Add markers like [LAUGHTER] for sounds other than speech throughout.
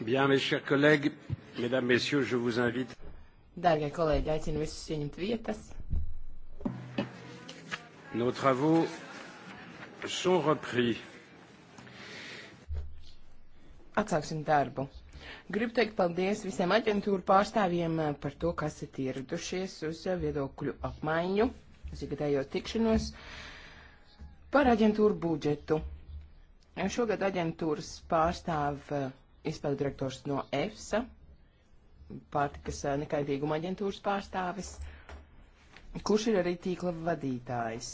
Bien, mes chers collègues, mesdames, messieurs, je vous invite. Dārgie kolēģi, aicinu visus ieņemt vietas. Nos travaux sont repris. Atsāksim darbu. Gribu teikt paldies visiem aģentūru pārstāvjiem eh, par to, kas ir ieradušies uz viedokļu apmaiņu, uz ikgadējo tikšanos par aģentūru budžetu. Šogad aģentūras pārstāv eh, izpildu direktors no EFSA, pārtikas nekaidīguma aģentūras pārstāvis, kurš ir arī tīkla vadītājs.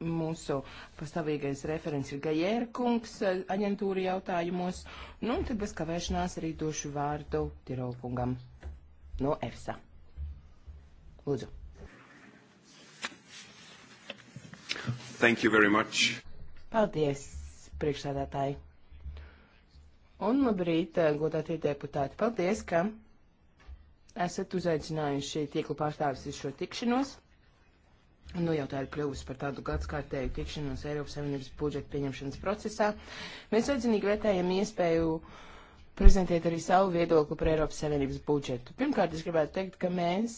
Mūsu pastāvīgais referents ir Gajēra kungs aģentūra jautājumos, nu un tad bez kavēšanās arī došu vārdu Tirolkungam no EFSA. Lūdzu. Thank you very much. Paldies, priekšsēdētāji. Un labrīt, eh, godātie deputāti. Paldies, ka esat uzaicinājuši tīkla pārstāvis uz šo tikšanos. Nu, jau tā ir kļuvusi par tādu gadskārtēju tikšanos Eiropas Savienības budžeta pieņemšanas procesā. Mēs atzinīgi vērtējam iespēju prezentēt arī savu viedokli par Eiropas Savienības budžetu. Pirmkārt, es gribētu teikt, ka mēs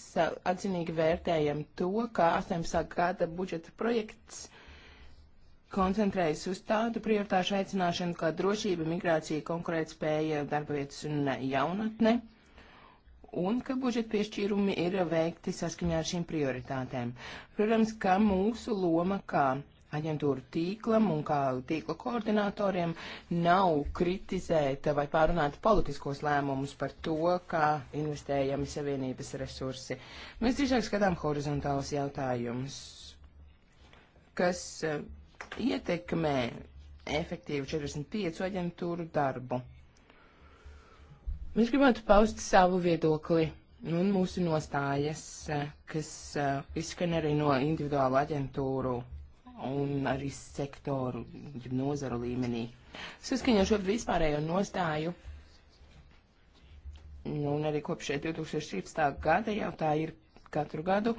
atzinīgi vērtējam to, ka 18. gada budžeta projekts uh, koncentrējas uz tādu prioritāšu veicināšanu kā drošība, migrācija, konkurētspēja, darba vietas un jaunatne, un ka budžeta piešķīrumi ir veikti saskaņā ar šīm prioritātēm. Protams, ka mūsu loma kā aģentūru tīklam un kā tīkla koordinatoriem nav kritizēt vai pārunāt politiskos lēmumus par to, kā investējami savienības resursi. Mēs drīzāk skatām horizontālus jautājumus, kas eh, ietekmē efektīvu 45 aģentūru darbu. Mēs gribētu paust savu viedokli un mūsu nostājas, eh, kas eh, izskan arī no individuālu aģentūru un arī sektoru, nozaru līmenī. Saskaņošu ar vispārējo nostāju nu, un arī kopš 2013. gada jau tā ir katru gadu.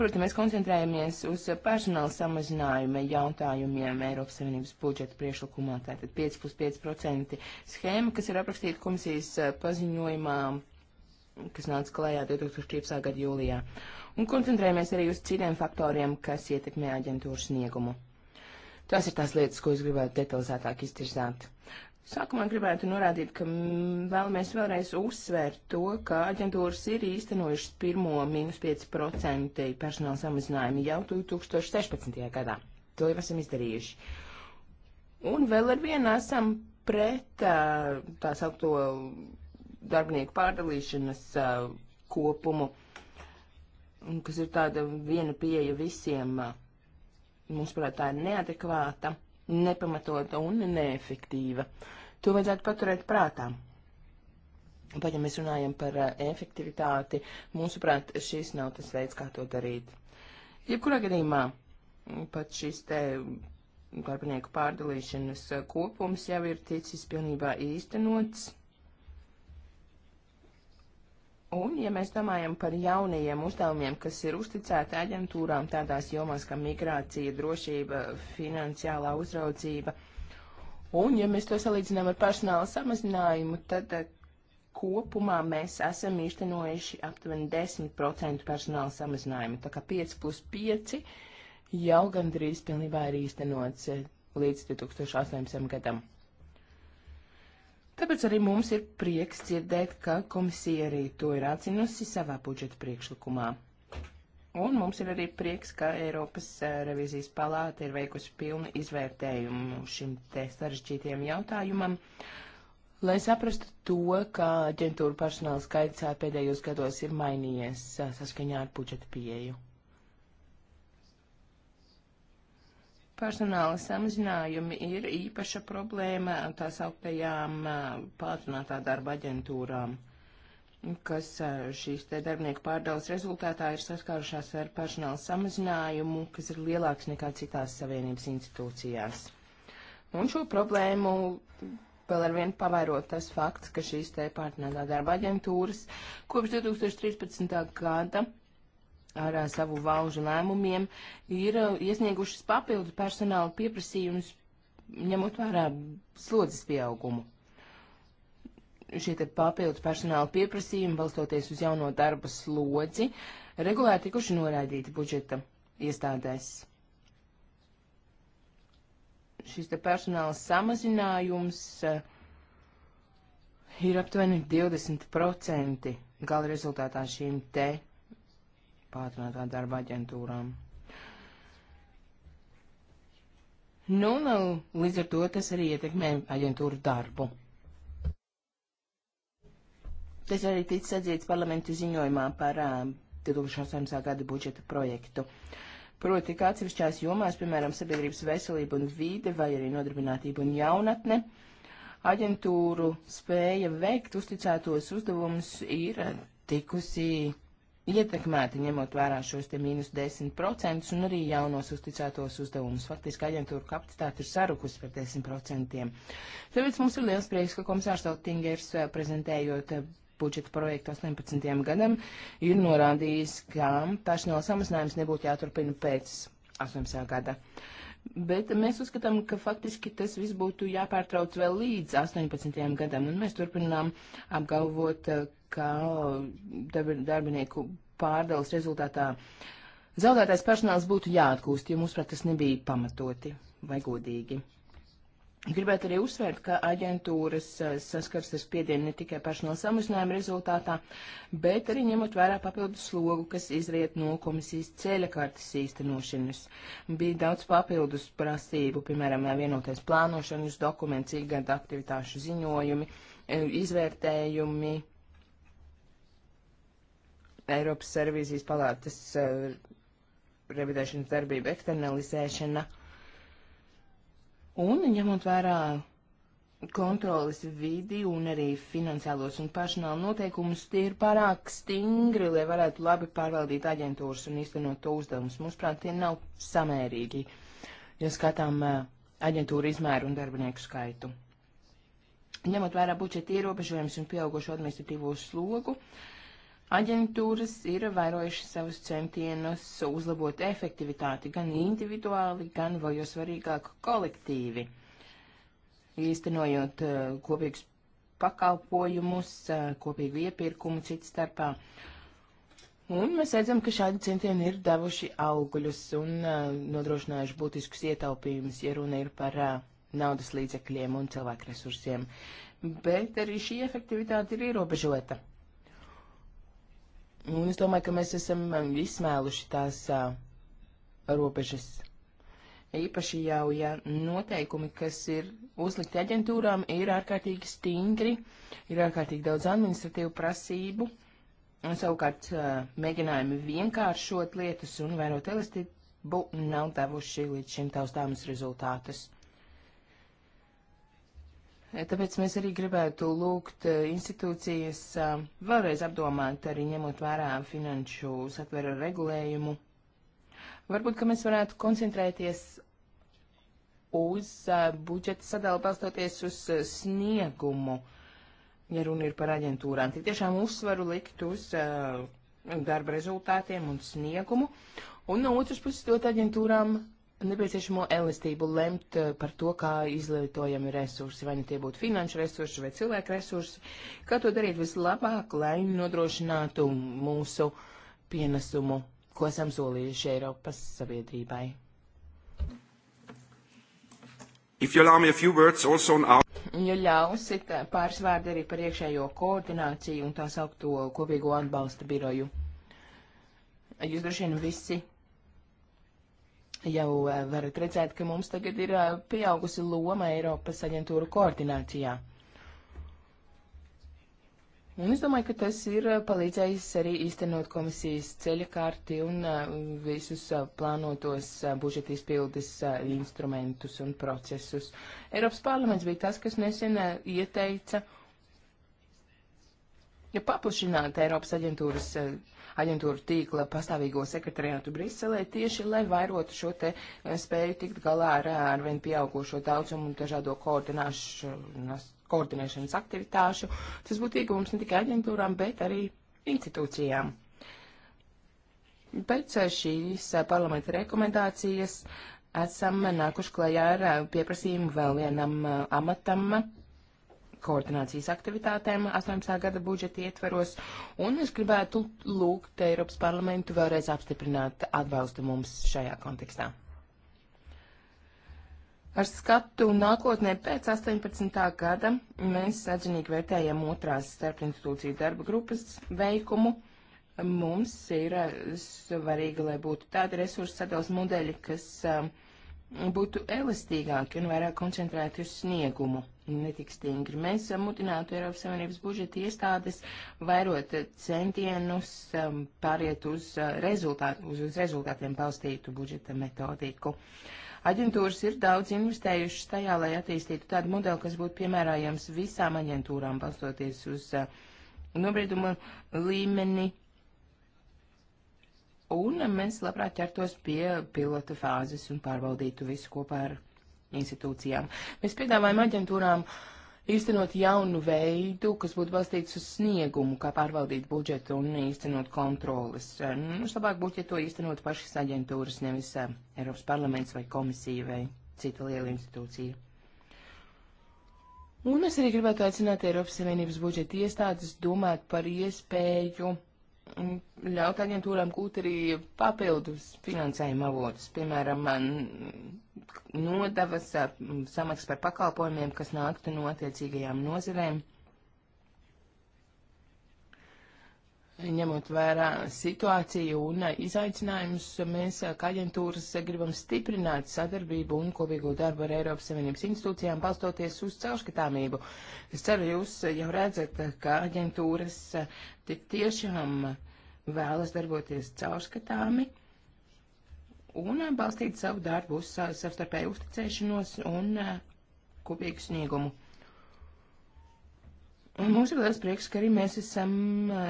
Protams, mēs koncentrējamies uz personāla samazinājuma jautājumiem Eiropas Savienības budžeta priešlikumā. Tātad 5 plus 5% schēma, kas ir aprakstīta komisijas eh, paziņojumā, kas nāca klajā 2014. gada jūlijā. Un koncentrējamies arī uz citiem faktoriem, kas ietekmē aģentūras sniegumu. Tas ir tās lietas, ko es gribētu detalizētāk iztirzāt. Sākumā gribētu norādīt, ka vēlamies vēlreiz uzsvērt to, ka aģentūras ir īstenojušas pirmo mīnus 5% personāla samazinājumu jau 2016. gadā. To jau esam izdarījuši. Un vēl ar vienu esam pret tā saukto darbinieku pārdalīšanas kopumu, kas ir tāda viena pieeja visiem. Mums, prāt, tā ir neadekvāta nepamatota un neefektīva. To vajadzētu paturēt prātā. Pat ja mēs runājam par uh, efektivitāti, mūsuprāt, šis nav tas veids, kā to darīt. Jebkurā gadījumā mm, pat šis te darbinieku pārdalīšanas eh, kopums jau ir ticis pilnībā īstenots Un, ja mēs domājam par jaunajiem uzdevumiem, kas ir uzticēti aģentūrām tādās jomās kā migrācija, drošība, finansiālā uzraudzība, un, ja mēs to salīdzinām ar personāla samazinājumu, tad eh, kopumā mēs esam īstenojuši aptuveni 10% personāla samazinājumu. Tā kā 5 plus 5 jau gandrīz pilnībā ir īstenots eh, līdz 2018. gadam. Tāpēc arī mums ir prieks dzirdēt, ka komisija arī to ir atzinusi savā budžeta priekšlikumā. Un mums ir arī prieks, ka Eiropas eh, revizijas palāta ir veikusi pilnu izvērtējumu šim te sarežģītiem jautājumam, lai saprastu to, ka aģentūra personāla skaits eh, pēdējos gados ir mainījies eh, saskaņā ar budžeta pieeju. Personāla samazinājumi ir īpaša problēma tās augtajām pātrinātā darba aģentūrām, kas šīs te darbinieku pārdales rezultātā ir saskārušās ar personāla samazinājumu, kas ir lielāks nekā citās savienības institūcijās. Un šo problēmu vēl ar vienu pavairot tas fakts, ka šīs te pārtinātā darba aģentūras kopš 2013. gada ar savu valžu lēmumiem ir uh, iesniegušas papildu personāla pieprasījumus, ņemot vērā slodzes pieaugumu. Šie te papildu personāla pieprasījumi, balstoties uz jauno darba slodzi, regulāri tikuši noraidīti budžeta iestādēs. Šis te personāla samazinājums uh, ir aptuveni 20% gala rezultātā šīm te pātrinātā darba aģentūrām. Nu, nu, līdz ar to tas arī ietekmē aģentūru darbu. Tas arī tic sadzīts parlamentu ziņojumā par uh, 2018. gada budžeta projektu. Proti, kā atsevišķās jomās, piemēram, sabiedrības veselība un vīde vai arī nodarbinātība un jaunatne, aģentūru spēja veikt uzticētos uzdevumus ir tikusi ietekmēti, ņemot vērā šos te mīnus 10% un arī jaunos uzticētos uzdevumus. Faktiski aģentūra kapacitāte ir sarukus par 10%. Tāpēc mums ir liels prieks, ka komisārs Otingers eh, prezentējot eh, budžeta projektu 18. gadam ir norādījis, ka personāla samazinājums nebūtu jāturpina pēc 18. gada. Uh, bet mēs uzskatām, ka faktiski tas viss būtu jāpārtrauc vēl līdz 18. gadam, un mēs turpinām apgalvot, eh, ka darbinieku pārdales rezultātā zaudētais personāls būtu jāatgūst, jo mūsuprāt tas nebija pamatoti vai godīgi. Gribētu arī uzsvērt, ka aģentūras eh, saskars ar spiedienu ne tikai personāla samazinājuma rezultātā, bet arī ņemot vērā papildus slogu, kas izriet no komisijas ceļakartes īstenošanas. Bija daudz papildus prasību, piemēram, vienotais plānošanas dokuments, ikgada aktivitāšu ziņojumi, eh, izvērtējumi, Eiropas servīzijas palātas eh, revidēšanas darbība, eksternalizēšana. Un ņemot vērā kontrolas vidi un arī finansiālos un personāla noteikumus, tie ir pārāk stingri, lai varētu labi pārvaldīt aģentūras un īstenot to uzdevumus. Mūsuprāt, tie nav samērīgi, ja skatām aģentūru izmēru un darbinieku skaitu. Ņemot vērā budžeta ierobežojumus un pieaugušo administratīvo slogu, uh, Aģentūras ir vērojuši savus centienus uzlabot efektivitāti gan individuāli, gan, vēl jau svarīgāk, kolektīvi, īstenojot uh, kopīgus pakalpojumus, uh, kopīgu iepirkumu citu starpā. Un mēs redzam, ka šādi centieni ir devuši augļus un uh, nodrošinājuši būtiskus ietaupījumus, ja runa ir par naudas līdzekļiem un cilvēku resursiem. Bet arī šī efektivitāte ir ierobežota Un es domāju, ka mēs esam um, izsmēluši tās uh, robežas. Īpaši jau, ja noteikumi, kas ir uzlikti aģentūrām, ir ārkārtīgi stingri, ir ārkārtīgi daudz administratīvu prasību, un savukārt uh, mēģinājumi vienkāršot lietas un vairot elastību nav devuši līdz šim taustāmas rezultātus. E, tāpēc mēs arī gribētu lūgt e, institūcijas e, vēlreiz apdomāt, arī ņemot vērā finanšu satvera regulējumu. Varbūt, ka mēs varētu koncentrēties uz budžeta sadalu balstoties uz sniegumu, ja runa ir par aģentūrām. Tik tiešām uzsvaru likt uz darba rezultātiem un sniegumu, un no otras puses dot aģentūrām nepieciešamo elastību lemt eh, par to, kā izlietojami resursi, vai nu tie būtu finanšu resursi vai cilvēku resursi, kā to darīt vislabāk, lai nodrošinātu mūsu pienesumu, ko esam solījuši Eiropas sabiedrībai. Our... Ja ļausit eh, pāris vārdi arī par iekšējo koordināciju un tā saukto kopīgo atbalsta biroju. Jūs droši vien visi jau eh, varat redzēt, ka mums tagad ir eh, pieaugusi loma Eiropas aģentūru koordinācijā. Un es domāju, ka tas ir eh, palīdzējis arī īstenot komisijas ceļa karti un visus plānotos budžeta izpildes instrumentus un procesus. Eiropas parlaments bija tas, kas nesen ieteica ja paplašināt Eiropas aģentūras uh, aģentūru tīkla pastāvīgo sekretariātu Briselē tieši, lai vairotu šo te eh, spēju tikt galā ar arvien pieaugušo daudzumu un dažādo koordinēšanas aktivitāšu. Tas būtu iegūms ne tikai aģentūrām, bet arī institūcijām. Pēc eh, šīs eh, parlamenta rekomendācijas esam nākuši klajā ar pieprasījumu vēl vienam amatam koordinācijas aktivitātēm 18. gada budžeta ietveros, un es gribētu lūgt Eiropas parlamentu vēlreiz apstiprināt atbalstu mums šajā kontekstā. Ar skatu nākotnē pēc 18. gada mēs atzinīgi vērtējam otrās starpinstitūciju darba grupas veikumu. Mums ir eh, svarīgi, lai būtu tādi resursu sadalas modeļi, kas uh, būtu elastīgāki un vairāk koncentrēti uz sniegumu, netik stingri. Mēs mudinātu Eiropas Savienības budžeta iestādes vairot centienus um, pāriet uz, uh, rezultāt, uz, uz rezultātiem balstītu budžeta metodiku. Aģentūras ir daudz investējušas tajā, lai attīstītu tādu modeli, kas būtu piemērojams visām aģentūrām, balstoties uz uh, nobrieduma līmeni, Un mēs labprāt ķertos pie pilota fāzes un pārbaudītu visu kopā ar institūcijām. Mēs piedāvājam aģentūrām īstenot jaunu veidu, kas būtu balstīts uz sniegumu, kā pārvaldīt budžetu un īstenot kontrolas. Mums labāk būtu, ja to īstenot pašas aģentūras, nevis eh, Eiropas parlaments vai komisija vai cita liela institūcija. Un es arī gribētu aicināt Eiropas Savienības budžeta iestādes domāt par iespēju ļaut aģentūram gūt arī papildus finansējuma avotus, piemēram, nodavas samaks par pakalpojumiem, kas nāktu no attiecīgajām nozerēm. ņemot vērā situāciju un izaicinājumus, mēs kā aģentūras gribam stiprināt sadarbību un kopīgo darbu ar Eiropas Savienības institūcijām, balstoties uz caurskatāmību. Es ceru, jūs jau redzat, ka aģentūras tik tiešām vēlas darboties caurskatāmi un balstīt savu darbu uz savstarpēju uzticēšanos un uh, kopīgu sniegumu. Un mums ir liels prieks, ka arī mēs esam uh,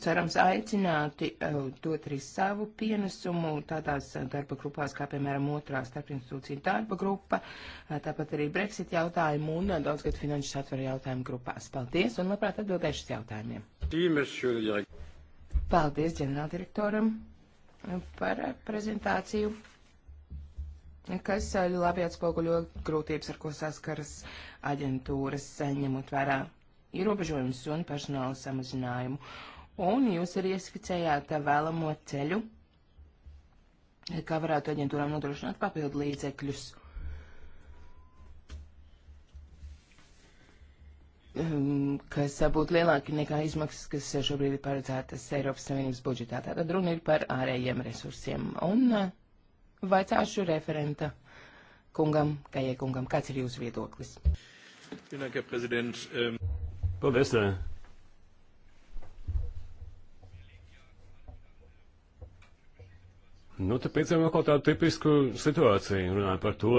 cerams aicināti eh, dot arī savu pienesumu tādās darba grupās, kā piemēram otrā starpinstitūcija darba grupa, eh, tāpat arī Brexit jautājumu un eh, daudzgad finanšu satveru jautājumu grupās. Paldies un labprāt atbildēšu uz jautājumiem. Paldies ģenerāldirektoram par prezentāciju, kas labi atspoguļo grūtības, ar ko saskaras aģentūras, ņemot vērā ierobežojumus un personāla samazinājumu un jūs arī ieskicējāt vēlamo ceļu, kā varētu aģentūrām nodrošināt papildu līdzekļus. Ehm, kas būtu lielāki nekā izmaksas, kas šobrīd ir paredzētas Eiropas Savienības budžetā. Tātad runa ir par ārējiem resursiem. Un eh, vaicāšu referenta kungam, Kajai kungam, kāds ir jūsu viedoklis? Ähm, Paldies, eh, Nu, te piedzēm atkal tādu tipisku situāciju, runājot par to,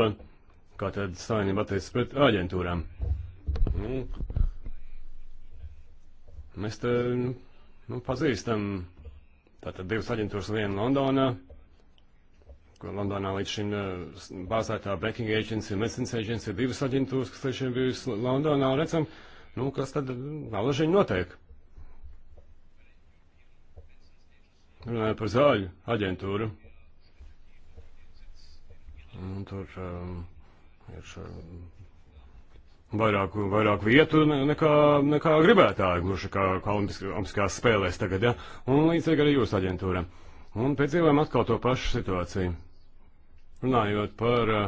kā tad savienība attiecas pret aģentūrām. Nu, mēs te, nu, nu pazīstam tātad divas aģentūras, viena Londonā, kur Londonā līdz šim eh, bāzētā Banking Agency un Medicines Agency ir divas aģentūras, kas līdz šim bijusi Londonā, un redzam, nu, kas tad nalažiņi notiek. Runājot par zāļu aģentūru, Un tur um, ir vairāk, vairāk vietu nekā, nekā gribētāji, gluži kā, kā olimpiskās spēlēs tagad, ja? Un līdzīgi arī jūsu aģentūra. Un piedzīvojam atkal to pašu situāciju. Runājot par uh,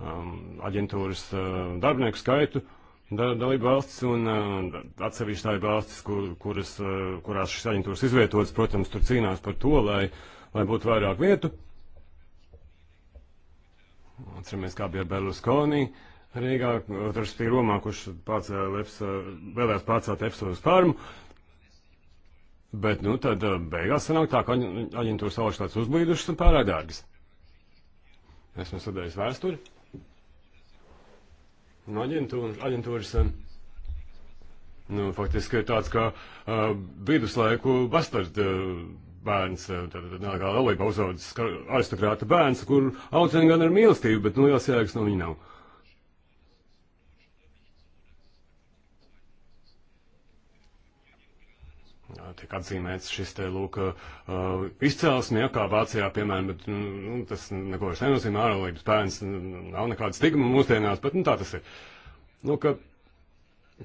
um, aģentūras uh, darbinieku skaitu, da, dalību valsts un uh, atsevišķi tādi valstis, kur, kuras, uh, kurās šis aģentūras izvietots, protams, tur cīnās par to, lai, lai būtu vairāk vietu. Uh, Atceramies, kā bija Berlusconi Rīgā, otrs bija Romā, kurš pārcēl EPSA, vēlējās pārcelt EPSA uz Parmu. Bet, nu, tad eh, beigās sanāk tā, ka aģentūras augštāts uzblīdušas un pārāk dārgas. Esmu sadējis vēsturi. No nu, aģentūras, aģentūras eh, nu, faktiski ir tāds kā uh, eh, viduslaiku bastardu. Uh, bērns, eh, tad nelegāla laulība uzaudzis aristokrāta bērns, kur audzina gan ar mīlestību, bet, nu, jāsajāgas no viņa nav. tiek atzīmēts šis te, lūk, uh, izcelsme, ja, kā Vācijā, piemēram, bet nu, nu tas neko vairs nenozīmē, ārvalības bērns nu, nav nekāda stigma mūsdienās, bet nu, tā tas ir. Nu, ka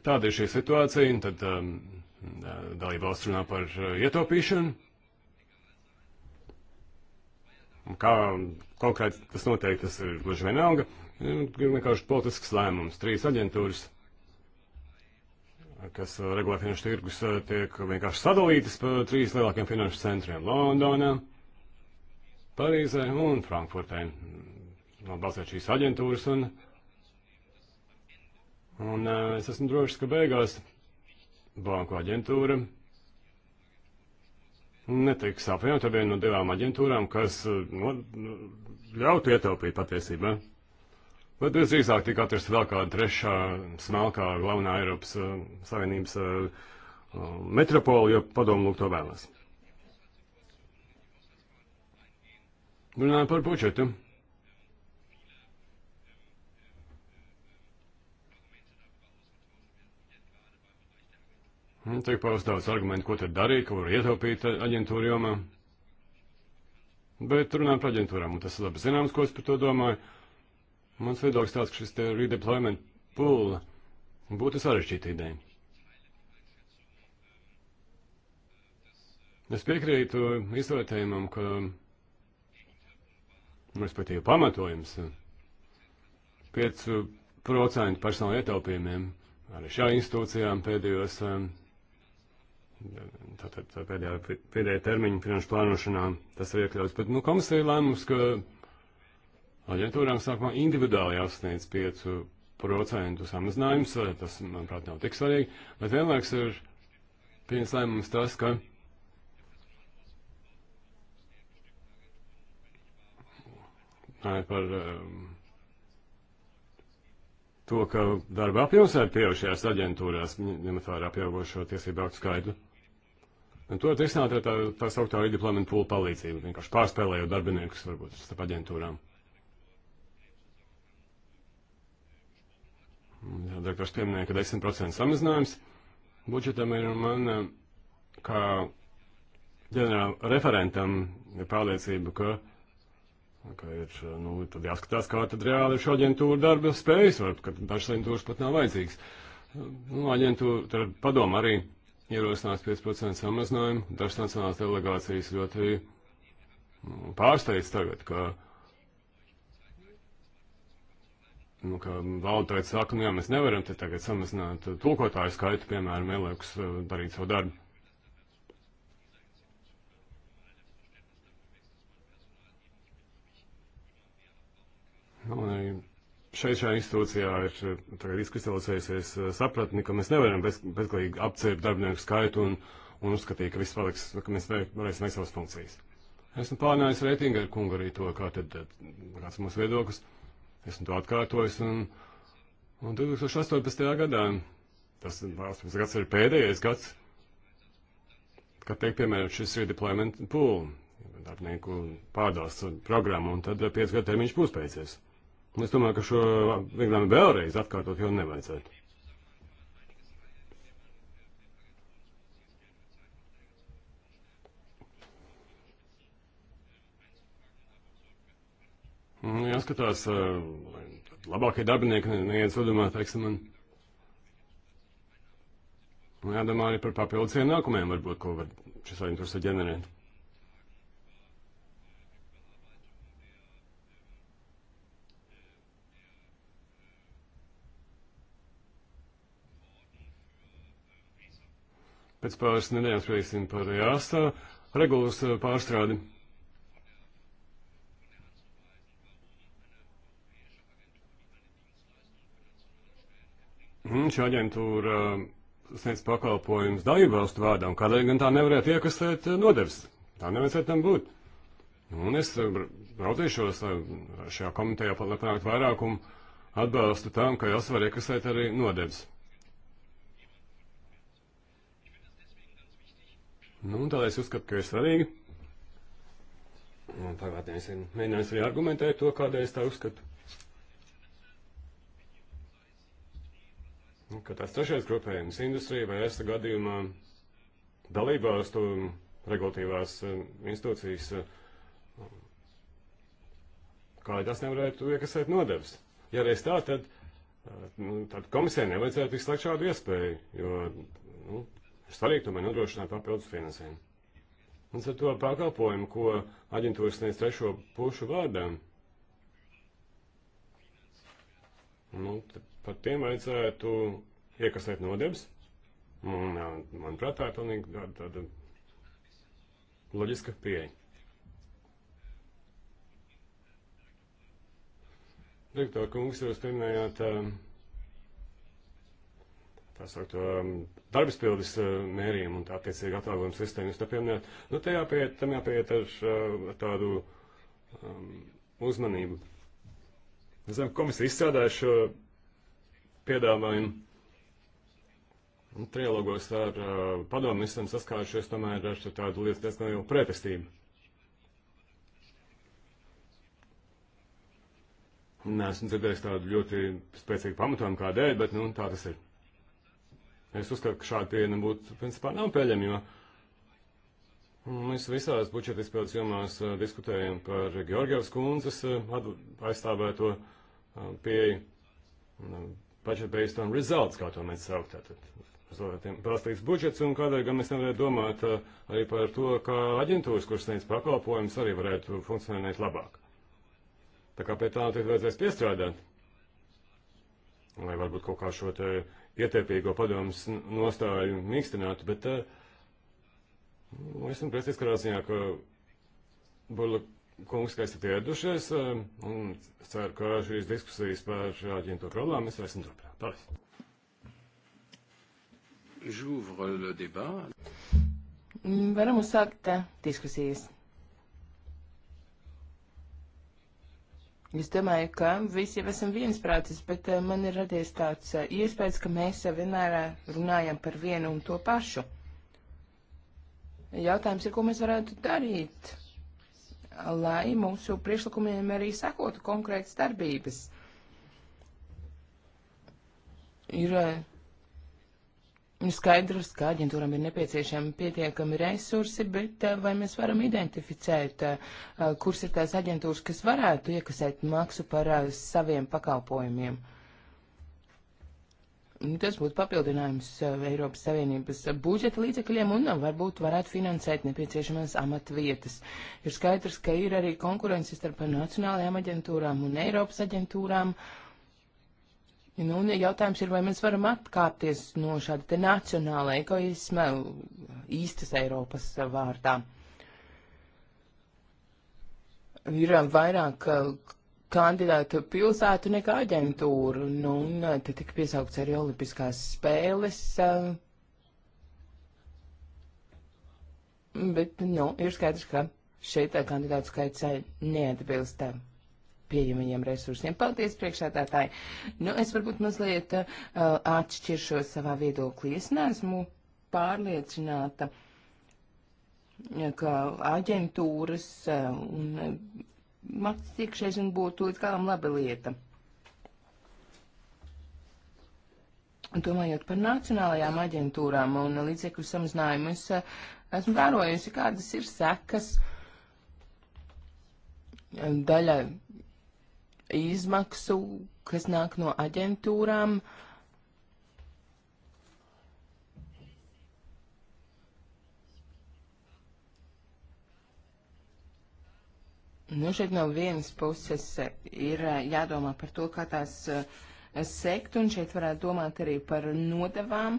tāda ir šī situācija, un tad um, dalība valsts runā par uh, ietaupīšanu. Un kā konkrēti tas notiek, tas ir gluži vienalga. Nu, ir vienkārši politisks lēmums. Trīs aģentūras, kas regulē finanšu tirgus, tiek vienkārši sadalītas pa trīs lielākiem finanšu centriem - Londonā, Parīzē un Frankfurtē. Balsot šīs aģentūras un, un es esmu drošs, ka beigās banku aģentūra netiks apvienot ar vienu no divām aģentūrām, kas nu, ļautu ietaupīt patiesībā. Eh? Bet visdrīzāk tika atrasta vēl kāda trešā smalkā galvenā Eiropas uh, Savienības uh, metropola, jo padomu lūk to vēlas. Runājot par budžetu. Un nu, tiek paust daudz argumentu, ko tad darīt, ko var ietaupīt aģentūra jomā. Bet runājam par aģentūrām, un tas ir labi zināms, ko es par to domāju. Mans viedoklis tāds, ka šis te redeployment pool būtu sarežģīta ideja. Es piekrītu izvērtējumam, ka, respektīvi, pamatojums 5% personāla ietaupījumiem arī šā institūcijām pēdējos um, tātad tā, tā pēdējā, pēdējā termiņa finanšu plānošanā tas ir iekļauts. Bet, nu, komisija lēmums, ka aģentūrām sākumā individuāli jāsniedz 5% samazinājums, tas, manuprāt, nav tik svarīgi, bet vienlaiks ir pieņems lēmums tas, ka Nē, par um, to, ka darba apjoms ir pieaugušajās aģentūrās, ņemot vērā pieaugušo tiesību aktu skaitu. Un to risināt ar tā, tā sauktā redeployment pool palīdzību, vienkārši pārspēlējot darbiniekus, varbūt, starp aģentūrām. Jā, direktors pieminēja, ka 10% samazinājums budžetam ir man, kā ģenerāla referentam, ir pārliecība, ka, ka ir, nu, tad jāskatās, kā tad reāli ir šo aģentūru darba spējas, varbūt, ka dažas aģentūras pat nav vajadzīgas. Nu, aģentūra, tad padoma arī ierosināts 5% samazinājumu. Dažas nacionālās delegācijas ļoti pārsteidz tagad, ka, nu, ka valda tagad saka, nu jā, mēs nevaram te tagad samazināt tulkotāju skaitu, piemēram, ieliekus eh, darīt savu darbu. Nu, un arī šeit šajā institūcijā ir eh, tagad izkristalizējusies eh, sapratni, ka mēs nevaram bez, bezgalīgi apcert darbinieku skaitu un, un uzskatīt, ka viss paliks, ka mēs varēsim veikt savas funkcijas. Esmu pārnājis reitingu ar kungu arī to, kā tad, kāds ir mūsu viedoklis. Esmu to atkārtojis un, un 2018. gadā, tas 18 gads ir pēdējais gads, kad tiek piemērot šis redeployment pool, darbinieku pārdās programma, un tad 5 eh, gadu termiņš būs beidzies. Es domāju, ka šo vieglām vēlreiz atkārtot jau nevajadzētu. Nu, jāskatās, lai labākie darbinieki neiet zudumā, teiksim, man. Jādomā arī par papildus ienākumiem, varbūt, ko var šis aģentūrs ģenerēt. Pēc pāris nedēļām spriesim par jāstā regulas eh, pārstrādi. Un šī aģentūra eh, sniedz pakalpojumus dalībvalstu vārdā, un kādēļ gan tā nevarētu iekasēt eh, nodevs? Tā nevajadzētu tam būt. Un es rautīšos šajā komitejā, lai panāktu vairākumu atbalstu tam, ka jāsvar iekasēt arī nodevs. Nu, tā es uzskatu, ka ir svarīgi. Un pagātnē es mēģināju arī argumentēt to, kādēļ es tā uzskatu. Un, ka tās trešais grupējums industrija vai esa gadījumā dalībvalstu regulatīvās eh, institūcijas, eh, kā tas nevarētu iekasēt nodevs. Ja reiz tā, tad, eh, nu, tad komisijai nevajadzētu izslēgt šādu iespēju, jo nu, svarīgi tomēr nodrošināt papildus finansējumu. Un ar to pakalpojumu, ko aģentūras sniedz trešo pušu vārdām, nu, par tiem vajadzētu iekasēt nodevs. Un, manuprāt, tā ir pilnīgi tāda, tāda loģiska pieeja. Direktor kungs, jūs pieminējāt. Uh, tā sakt, um, darbas pildes uh, mērījumu un tā attiecīgi atalgojuma sistēmu jūs nepieminējat. Nu, te jāpiet, tam jāpiet ar, uh, ar tādu um, uzmanību. Es zinu, komisija izstrādāja šo piedāvājumu. Un trilogos ar uh, padomu esam saskārušies tomēr ar tādu lietu diezgan lielu pretestību. Nē, esmu dzirdējis tādu ļoti spēcīgu pamatojumu kādēļ, bet nu, tā tas ir. Es uzskatu, ka šāda pieeja būtu principā nav pieļamjama. Mēs visās budžeta izpildes jomās eh, diskutējam par Georgievas kundzes eh, aizstāvēto eh, pieeju. Budget based on results, kā to mēs saukt. Tātad rezultātiem balstīts budžets, un kādēļ gan mēs nevarētu domāt arī par to, kā aģentūras, kuras sniedz pakalpojumus, arī varētu funkcionēt labāk. Tā kā pie tā noteikti vajadzēs piestrādāt, lai varbūt kaut kā šo te uh, ietekmīgo padomus nostāju mīkstinātu, bet uh, esmu priecīgs, ka ziņā, ka Burla kungs, ka esat ieradušies, uh, un ceru, ka šīs diskusijas par aģentu problēmu mēs varēsim turpināt. Paldies! J'ouvre le débat. Mm, varam uzsākt eh, diskusijas. Es domāju, ka visi jau esam viensprātis, bet uh, man ir radies tāds uh, iespējas, ka mēs uh, vienmēr eh, runājam par vienu un to pašu. Jautājums ir, ko mēs varētu darīt, lai mūsu priekšlikumiem arī sekotu konkrētas darbības. Ir Nu, skaidrs, ka aģentūram ir nepieciešami pietiekami resursi, bet eh, vai mēs varam identificēt, eh, eh, kuras ir tās aģentūras, kas varētu iekasēt maksu par saviem pakalpojumiem? Nu, tas būtu papildinājums Eiropas Savienības budžeta līdzekļiem un varbūt varētu finansēt nepieciešamās amatvietas. Ir skaidrs, ka ir arī konkurences starp nacionālajām aģentūrām un Eiropas aģentūrām. Uh, Nu, un jautājums ir, vai mēs varam atkāpties no šāda te nacionāla egoisma īstas Eiropas vārdā. Ir vairāk uh, kandidātu pilsētu nekā aģentūru, nu, un uh, te tika piesaukts arī olimpiskās spēles. Uh, bet, nu, ir skaidrs, ka šeit kandidātu skaits neatbilst tam pieejamajiem resursiem. Paldies, priekšsēdētāji. Nu, es varbūt mazliet uh, atšķiršos savā viedoklī. Es neesmu pārliecināta, uh, ka aģentūras uh, un uh, maksas iekšēšana būtu līdz galam laba lieta. Domājot par nacionālajām aģentūrām un līdzekļu samazinājumu, es uh, esmu vērojusi, kādas ir sekas daļai izmaksu, kas nāk no aģentūrām. Nu, šeit no vienas puses ir eh, jādomā par to, kā tās eh, sekt, un šeit varētu domāt arī par nodevām,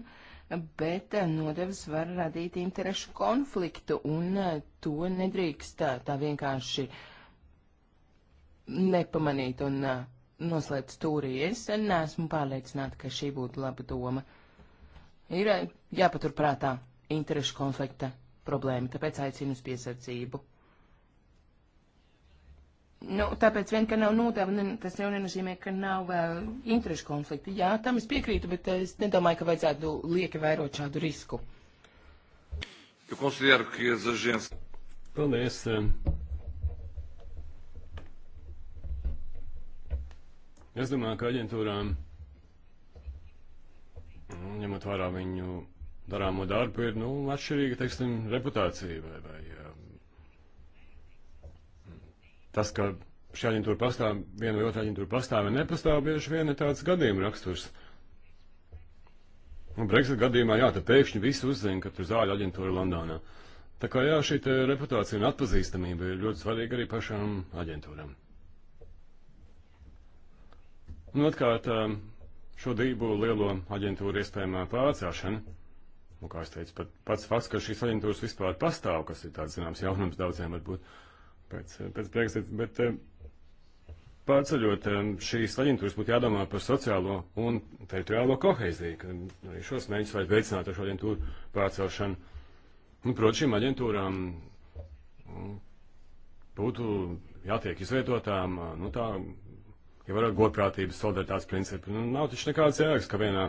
bet eh, nodevas var radīt interešu konfliktu, un to nedrīkst tā, tā vienkārši uh, nepamanīt un uh, noslēpt stūrī. Es neesmu pārliecināta, ka šī būtu laba doma. Ir jāpaturprātā interešu konflikta problēma, tāpēc aicinu uz piesardzību. Nu, tāpēc vien, ka nav nodeva, ne, tas jau nenozīmē, ka nav uh, interešu konflikta. Jā, tam es piekrītu, bet uh, es nedomāju, ka vajadzētu lieki vairot šādu risku. Eu considero que as agências. Paldies. Es domāju, ka aģentūrām, ņemot vērā viņu darāmo darbu, ir nu, atšķirīga teiksim, reputācija. Vai, vai, um, tas, ka šī aģentūra pastāv, viena vai otra aģentūra pastāv vai nepastāv, bieži vien ir tāds gadījuma raksturs. Un Brexit gadījumā, jā, tad pēkšņi visi uzzina, ka tur zāļu aģentūra Londonā. Tā kā jā, šī reputācija un atpazīstamība ir ļoti svarīga arī pašām aģentūram. Un nu, otrkārt, um, šo divu lielo aģentūru iespējamā pārcelšana. Un, nu, kā es teicu, pat, pats fakts, ka šīs aģentūras vispār pastāv, kas ir tāds, zināms, jaunums daudziem varbūt pēc, eh, pēc Brexit, bet eh, pārceļot eh, šīs aģentūras būtu jādomā par sociālo un teritoriālo koheiziju, ka arī šos mēģinājumus vajag veicināt ar šo aģentūru pārcelšanu. Un, nu, protams, šīm aģentūrām mm, būtu jātiek izvietotām, nu tā, ja varētu godprātības solidaritātes principu. Nu, nav taču nekāds jēgas, ka vienā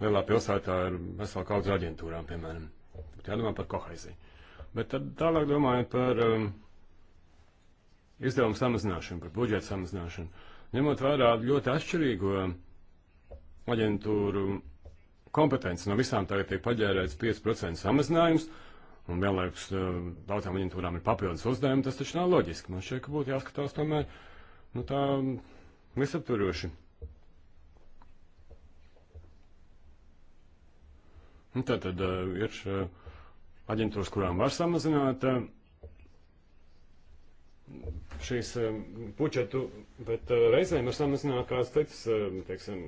lielā pilsētā ir vesela kaudz aģentūrām, piemēram. Bet jādomā par koheiziju. Bet tad tālāk domājot par um, izdevumu samazināšanu, par budžetu samazināšanu, ņemot vērā ļoti atšķirīgo aģentūru kompetenci, no visām tagad tiek paģērēts 5% samazinājums, un vienlaikus um, daudzām aģentūrām ir papildus uzdevumi, tas taču nav loģiski. Man šķiet, ka būtu jāskatās tomēr, nu tā visaptvaroši. Un nu, tā tad uh, eh, ir uh, aģentūras, kurām var samazināt uh, šīs uh, pučetu, bet uh, reizēm var samazināt kāds cits, uh, teiksim,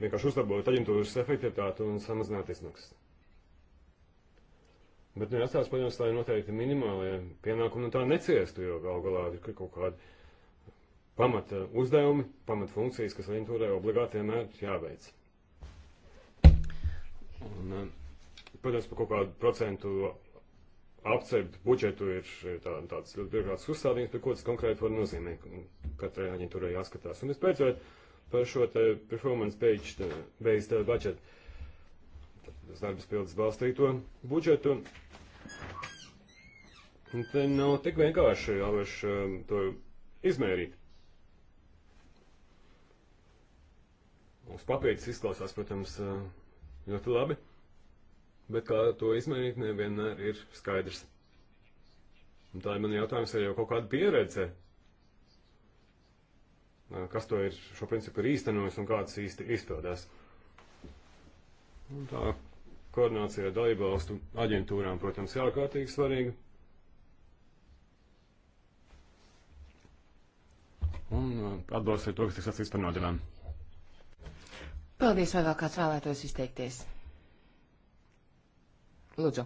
vienkārši uzlabot aģentūras efektivitāti un samazināt izmaksas. Bet nu jāstāsta, protams, lai noteikti minimālie pienākumi no tā neciestu, jo gal galā ir kaut kādi pamata uzdevumi, pamata funkcijas, kas aģentūrai obligāti vienmēr jāveic. Un, eh, protams, par kaut kādu procentu apcerbt budžetu ir, ir eh, tā, tāds ļoti birokrātisks uzstādījums, par ko tas konkrēti var nozīmēt. Katrai aģentūrai jāskatās. Un visbeidzot, par šo te performance page based budžetu, tas darbas pildes balstīto budžetu. Un te nav tik vienkārši jāvērš eh, to izmērīt. Uz papīra tas izklausās, protams, ļoti labi, bet kā to izmērīt, nevienmēr ir skaidrs. Un tā ir man jautājums, vai jau kaut kāda pieredze, kas to ir, šo principu ir īstenojis un kāds īsti izpildās. Un tā koordinācija ar dalībvalstu aģentūrām, protams, ir ārkārtīgi svarīga. Un atbalsts ir to, kas tiks atsīts par nodevām. Paldies, vai vēl kāds vēlētos izteikties? Lūdzu.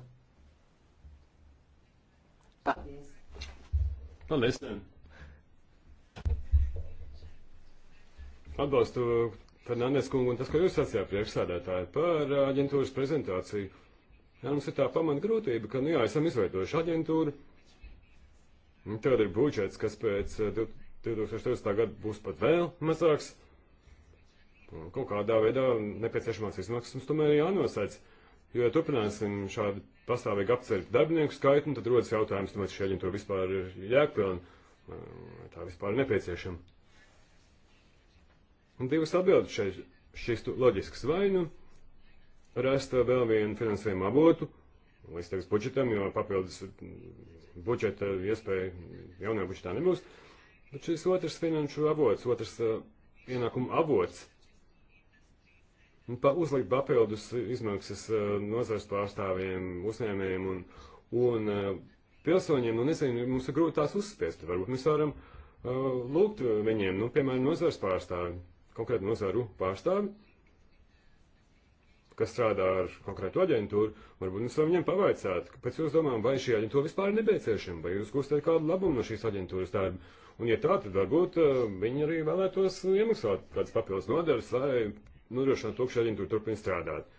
Paldies. Nu, Paldies. Atbalstu Fernandes kungu un tas, ko jūs sacījāt priekšsādātāji par aģentūras prezentāciju. Jā, mums ir tā pamata grūtība, ka, nu jā, esam izveidojuši aģentūru. Tad ir budžets, kas pēc 2020. Eh, gada būs pat vēl mazāks kaut kādā veidā nepieciešamās izmaksas mums tomēr jānosēc. Jo, ja turpināsim šādu pastāvīgu apcerēt darbinieku skaitu, nu, tad rodas jautājums, vai šī aģentūra vispār ir jēgpilna, vai tā vispār ir nepieciešama. Un divas atbildes šeit šķistu loģisks vai nu rast vēl vienu finansējumu avotu līdztekus budžetam, jo papildus budžeta iespēja jaunajā budžetā nebūs. Bet šis otrs finanšu avots, otrs uh, ienākuma avots Nu, pa, uzlikt papildus izmaksas eh, nozars pārstāvjiem, uzņēmējiem un, un eh, pilsoņiem, nu nezinu, mums ir grūti tās uzspiest. Varbūt mēs varam uh, lūgt viņiem, nu, piemēram, nozars pārstāvi, konkrētu nozaru pārstāvi, kas strādā ar konkrētu aģentūru, varbūt mēs varam viņiem pavaicāt, pēc jūs domām, vai šī aģentūra vispār ir nepieciešama, vai jūs gūstat kādu labumu no šīs aģentūras darba. Un, ja tā, tad varbūt uh, viņi arī vēlētos iemaksāt kādas papildus nodaļas, lai nodrošināt to, ka šī aģentūra turpina strādāt.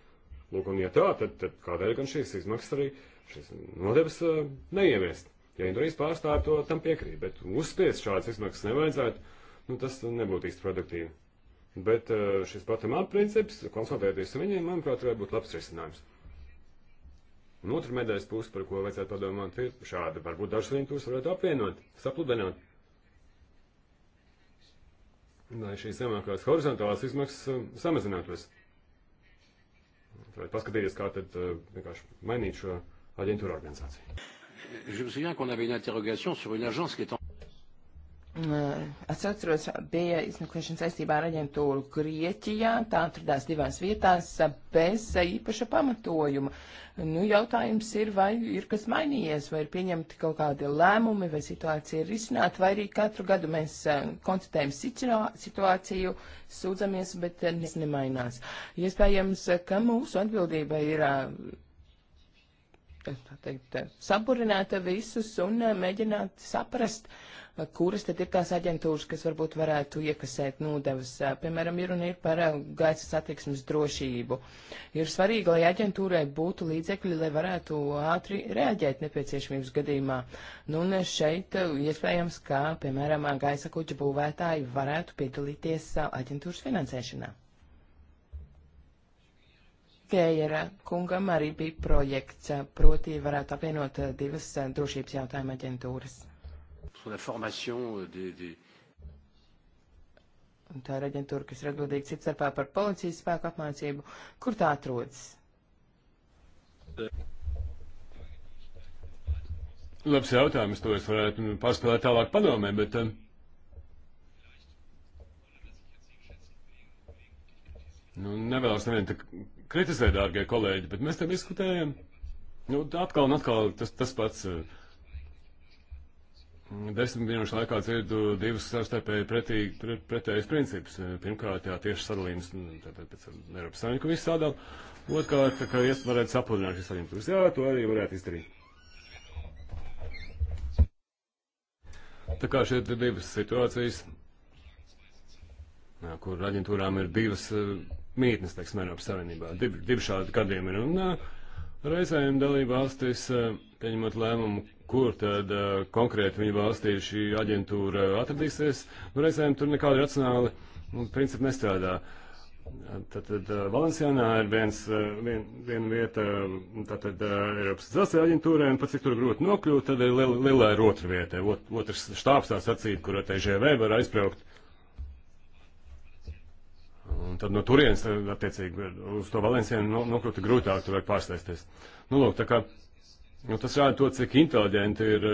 Lūk, un ja tā, tad, tad kādēļ gan šīs izmaksas arī šīs nodevas uh, neieviest? Ja Indonēzijas pārstāvji to tam piekrīt, bet uzspiest šādas izmaksas nevajadzētu, nu, tas nebūtu īsti produktīvi. Bet uh, šis patamā princips, konsultēties ar viņiem, manuprāt, varētu būt labs risinājums. Un otra medaļas puse, par ko vajadzētu padomāt, ir šāda. Varbūt dažas lietas varētu apvienot, sapludināt lai šīs zemākās horizontālās izmaksas um, samazinātos. Vai paskatīties, kā tad uh, vienkārši mainīt šo aģentūru organizāciju. Je me souviens qu'on avait une interrogation sur une agence qui est en... Mm, eh, es atceros, bija izmeklēšana saistībā ar aģentūru Grieķijā. Tā atradās divās vietās eh, bez eh, īpaša pamatojuma. Nu, jautājums ir, vai ir kas mainījies, vai ir pieņemti kaut kādi lēmumi, vai situācija ir risināta, vai arī katru gadu mēs konstatējam situāciju, sūdzamies, bet nekas nemainās. Iespējams, ka mūsu atbildība ir teikt, saburināta visus un mēģināt saprast, uh, kuras tad ir tās aģentūras, kas varbūt varētu iekasēt nodevas. Piemēram, ir un ir par gaisa satiksmes drošību. Ir svarīgi, lai aģentūrai būtu līdzekļi, lai varētu ātri reaģēt nepieciešamības gadījumā. Nu, un šeit iespējams, ka, piemēram, gaisa kuģa būvētāji varētu piedalīties aģentūras finansēšanā. Gējera kungam arī bija projekts, proti varētu apvienot divas drošības jautājuma aģentūras sur la formation euh, des, des... Un tā ir aģentūra, kas ir atbildīga cits starpā par policijas spēku apmācību. Kur tā atrodas? Labs jautājums, to es varētu pārspēlēt tālāk padomē, bet um, Nu, nevēlas nevienu te kritizēt, dārgie kolēģi, bet mēs te diskutējam. Nu, atkal un atkal tas, tas pats uh, desmit dienu laikā dzirdu divus savstarpēji pretējus pret, pret principus. Pirmkārt, jā, tieši sadalījums nu, pēc Eiropas Savienības visu sadal. Otkārt, ka es varētu sapludināt šīs aģentūras. Jā, to arī varētu izdarīt. Tā kā šeit ir divas situācijas, jā, kur aģentūrām ir divas uh, mītnes, teiksim, Eiropas Savienībā. Divi div šādi gadījumi ir. Un uh, reizēm dalība valstis, uh, pieņemot lēmumu, kur tad uh, konkrēti viņa valstī šī aģentūra atradīsies, nu reizēm tur nekādi racionāli nu, principi nestrādā. Tad, tad uh, Valencijānā ir viens, uh, vien, viena vieta, tātad Eiropas dzelzceļa aģentūrai, un pat cik tur grūti nokļūt, tad ir lielā, lielā ir otra vieta, ot, otrs štāps tā sacīt, kur ar TGV var aizbraukt. Un tad no turienes, attiecīgi, uz to Valencijānu nokļūt grūtāk, tur vajag pārsteisties. Nu, lūk, tā kā Un tas rāda to, cik inteliģenti ir,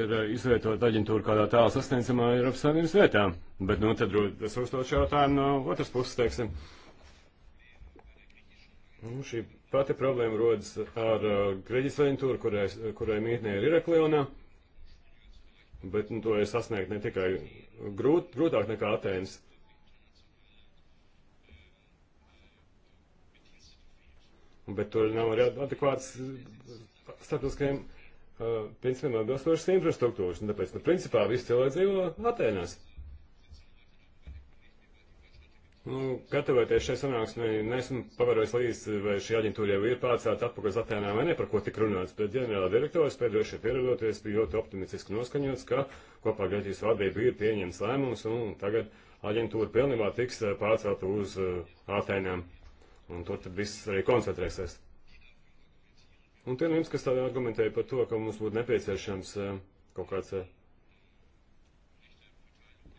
ir izvietot aģentūru kādā tālā sasniedzamā Eiropas Savienības vietā. Bet, nu, tad es uzdot šo jautājumu no otras puses, teiksim. Nu, šī pati problēma rodas ar uh, Grieķijas aģentūru, kurai, kurai mītnē ir Iraklionā. Bet, nu, to ir sasniegt ne tikai grūt, grūtāk nekā Atēnas. bet tur nav arī adekvāts eh, starptautiskajiem uh, principiem atbilstošas infrastruktūras, un tāpēc, nu, principā visi cilvēki dzīvo Atēnās. Nu, gatavoties šai sanāksmē, nesmu nu, pavērojis līdz, vai šī aģentūra jau ir pārcēlta atpakaļ uz Atēnām vai ne, par ko tik runāts, bet ģenerāla direktors pēdējo šeit pieradoties bija ļoti optimistiski noskaņots, ka kopā Grieķijas vadība ir pieņemts lēmums, un tagad aģentūra pilnībā tiks eh, pārcelta uz Atēnām. Uh, Un tur tad viss arī koncentrēsies. Un tiem jums, kas tādā argumentēja par to, ka mums būtu nepieciešams eh, kaut kāds, eh,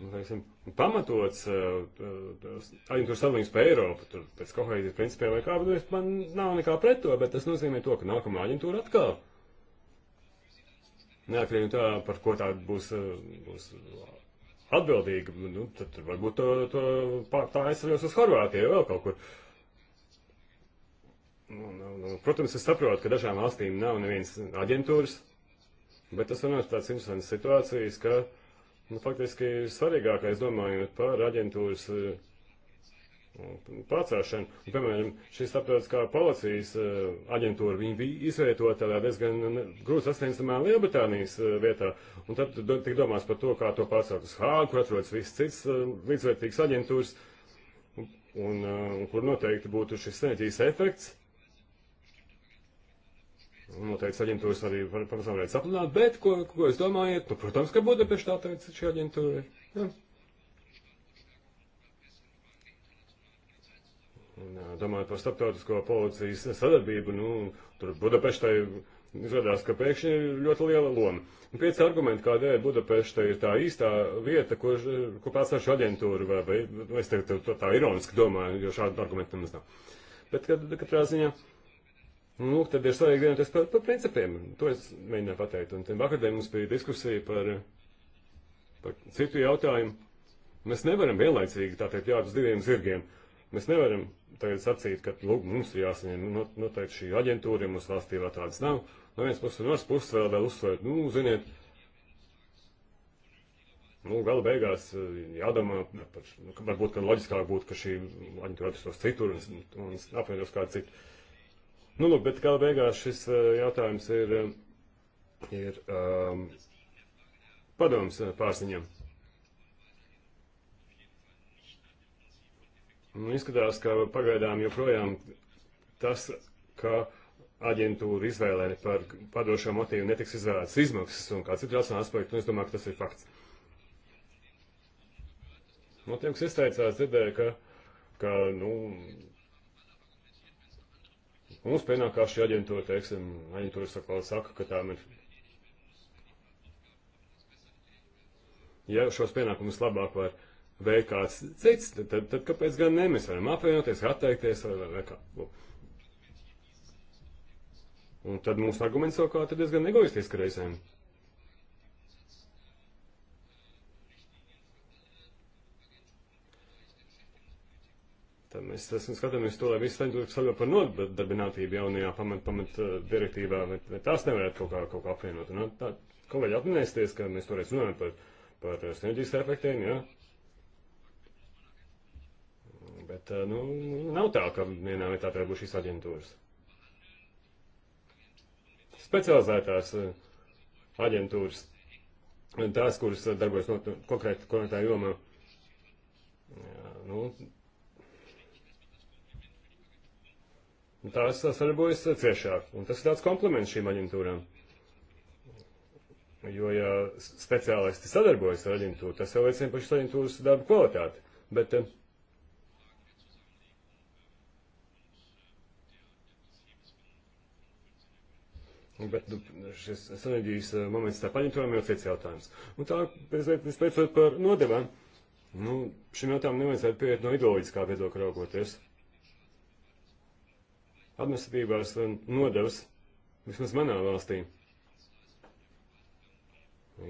nu, teiksim, pamatots eh, aģentūras sadalījums pa Eiropu, tur pēc kohēzijas principiem vai kā, bet man nav nekā pret to, bet tas nozīmē to, ka nākamā aģentūra atkal. Neatkarīgi no tā, par ko tā būs, būs atbildīga, nu, tad varbūt to, to tā aizsargās uz Horvātiju vēl kaut kur. Uh, Un, nu, nu, un, nu. un, protams, es saprotu, ka dažām valstīm nav nevienas aģentūras, bet tas runās par tādas interesantas situācijas, ka nu, faktiski svarīgākais domājot par aģentūras eh, pārcēšanu. Un, piemēram, šī starptautiskā policijas eh, aģentūra, viņi bija izvietota tādā diezgan grūti sasniedzamā Lielbritānijas eh, vietā. Un tad tik domās par to, kā to pārcelt uz Hāgu, kur atrodas viss cits līdzvērtīgs aģentūras, un, un, un kur noteikti būtu šis sinerģijas efekts. Noteikti aģentūras arī var, pavisam varētu saplināt, bet ko, ko jūs domājat? Nu, protams, ka Budapešta teica šī aģentūra. Jā. Ja. Domājot par starptautisko policijas sadarbību, nu, tur Budapeštai izrādās, ka pēkšņi ir ļoti liela loma. Un pieci argumenti, kādēļ Budapešta ir tā īstā vieta, kur, kur pārstāvšu aģentūru, vai, vai es teiktu, tā ironiski domāju, jo šādu argumentu nemaz nav. Bet katrā ziņā. Kad, Un, nu, lūk, tad ir svarīgi vienoties par, par principiem. To es mēģināju pateikt. Un vakardien mums bija diskusija par, par citu jautājumu. Mēs nevaram vienlaicīgi, tā teikt, jāt uz diviem zirgiem. Mēs nevaram tagad sacīt, ka, lūk, mums ir jāsaņem noteikti šī aģentūra, ja mums valstī vēl tādas nav. No vienas puses, no otras puses vēl vēl uzsvērt, nu, ziniet, nu, gala beigās eh, jādomā, par, nu, varbūt, ka loģiskāk būtu, ka šī aģentūra atrastos citur un, un apvienotos kādu citu. Nu, lūk, bet kā beigās šis eh, jautājums ir, eh, ir um, padoms eh, pārsiņam. Nu, izskatās, ka pagaidām joprojām tas, ka aģentūra izvēlē par padošo motīvu netiks izvēlētas izmaksas un kāds ir racionāls aspekts, un nu, es domāju, ka tas ir fakts. No tiem, kas izteicās, dzirdēja, ka, ka nu, Mums pienākā šī aģentūra, teiksim, aģentūra saka, saka, ka tām ir. Ja šos pienākumus labāk var veikt kāds cits, tad, tad, tad kāpēc gan ne? Mēs varam apvienoties, atteikties vai, vai, vai kā. Un tad mūsu arguments savukārt ir diezgan egoistiski reizēm. Tad mēs esam skatāmies to, lai viss saņemtu saļo par nodarbinātību jaunajā pamat, pamat eh, direktīvā, vai, vai tās nevarētu kaut kā, kaut kā apvienot. Un, nu, tā, kolēģi atminēsties, ka mēs toreiz runājam par, par eh, sinerģijas efektiem, jā. Bet, eh, nu, nav tā, ka vienā vietā tā būs šīs aģentūras. Specializētās aģentūras, tās, kuras darbojas konkrētā jomā, jā, nu, tās sadarbojas ciešāk. Un tas ir tāds kompliments šīm aģentūrām. Jo, ja speciālisti sadarbojas ar aģentūru, tas jau liecina par šīs aģentūras darba kvalitāti. Bet, eh, Bet nu, šis sanēģijas eh, moments tā paņemtām jau cits jautājums. Un tā, vispēc par nodevām, nu, šim jautājumam nevajadzētu pieiet no ideoloģiskā viedokļa raugoties administratīvās nodevas, vismaz manā valstī,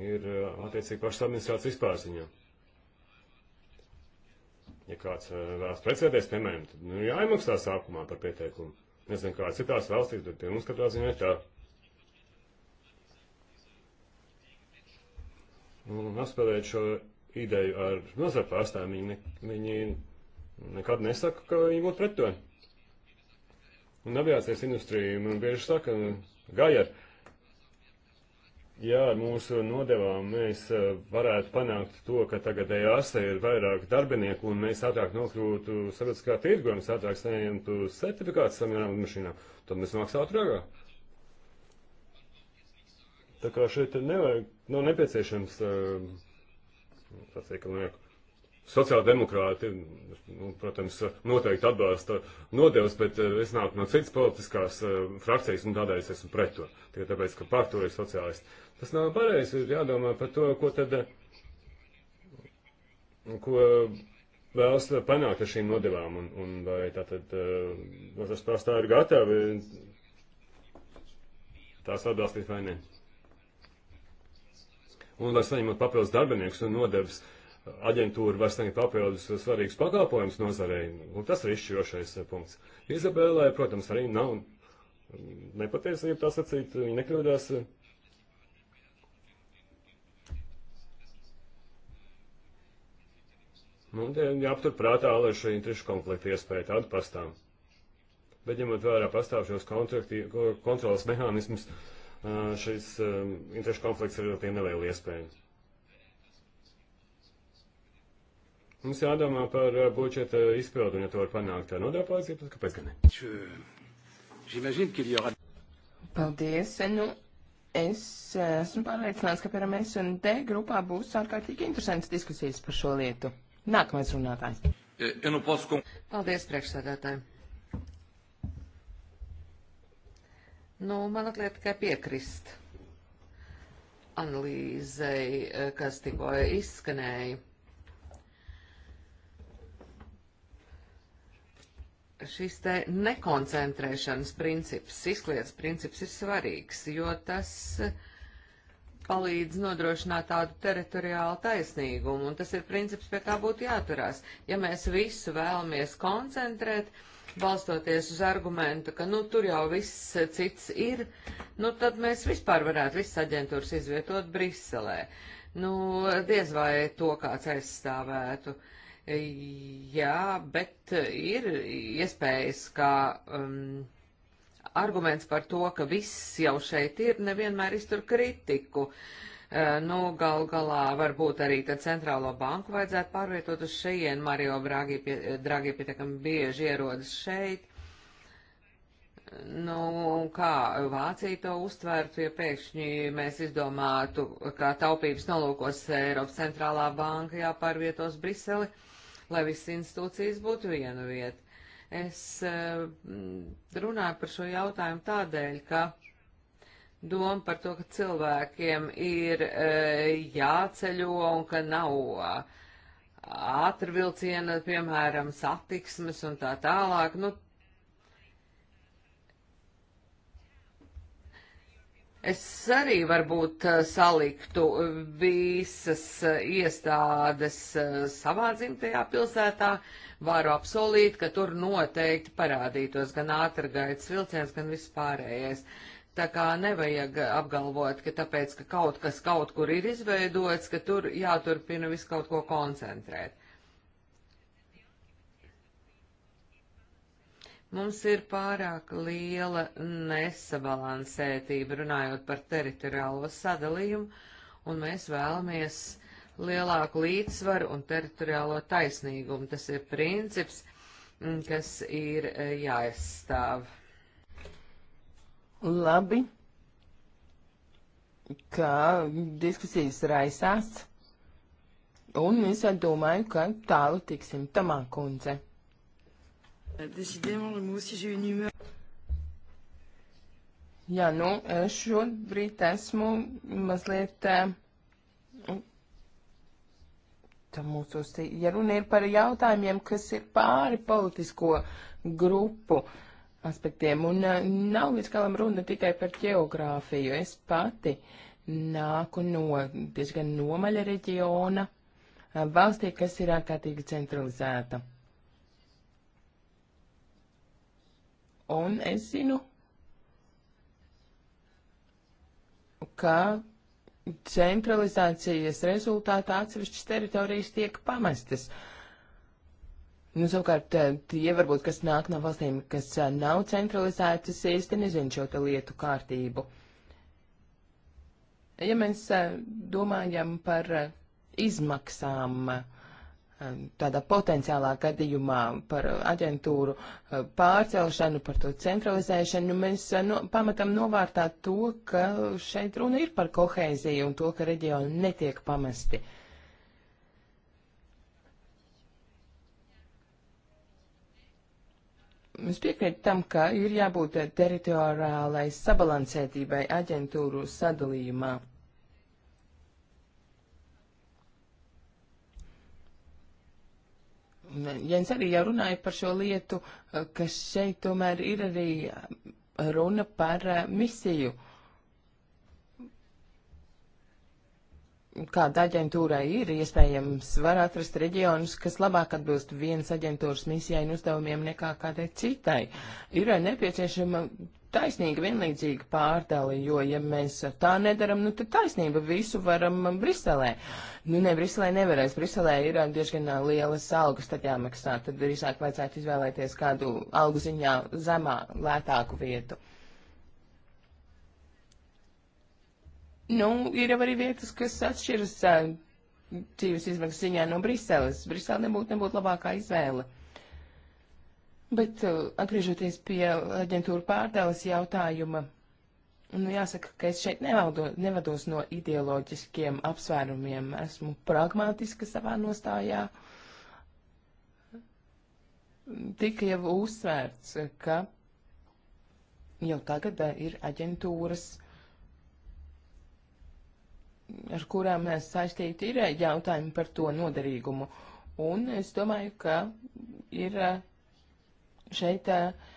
ir attiecīgi pašas administrācijas pārziņā. Ja kāds vēlas precēties, piemēram, tad nu, jāiemaksā sākumā par pieteikumu. Nezinu, kā citās valstīs, bet pie mums katrā ziņā ir tā. Un apspēlēt šo ideju ar nozarpārstāvjiem, viņi, ne, viņi nekad nesaka, ka viņi būtu pret to. Un aviācijas industrija man bieži saka, Gajar, jā, ar mūsu nodevām mēs eh, varētu panākt to, ka tagad EASA ir vairāk darbinieku un mēs ātrāk nokļūtu sabiedriskā tirgu un mēs ātrāk saņemtu certifikātu samierām mašīnām. Tad mēs maksātu ragāk. Tā kā šeit nevajag, nav nepieciešams eh, nu, tāds ekonomikas Sociāldemokrāti, nu, protams, noteikti atbalsta nodevas, bet eh, es nāku no citas politiskās eh, frakcijas un tādēļ es esmu pret to. Tikai tāpēc, ka par to ir sociālisti. Tas nav pareizi, ir jādomā par to, ko tad, eh, ko vēlas panākt ar šīm nodevām, un, un vai tātad uh, tas pārstāv ir gatavi tās atbalstīt vai ne. Un vai saņemot papildus darbiniekus un nodevas, aģentūra var sniegt papildus svarīgus pakalpojumus nozarei, un tas ir izšķirošais eh, punkts. Izabēlē, protams, arī nav nepatiesība tā sacīt, viņa nekļūdās. Nu, jāaptur prātā, lai šī interešu konflikta iespēja tāda pastāv. Bet ņemot vērā pastāvšos kontrolas mehānismus, eh, šis eh, interešu konflikts ir relatīvi neliela iespēja. Mums jādomā par eh, budžeta izpildu, un ja to var panākt ar nodarbāciju, tad kāpēc gan ne? Paldies. Nu, es eh, esmu pārliecināts, ka piemēram S un D grupā būs ārkārtīgi interesants diskusijas par šo lietu. Nākamais runātājs. Eh, Paldies, priekšsēdētāji. Nu, man atliek tikai piekrist analīzei, kas tikko izskanēja šis te nekoncentrēšanas princips, izklietas princips ir svarīgs, jo tas eh, palīdz nodrošināt tādu teritoriālu taisnīgumu, un tas ir princips, pie kā būtu jāturās. Ja mēs visu vēlamies koncentrēt, balstoties uz argumentu, ka, nu, tur jau viss eh, cits ir, nu, tad mēs vispār varētu visas aģentūras izvietot Briselē. Nu, diez vai to kāds aizstāvētu. Uh, Jā, bet ir iespējas, ka um, arguments par to, ka viss jau šeit ir, nevienmēr iztur kritiku. Uh, nu, gal galā varbūt arī tad centrālo banku vajadzētu pārvietot uz šejienu. Mario Dragi, pie, Dragi pietiekami bieži ierodas šeit. Nu, kā Vācija to uztvērtu, ja pēkšņi mēs izdomātu, ka taupības nolūkos Eiropas centrālā banka jāpārvietos Briseli? Uh, lai visas institūcijas būtu viena vieta. Es eh, runāju par šo jautājumu tādēļ, ka doma par to, ka cilvēkiem ir eh, jāceļo un ka nav eh, ātrvilciena, piemēram, satiksmes un tā tālāk, nu, Es arī varbūt eh, saliktu eh, visas eh, iestādes savā dzimtajā pilsētā. Varu apsolīt, ka tur noteikti parādītos gan ātrgaitas vilciens, gan vispārējais. Tā kā nevajag apgalvot, ka tāpēc, ka kaut kas kaut kur ir izveidots, ka tur jāturpina visu kaut ko koncentrēt. Mums ir pārāk liela nesabalansētība runājot par teritoriālo sadalījumu, un mēs vēlamies lielāku līdzsvaru un teritoriālo taisnīgumu. Tas ir princips, mm, kas ir e, jāizstāv. Labi, ka diskusijas raisās, un es domāju, ka tālu tiksim tamā kundze. Jā, nu, eh, šobrīd esmu mazliet eh, nu, tā mūsos, ja runa ir par jautājumiem, kas ir pāri politisko grupu aspektiem, un eh, nav līdz galam runa tikai par ģeogrāfiju. Es pati nāku no diezgan nomaļa reģiona valstī, kas ir ārkārtīgi centralizēta. Un es zinu, ka centralizācijas rezultātā atsevišķas teritorijas tiek pamestas. Nu, savukārt, eh, tie varbūt, kas nāk no valstīm, kas eh, nav centralizētas, īsti nezin šo lietu kārtību. Ja mēs eh, domājam par izmaksām, uh, Um, tādā potenciālā gadījumā par aģentūru uh, pārcelšanu, par to centralizēšanu, nu, mēs uh, no, pametam novārtā to, ka šeit runa ir par kohēziju un to, ka reģioni netiek pamesti. Es piekrītu tam, ka ir jābūt teritoriālai sabalansētībai aģentūru sadalījumā. Jens arī jau runāja par šo lietu, eh, ka šeit tomēr ir arī eh, runa par eh, misiju. Kāda aģentūrai ir iespējams, var atrast reģionus, kas labāk atbilst vienas aģentūras misijai un uzdevumiem nekā kādai citai. Ir nepieciešama taisnīga, vienlīdzīga pārdali, jo, ja mēs tā nedaram, nu, tad taisnība visu varam Briselē. Nu, ne, Briselē nevarēs. Briselē ir uh, diezgan uh, lielas algas tad jāmaksā, tad drīzāk vajadzētu izvēlēties kādu algu ziņā zemā, lētāku vietu. Nu, ir jau arī vietas, kas atšķiras uh, dzīves izmaksas ziņā no Briseles. Brisele nebūtu, nebūtu labākā izvēle. Bet uh, atgriežoties pie aģentūra pārdēles jautājuma, nu jāsaka, ka es šeit nevaldo, nevados no ideoloģiskiem apsvērumiem. Esmu pragmatiska savā nostājā. Tika jau uzsvērts, ka jau tagad uh, ir aģentūras, ar kurām uh, saistīti ir jautājumi par to noderīgumu. Un es domāju, ka ir Šeit eh,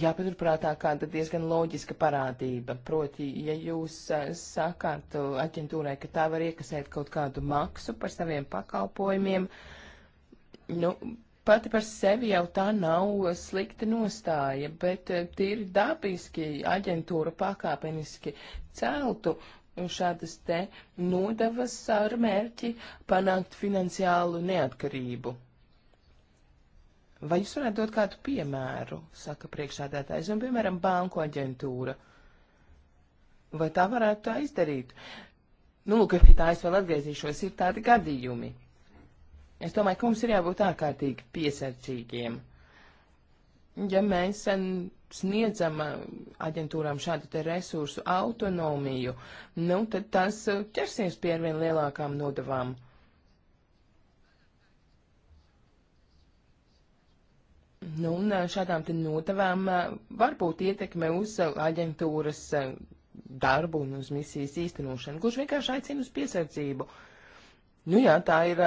jāpaturprātā kāda diezgan loģiska parādība. Proti, ja jūs eh, sakāt eh, aģentūrai, ka tā var iekasēt kaut kādu maksu par saviem pakalpojumiem, nu, pati par sevi jau tā nav slikta nostāja, bet tīri dabiski aģentūra pakāpeniski celtu šādas te nodevas ar mērķi panākt finansiālu neatkarību. Vai jūs varētu dot kādu piemēru, saka priekšsādātājs, un, nu, piemēram, banku aģentūra? Vai tā varētu tā izdarīt? Nu, lūk, pie tā es vēl atgriezīšos, ir tādi gadījumi. Es domāju, ka mums ir jābūt ārkārtīgi piesardzīgiem. Ja mēs sniedzam aģentūrām šādu te resursu autonomiju, nu, tad tas ķersies pie arvien lielākām nodavām. Uh, Nu, un šādām te nodavām var būt ietekme uz aģentūras darbu un uz misijas īstenošanu, kurš vienkārši aicina uz piesardzību. Nu jā, tā ir,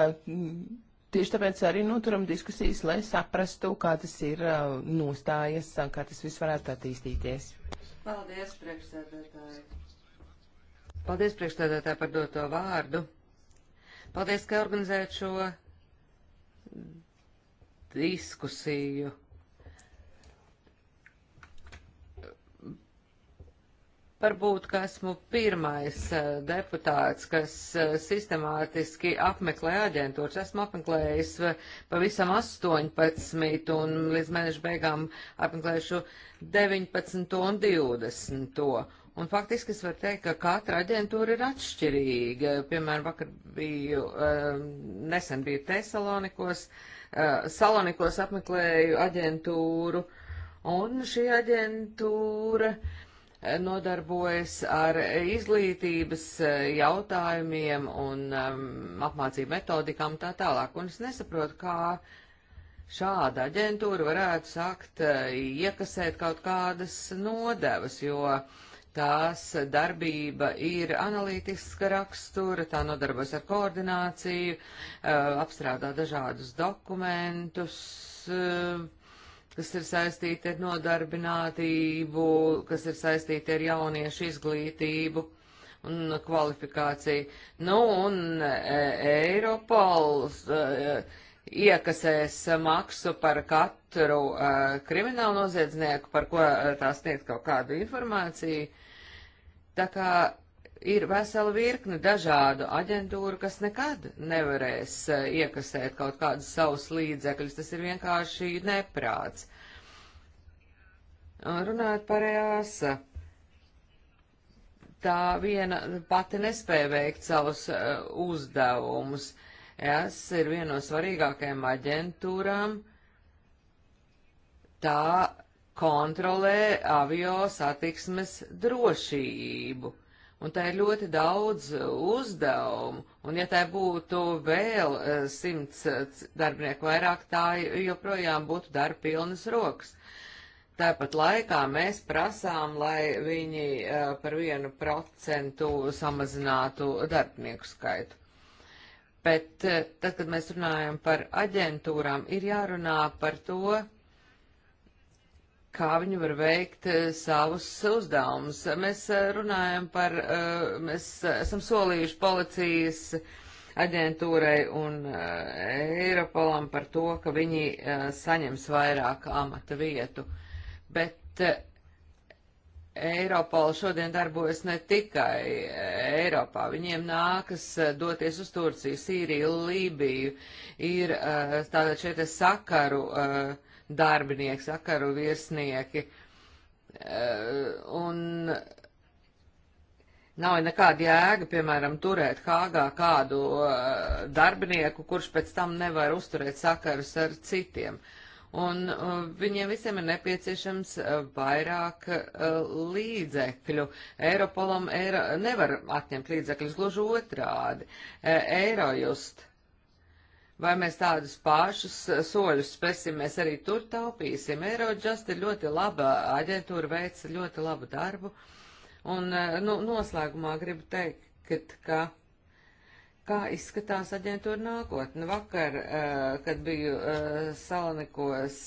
tieši tāpēc arī noturam diskusijas, lai saprastu, kā tas ir nostājas, kā tas viss varētu attīstīties. Paldies, priekšsēdētāji. Paldies, priekšsēdētāji, par doto vārdu. Paldies, ka organizējat šo diskusiju. Varbūt, ka esmu pirmais eh, deputāts, kas eh, sistemātiski apmeklē aģentūras. Esmu apmeklējis eh, pavisam 18 un līdz mēneša beigām apmeklēšu 19 un 20. Un faktiski es varu teikt, ka katra aģentūra ir atšķirīga. Piemēram, vakar biju, nesen biju Tesalonikos. Uh, Eh, Salonikos apmeklēju aģentūru, un šī aģentūra eh, nodarbojas ar izglītības eh, jautājumiem un apmācību metodikām tā tālāk, un es nesaprotu, kā šāda aģentūra varētu sākt iekasēt kaut kādas nodevas, jo uh, Tās darbība ir analītiska rakstura, tā nodarbojas ar koordināciju, eh, apstrādā dažādus dokumentus, eh, kas ir saistīti ar nodarbinātību, kas ir saistīti ar jauniešu izglītību un kvalifikāciju. Nu, un eh, Eiropols iekasēs maksu par katru kriminālu noziedznieku, par ko tās sniedz kaut kādu informāciju Tā kā ir vesela virkne dažādu aģentūru, kas nekad nevarēs eh, iekasēt kaut kādus savus līdzekļus. Tas ir vienkārši neprāts. Runājot par EASA, tā viena pati nespēja veikt savus eh, uzdevumus. EASA ir viena no svarīgākajām aģentūrām. Tā kontrolē avio satiksmes drošību. Un tā ir ļoti daudz uzdevumu, un ja tai būtu vēl eh, simts eh, darbinieku vairāk, tā joprojām būtu darba pilnas rokas. Tāpat laikā mēs prasām, lai viņi eh, par vienu procentu samazinātu darbinieku skaitu. Bet tad, kad mēs runājam par aģentūrām, ir jārunā par to, kā viņi var veikt eh, savus uzdevumus. Mēs eh, runājam par, eh, mēs esam solījuši policijas aģentūrai un Eiropolam par to, ka viņi saņems vairāk amata vietu. Bet Eiropola šodien darbojas ne tikai Eiropā, viņiem nākas doties uz Turciju, Sīriju, Lībiju. Ir tātad šeit sakaru uh, darbinieki, sakaru virsnieki. Eh, un nav nekāda jēga, piemēram, turēt Hāgā kādu eh, darbinieku, kurš pēc tam nevar uzturēt sakarus ar citiem. Un eh, viņiem visiem ir nepieciešams vairāk līdzekļu. Eiropolam Eiro, nevar atņemt līdzekļus, gluži otrādi. Eirojust Vai mēs tādus pašus eh, soļus spēsim, mēs arī tur taupīsim. Eirodžast ir ļoti laba aģentūra, veic ļoti labu darbu. Un eh, nu, noslēgumā gribu teikt, kad, ka, kā izskatās aģentūra nākotne. Vakar, eh, kad biju Salonikos,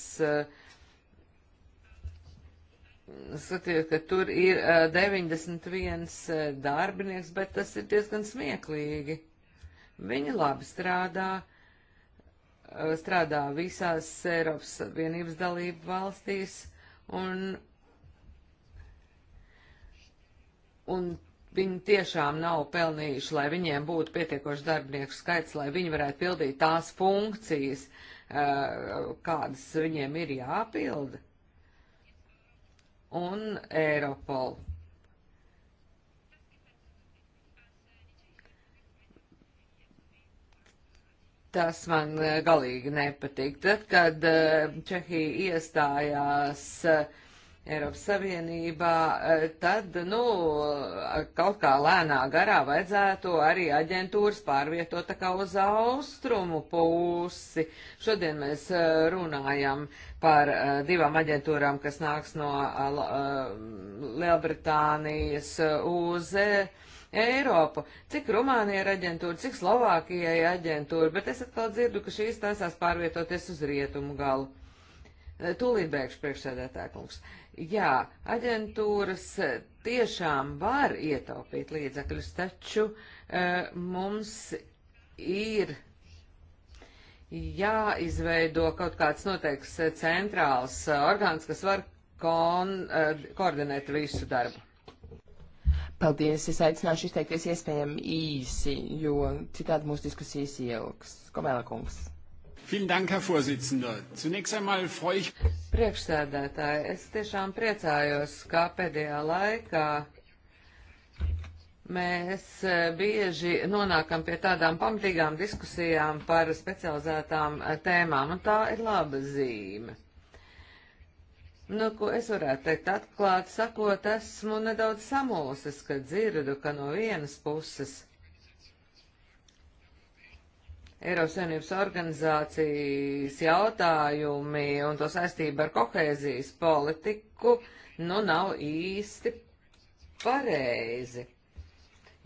skatījos, ka tur ir 91 darbinieks, bet tas ir diezgan smieklīgi. Viņi labi strādā Uh, strādā visās Eiropas Savienības dalību valstīs, un, un viņi tiešām nav pelnījuši, lai viņiem būtu pietiekoši darbinieku skaits, lai viņi varētu pildīt tās funkcijas, uh, kādas viņiem ir jāpilda. Un Eiropolu Tas man eh, galīgi nepatīk. Tad, kad eh, Čehija iestājās eh, Eiropas Savienībā, tad, nu, kaut kā lēnā garā vajadzētu arī aģentūras pārvietot kā uz austrumu pusi. Šodien mēs runājam par divām aģentūrām, kas nāks no Lielbritānijas uz Eiropas Eiropu. Cik Rumānija ir aģentūra, cik Slovākija ir aģentūra, bet es atkal dzirdu, ka šīs taisās pārvietoties uz rietumu galu. E, tūlīt bēgšu priekšsēdētājkungs. Jā, aģentūras tiešām var ietaupīt līdzekļus, taču uh, mums ir jāizveido kaut kāds noteikts centrāls e, orgāns, kas var kon, uh, koordinēt visu darbu. Paldies, es aicināšu izteikties iespējami īsi, jo citādi mūsu diskusijas ieliks. Komēla kungs. Vielen Dank, Herr Vorsitzender. Zunächst einmal freue ich. Priekšsēdētāji, es tiešām priecājos, kā pēdējā laikā mēs e, bieži nonākam pie tādām pamatīgām diskusijām par specializētām e, tēmām, un tā ir laba zīme. Nu, ko es varētu teikt atklāti sakot, esmu nedaudz samulsis, kad dzirdu, ka no vienas puses Eiropas Savienības organizācijas jautājumi un to saistība ar kohēzijas politiku, nu, nav īsti pareizi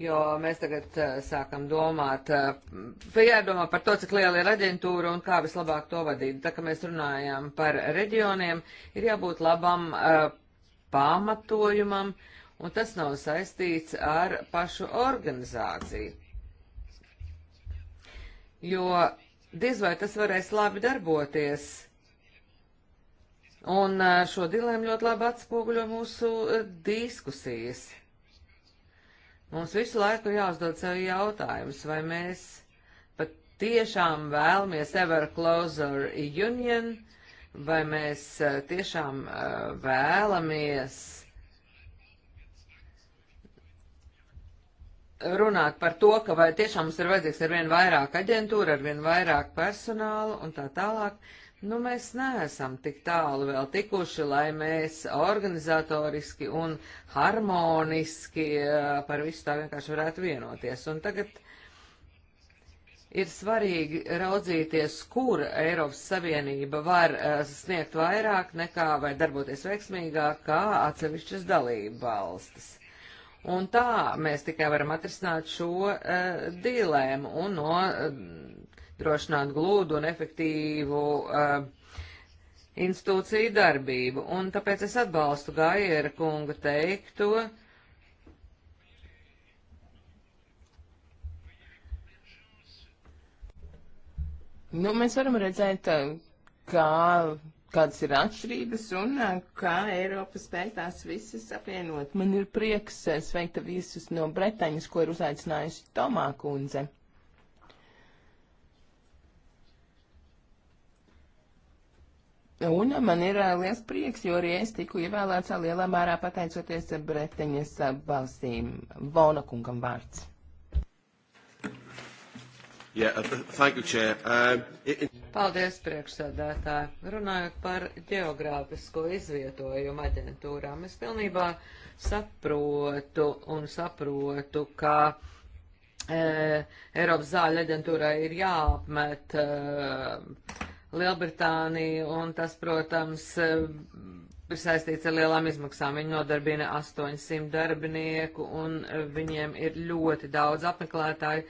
jo mēs tagad uh, sākam domāt, uh, jādomā par to, cik liela ir aģentūra un kā vislabāk to vadīt. Tā kā mēs runājām par reģioniem, ir jābūt labam uh, pamatojumam, un tas nav saistīts ar pašu organizāciju. Jo diz vai tas varēs labi darboties. Un šo dilēmu ļoti labi atspoguļo mūsu diskusijas. Mums visu laiku jāuzdod sev jautājums, vai mēs pat tiešām vēlamies ever closer union, vai mēs eh, tiešām eh, vēlamies runāt par to, ka vai tiešām mums ir vajadzīgs ar vien vairāk aģentūru, ar vien vairāk personālu un tā tālāk. Uh, Nu, mēs neesam tik tālu vēl tikuši, lai mēs organizatoriski un harmoniski eh, par visu tā vienkārši varētu vienoties. Un tagad ir svarīgi raudzīties, kur Eiropas Savienība var eh, sniegt vairāk nekā vai darboties veiksmīgāk kā atsevišķas dalība valstis. Un tā mēs tikai varam atrisināt šo uh, dilēmu un no uh, drošināt glūdu un efektīvu uh, institūciju darbību. Un tāpēc es atbalstu Gaiera kunga teikto. Nu, mēs varam redzēt, eh, kā, kādas ir atšķirības un eh, kā Eiropa spēj tās visas apvienot. Man ir prieks sveikt visus no Bretaņas, ko ir uzaicinājusi Tomā kundze. Un man ir liels prieks, jo arī es tiku ievēlēts lielā mērā pateicoties Breteņas balsīm. Vona kungam vārds. Yeah, uh, you, uh, it, it... Paldies, priekšsēdētāji. Runājot par geogrāfisko izvietojumu aģentūrām, es pilnībā saprotu un saprotu, ka e, Eiropas zāļu aģentūrai ir jāapmet e, Lielbritāniju, un tas, protams, eh, ir saistīts ar lielām izmaksām. Viņi nodarbina 800 darbinieku, un eh, viņiem ir ļoti daudz apmeklētāju.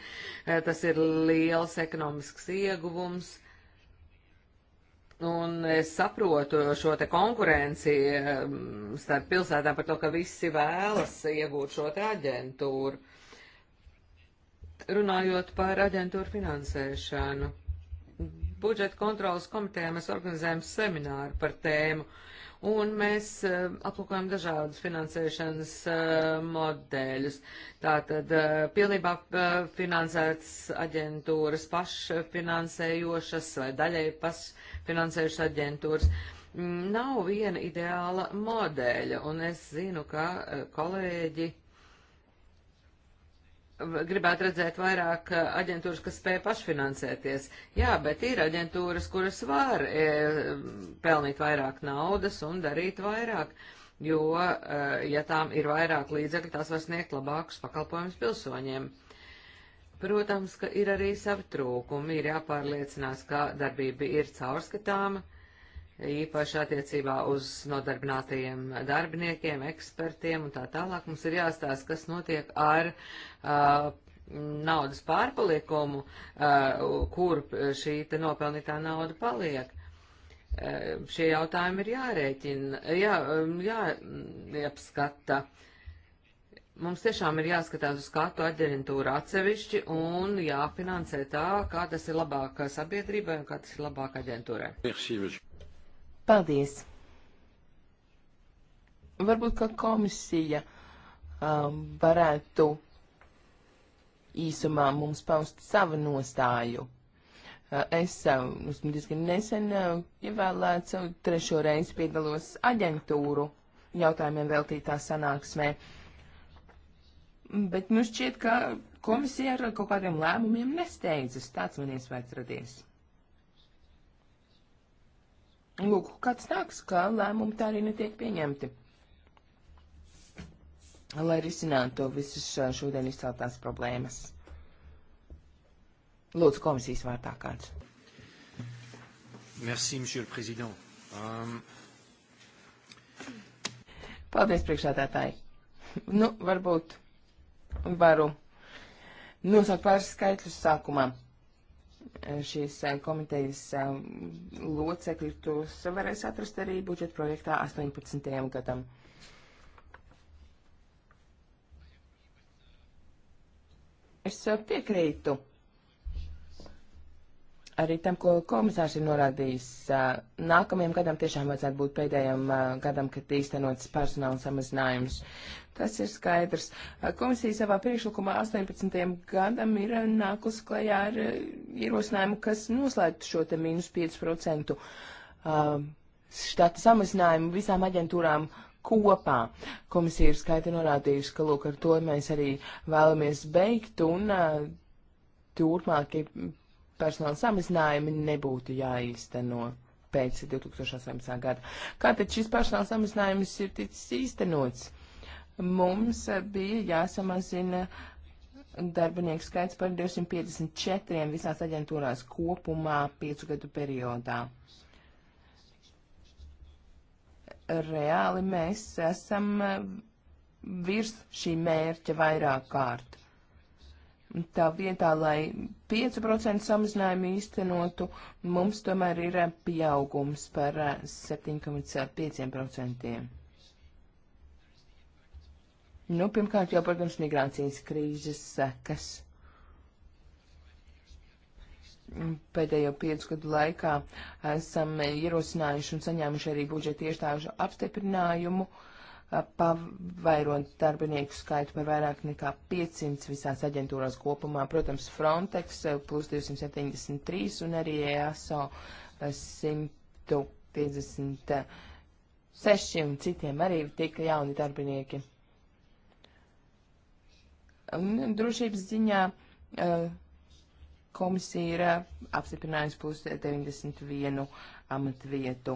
Eh, tas ir liels ekonomisks ieguvums. Un es saprotu šo te konkurenci starp pilsētām par to, ka visi vēlas iegūt šo te aģentūru. Runājot par aģentūru finansēšanu budžeta kontrolas komitejā mēs organizējam semināru par tēmu, un mēs uh, aplūkojam dažādus finansēšanas uh, modeļus. Tātad uh, pilnībā finansētas aģentūras, pašfinansējošas vai daļai pašfinansējušas aģentūras. Mm, nav viena ideāla modeļa, un es zinu, ka kolēģi gribētu redzēt vairāk eh, aģentūras, kas spēj pašfinansēties. Jā, bet ir aģentūras, kuras var e, pelnīt vairāk naudas un darīt vairāk, jo, e, ja tām ir vairāk līdzekļu, tās var sniegt labākus pakalpojumus pilsoņiem. Protams, ka ir arī savi trūkumi, ir jāpārliecinās, ka darbība ir caurskatāma. E, īpaši attiecībā uz nodarbinātajiem darbiniekiem, ekspertiem un tā tālāk. Mums ir jāstāsta, kas notiek ar uh, naudas pārpalikumu, uh, kur šī te nopelnītā nauda paliek. Uh, šie jautājumi ir jārēķina, jā, jāapskata. Jā, mums tiešām ir jāskatās uz katru aģentūru atsevišķi un jāfinansē tā, kā tas ir labāk sabiedrībai un kā tas ir labāk aģentūrai. Paldies! Varbūt, ka komisija um, varētu īsumā mums paust savu nostāju. Uh, es uh, esmu diezgan nesen uh, ievēlēts, trešo reizi piedalos aģentūru jautājumiem veltītā sanāksmē. Bet nu šķiet, ka komisija ar kaut kādiem lēmumiem nesteidzas. Tāds man iespējas radies. Lūk, kāds nāks, ka lēmumi tā arī netiek pieņemti. Lai risinātu visas šodien izceltās problēmas. Lūdzu, komisijas vārtā kāds. Merci, monsieur le président. Um... Paldies, priekšādātāji. [LAUGHS] Nu, varbūt varu nosaukt pāris skaitļus sākumā šīs eh, komitejas eh, locekļi tos varēs atrast arī budžeta projektā 18. gadam. Es eh, piekrītu arī tam, ko komisārs ir norādījis. Nākamajam gadam tiešām vajadzētu būt pēdējam gadam, kad īstenots personāla samazinājums. Tas ir skaidrs. Komisija savā priekšlikumā 18. gadam ir nākus klajā ar ierosinājumu, kas noslēgtu šo te mīnus 5% štata samazinājumu visām aģentūrām kopā. Komisija ir skaidri norādījusi, ka lūk ar to mēs arī vēlamies beigt un turpmāk ir personāla samazinājumi nebūtu jāīsteno pēc 2018. gada. Kā tad šis personāla samazinājums ir ticis īstenots? Mums bija jāsamazina darbinieku skaits par 254 visās aģentūrās kopumā piecu gadu periodā. Reāli mēs esam eh, virs šī mērķa vairāk kārt tā vietā, lai 5% samazinājumu īstenotu, mums tomēr ir eh, pieaugums par 7,5%. Eh, eh, nu, pirmkārt jau, protams, migrācijas krīzes sekas. Pēdējo piecu gadu laikā esam ierosinājuši un saņēmuši arī budžeta iestāžu apstiprinājumu uh, pavairot darbinieku skaitu par vairāk nekā 500 visās aģentūrās kopumā. Protams, Frontex eh, plus 273 un arī EASO 156 eh, un citiem arī tika jauni darbinieki. Un drošības ziņā eh, komisija ir apstiprinājusi plus 91 amatvietu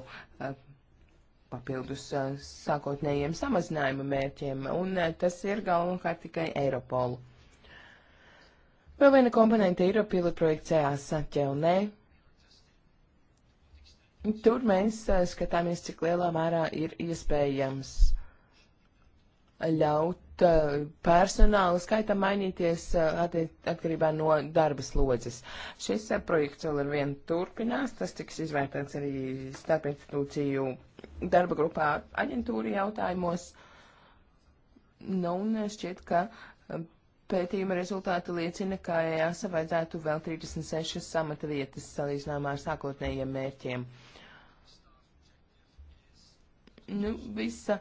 papildus eh, sākotnējiem samazinājuma mērķiem, un eh, tas ir galvenokārt tikai Eiropolu. Vēl viena komponente ir pilotprojekts EASA ķelnē. Eh, tur mēs skatāmies, cik lielā mērā ir iespējams ļaut personāla skaitam mainīties atkarībā no darba slodzes. Šis projekts vēl ar vienu turpinās, tas tiks izvērtēts arī starp institūciju darba grupā aģentūra jautājumos. Nu, un šķiet, ka um, pētījuma rezultāti liecina, ka EASA vajadzētu vēl 36 samata vietas salīdzinājumā ar sākotnējiem mērķiem. Nu, visa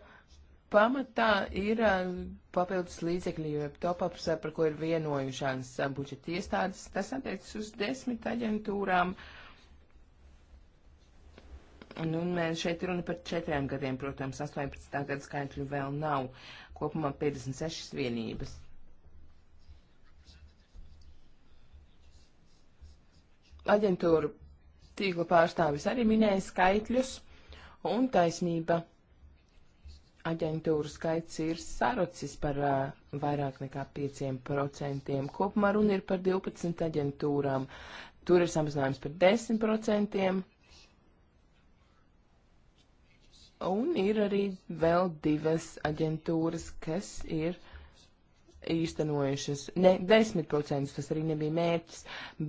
pamatā ir uh, papildus līdzekļi, jo top-ups, uh, par ko ir vienojušās uh, budžeta iestādes, tas attiecas uz desmit aģentūrām. Uh, Un, un šeit ir runa par četriem gadiem, protams, 18. gada skaitļu vēl nav. Kopumā 56 vienības. Aģentūra tīkla pārstāvis arī minēja skaitļus, un taisnība aģentūru skaits ir sarucis par uh, vairāk nekā 5%. Kopumā runa ir par 12 aģentūrām. Tur ir samazinājums par 10%. Un ir arī vēl divas aģentūras, kas ir īstenojušas, ne 10%, tas arī nebija mērķis,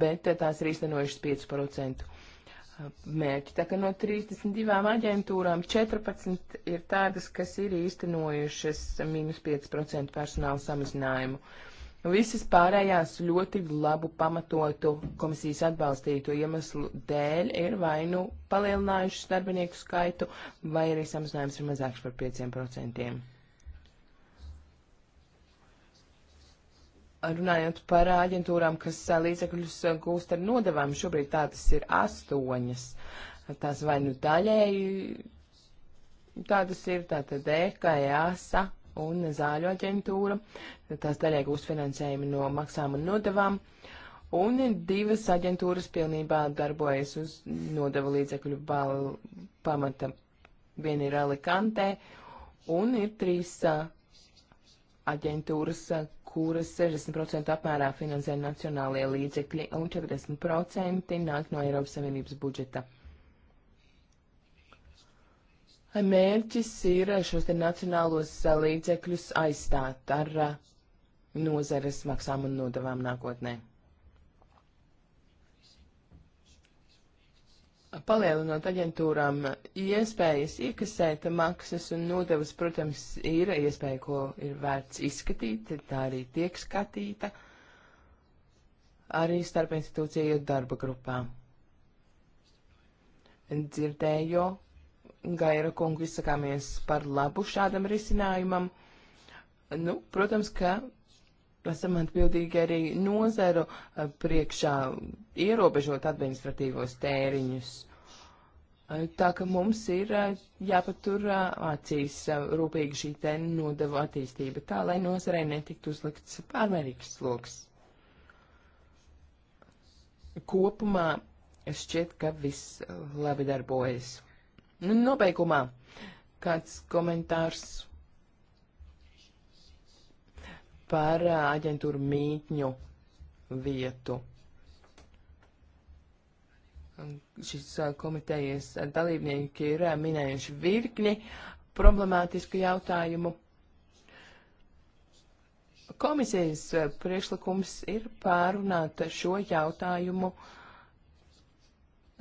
bet eh, tās ir īstenojušas 5% eh, mērķi. Tā kā no 32 aģentūrām 14 ir tādas, kas ir īstenojušas mīnus 5% personāla samazinājumu. Uh, Visas pārējās ļoti labu pamatotu komisijas atbalstīto iemeslu dēļ ir vai nu palielinājušas darbinieku skaitu, vai arī samazinājums ir mazāks par 5%. Runājot par aģentūrām, kas līdzekļus gūst ar nodevām, šobrīd tādas ir astoņas. Tās vai nu daļēji tādas ir, tātad EKA, e ASA, un zāļu aģentūra. Tās daļai gūs finansējumu no maksām un nodevām. Un divas aģentūras pilnībā darbojas uz nodevu līdzekļu pamata. Viena ir Alicante un ir trīs aģentūras, kuras 60% apmērā finansē nacionālie līdzekļi un 40% nāk no Eiropas Savienības budžeta. Mērķis ir šos te nacionālos līdzekļus aizstāt ar nozares maksām un nodavām nākotnē. Palielinot aģentūrām iespējas iekasēt maksas un nodevas, protams, ir iespēja, ko ir vērts izskatīt, tā arī tiek skatīta arī starp institūciju darba grupām dzirdēju Gaira kungu izsakāmies par labu šādam risinājumam. Nu, protams, ka esam atbildīgi arī nozaru eh, priekšā ierobežot administratīvos tēriņus. Eh, tā ka mums ir eh, jāpatur acīs rūpīgi šī te nodevu attīstība, tā lai nozarē netiktu uzlikts pārmērīgs sloks. Kopumā šķiet, ka viss labi darbojas. Nu, nobeigumā kāds komentārs par aģentūru mītņu vietu. Šis komitejas dalībnieki ir minējuši virkni problemātisku jautājumu. Komisijas priekšlikums ir pārunāt šo jautājumu uh,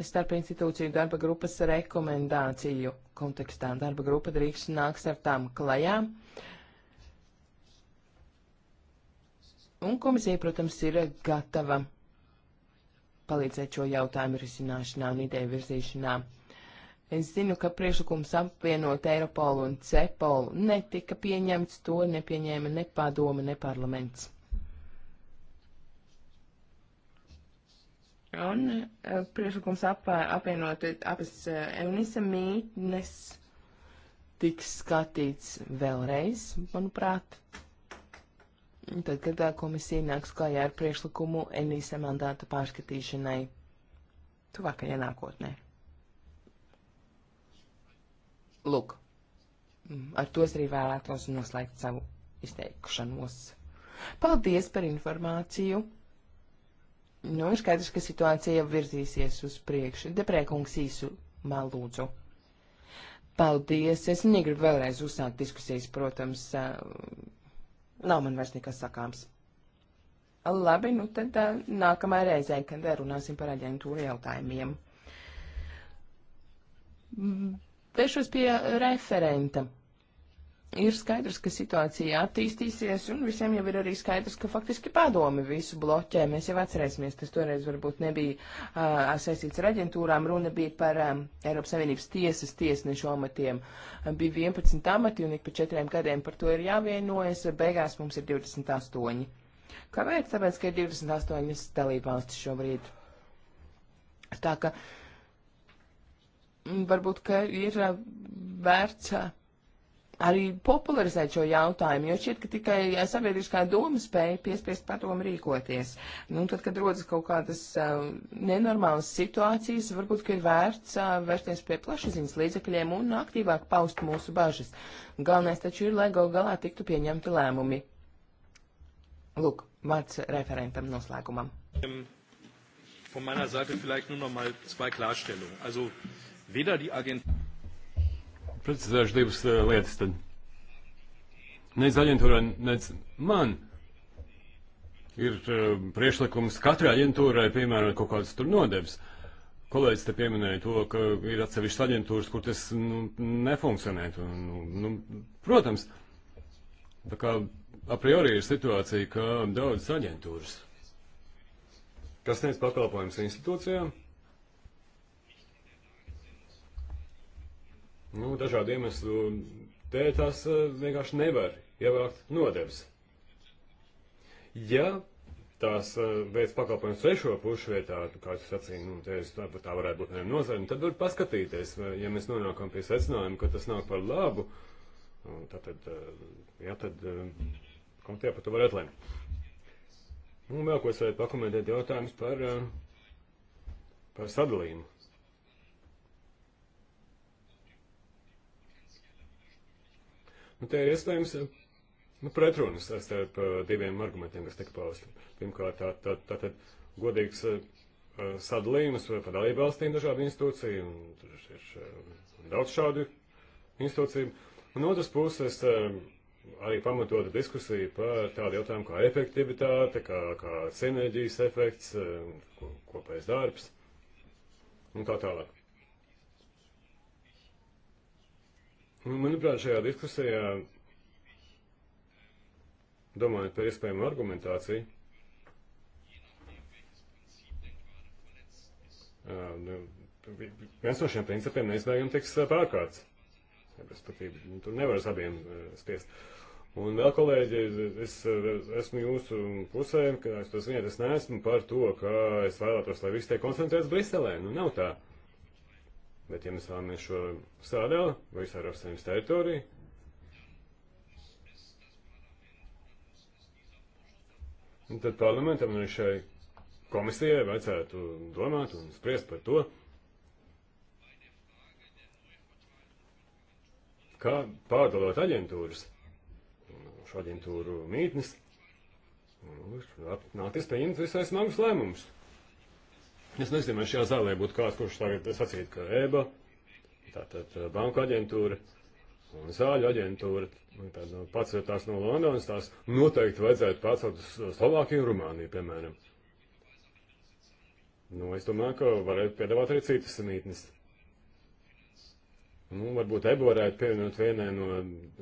starp institūciju darba grupas rekomendāciju kontekstā. Darba grupa drīkst nāks ar tām klajām. Un komisija, protams, ir gatava palīdzēt šo jautājumu risināšanā un ideju virzīšanā. Es zinu, ka priekšlikums apvienot Eiropolu un Cepolu netika pieņemts, to nepieņēma ne padome, ne parlaments. Un eh, priekšlikums apvienot abas Eunisa eh, mītnes tiks skatīts vēlreiz, manuprāt. Tad, kad eh, komisija nāks klajā ar priekšlikumu Enisa mandāta pārskatīšanai tuvākajā nākotnē. Lūk, mm, ar to es arī vēlētos noslēgt savu izteikšanos. Paldies par informāciju! Nu, ir skaidrs, ka situācija jau virzīsies uz priekšu. Deprēkungs īsu man lūdzu. Paldies! Es negribu vēlreiz uzsākt diskusijas, protams. Nav man vairs nekas sakāms. Labi, nu tad nākamā reizē, kad runāsim par aģentūru jautājumiem. Vēršos pie referenta ir skaidrs, ka situācija attīstīsies, un visiem jau ir arī skaidrs, ka faktiski padomi visu bloķē. Mēs jau atcerēsimies, tas toreiz varbūt nebija uh, saistīts ar aģentūrām, runa bija par um, Eiropas Savienības tiesas tiesnešu amatiem. Bija 11 amati, un ik pa četriem gadiem par to ir jāvienojas, beigās mums ir 28. Kāpēc? Tāpēc, ka ir 28 dalībvalstis šobrīd. Tā ka varbūt, ka ir vērts. Uh, arī popularizēt šo jautājumu, jo šķiet, ka tikai eh, sabiedriskā doma spēja piespiest padomu rīkoties. Nu, tad, kad rodas kaut kādas uh, nenormālas situācijas, varbūt, ka ir vērts uh, vērsties pie plašsaziņas līdzekļiem un aktīvāk paust mūsu bažas. Galvenais taču ir, lai gal galā tiktu pieņemti lēmumi. Lūk, vārds referentam noslēgumam. Von meiner Seite vielleicht nur noch mal zwei Klarstellungen. Also weder die Agentur precizēšu divas eh, lietas. Tad. Nec aģentūrā, nec man ir eh, priešlikums katrai aģentūrai, piemēram, kaut kādas tur nodevs. Kolēģis te pieminēja to, ka ir atsevišķas aģentūras, kur tas nu, nefunkcionē. Nu, nu, protams, tā kā a priori ir situācija, ka daudzas aģentūras, kas sniedz pakalpojumus institūcijām, nu, dažādu iemeslu dēļ tās eh, vienkārši nevar ievākt nodevs. Ja tās eh, veids pakalpojums trešo pušu vietā, nu, kā jūs sacījāt, nu, tā, tā varētu būt nozara, nu, tad var paskatīties, vai, ja mēs nonākam pie secinājuma, ka tas nāk par labu, nu, tātad, eh, jā, tad komitē par to varētu lēmt. Un vēl ko es varētu pakomentēt jautājums par, par sadalījumu. Un nu, te ir iespējams nu, pretrunas starp diviem argumentiem, kas tika pausti. Pirmkārt, tā, tā, tā tad godīgs sadalījums pa dalību valstīm dažādu institūciju, un tur ir daudz šādu institūciju. Un otras puses arī pamatota diskusija par tādu jautājumu kā efektivitāte, kā, kā sinerģijas efekts, kopējs darbs un tā tālāk. Nu, manuprāt, šajā diskusijā, domājot par iespējamu argumentāciju, nu, viens no šiem principiem neizbēgami tiks pārkārts. Respektīvi, nu, tur nevar uz abiem spiest. Un vēl, kolēģi, es esmu jūsu pusē, ka es to ziniet, es neesmu par to, ka es vēlētos, lai viss tiek koncentrēts Briselē. Nu, nav tā. Uh, Bet, ja mēs vēlamies šo sādālu vai visā Eiropas Savienības teritoriju, tad parlamentam un šai komisijai vajadzētu domāt un spriest par to, kā pārdalot aģentūras, šo aģentūru mītnes, nākties pieņemt visai smagus lēmumus. Es nezinu, vai šajā zālē būtu kāds, kurš tagad sacītu, ka EBA, tātad eh, banku aģentūra un zāļu aģentūra, tātad no nu, pats tās no Londonas, tās noteikti vajadzētu pārcelt uz Slovākiju un Rumāniju, piemēram. Nu, es domāju, ka varētu piedāvāt arī citas samītnes. Nu, varbūt EBA varētu pievienot vienai no,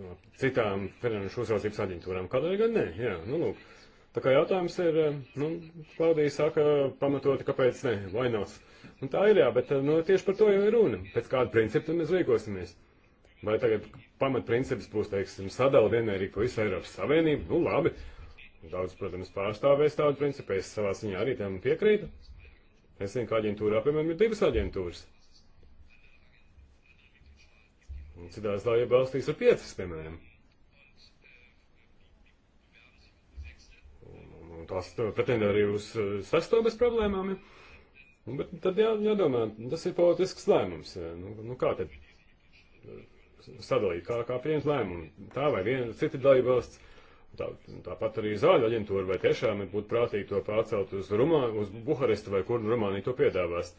no citām finanšu uzraudzības aģentūrām. Kādēļ gan ne? Jā, nu, lūk. Tā kā jautājums ir, eh, nu, Klaudija saka pamatoti, kāpēc ne, vai nāc. Un tā ir jā, bet eh, nu, tieši par to jau ir runa. Pēc kāda principa mēs rīkosimies? Vai tagad pamatprincips būs, teiksim, sadala vienmērīgi pa visu Eiropas Savienību? Nu, labi. Daudz, protams, pārstāvēs tādu principu, es savā ziņā arī tam piekrītu. Es zinu, ka aģentūrā, piemēram, ir divas aģentūras. Un citās dalība valstīs ir piecas, piemēram. tās pretendē arī uz eh, sesto bez problēmām. Ja? Nu, bet tad jā, jādomā, tas ir politisks lēmums. Ja? Nu, nu kā tad eh, sadalīt, kā, kā pieņemt lēmumu? Tā vai viena cita dalībvalsts, tā, tāpat arī zāļu aģentūra, vai tiešām ir būtu prātīgi to pārcelt uz, Rumā, uz Buharestu vai kur nu Rumānija to piedāvās.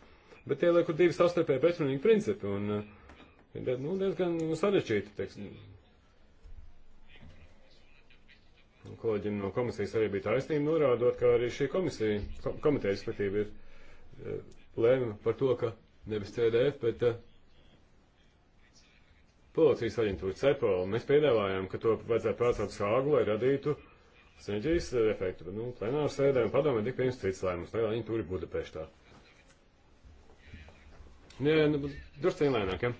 Bet tie lieku divi savstarpēji pretrunīgi principi un eh, nu, diezgan sarežģīti, teiksim kolēģim no komisijas arī bija taisnība norādot, ka arī šī komisija, kom komiteja, respektīvi, ir eh, lēma par to, ka nevis CDF, bet uh, policijas aģentūra CEPOL. Mēs piedāvājām, ka to vajadzētu pārcelt sāgu, lai radītu sinerģijas efektu. Nu, plenāru sēdē un padomē tik pieņems cits lēmums, lai aģentūra ir Budapeštā. Nē, nu, drusciņ lēnāk, ja?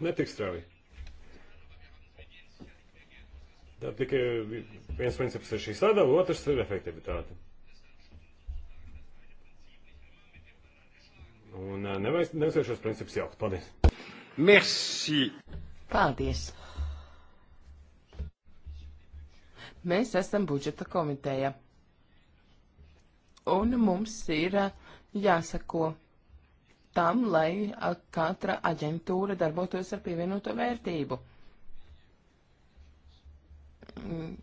Netik strauji. Tad tikai viens princips ir šī sadala, otrs ir efektivitāte. Un nevajag, nevajag šos principus jaukt. Paldies. Merci. Paldies. Mēs esam budžeta komiteja. Un mums ir jāsako tam, lai katra aģentūra darbotos ar pievienoto vērtību. Mm,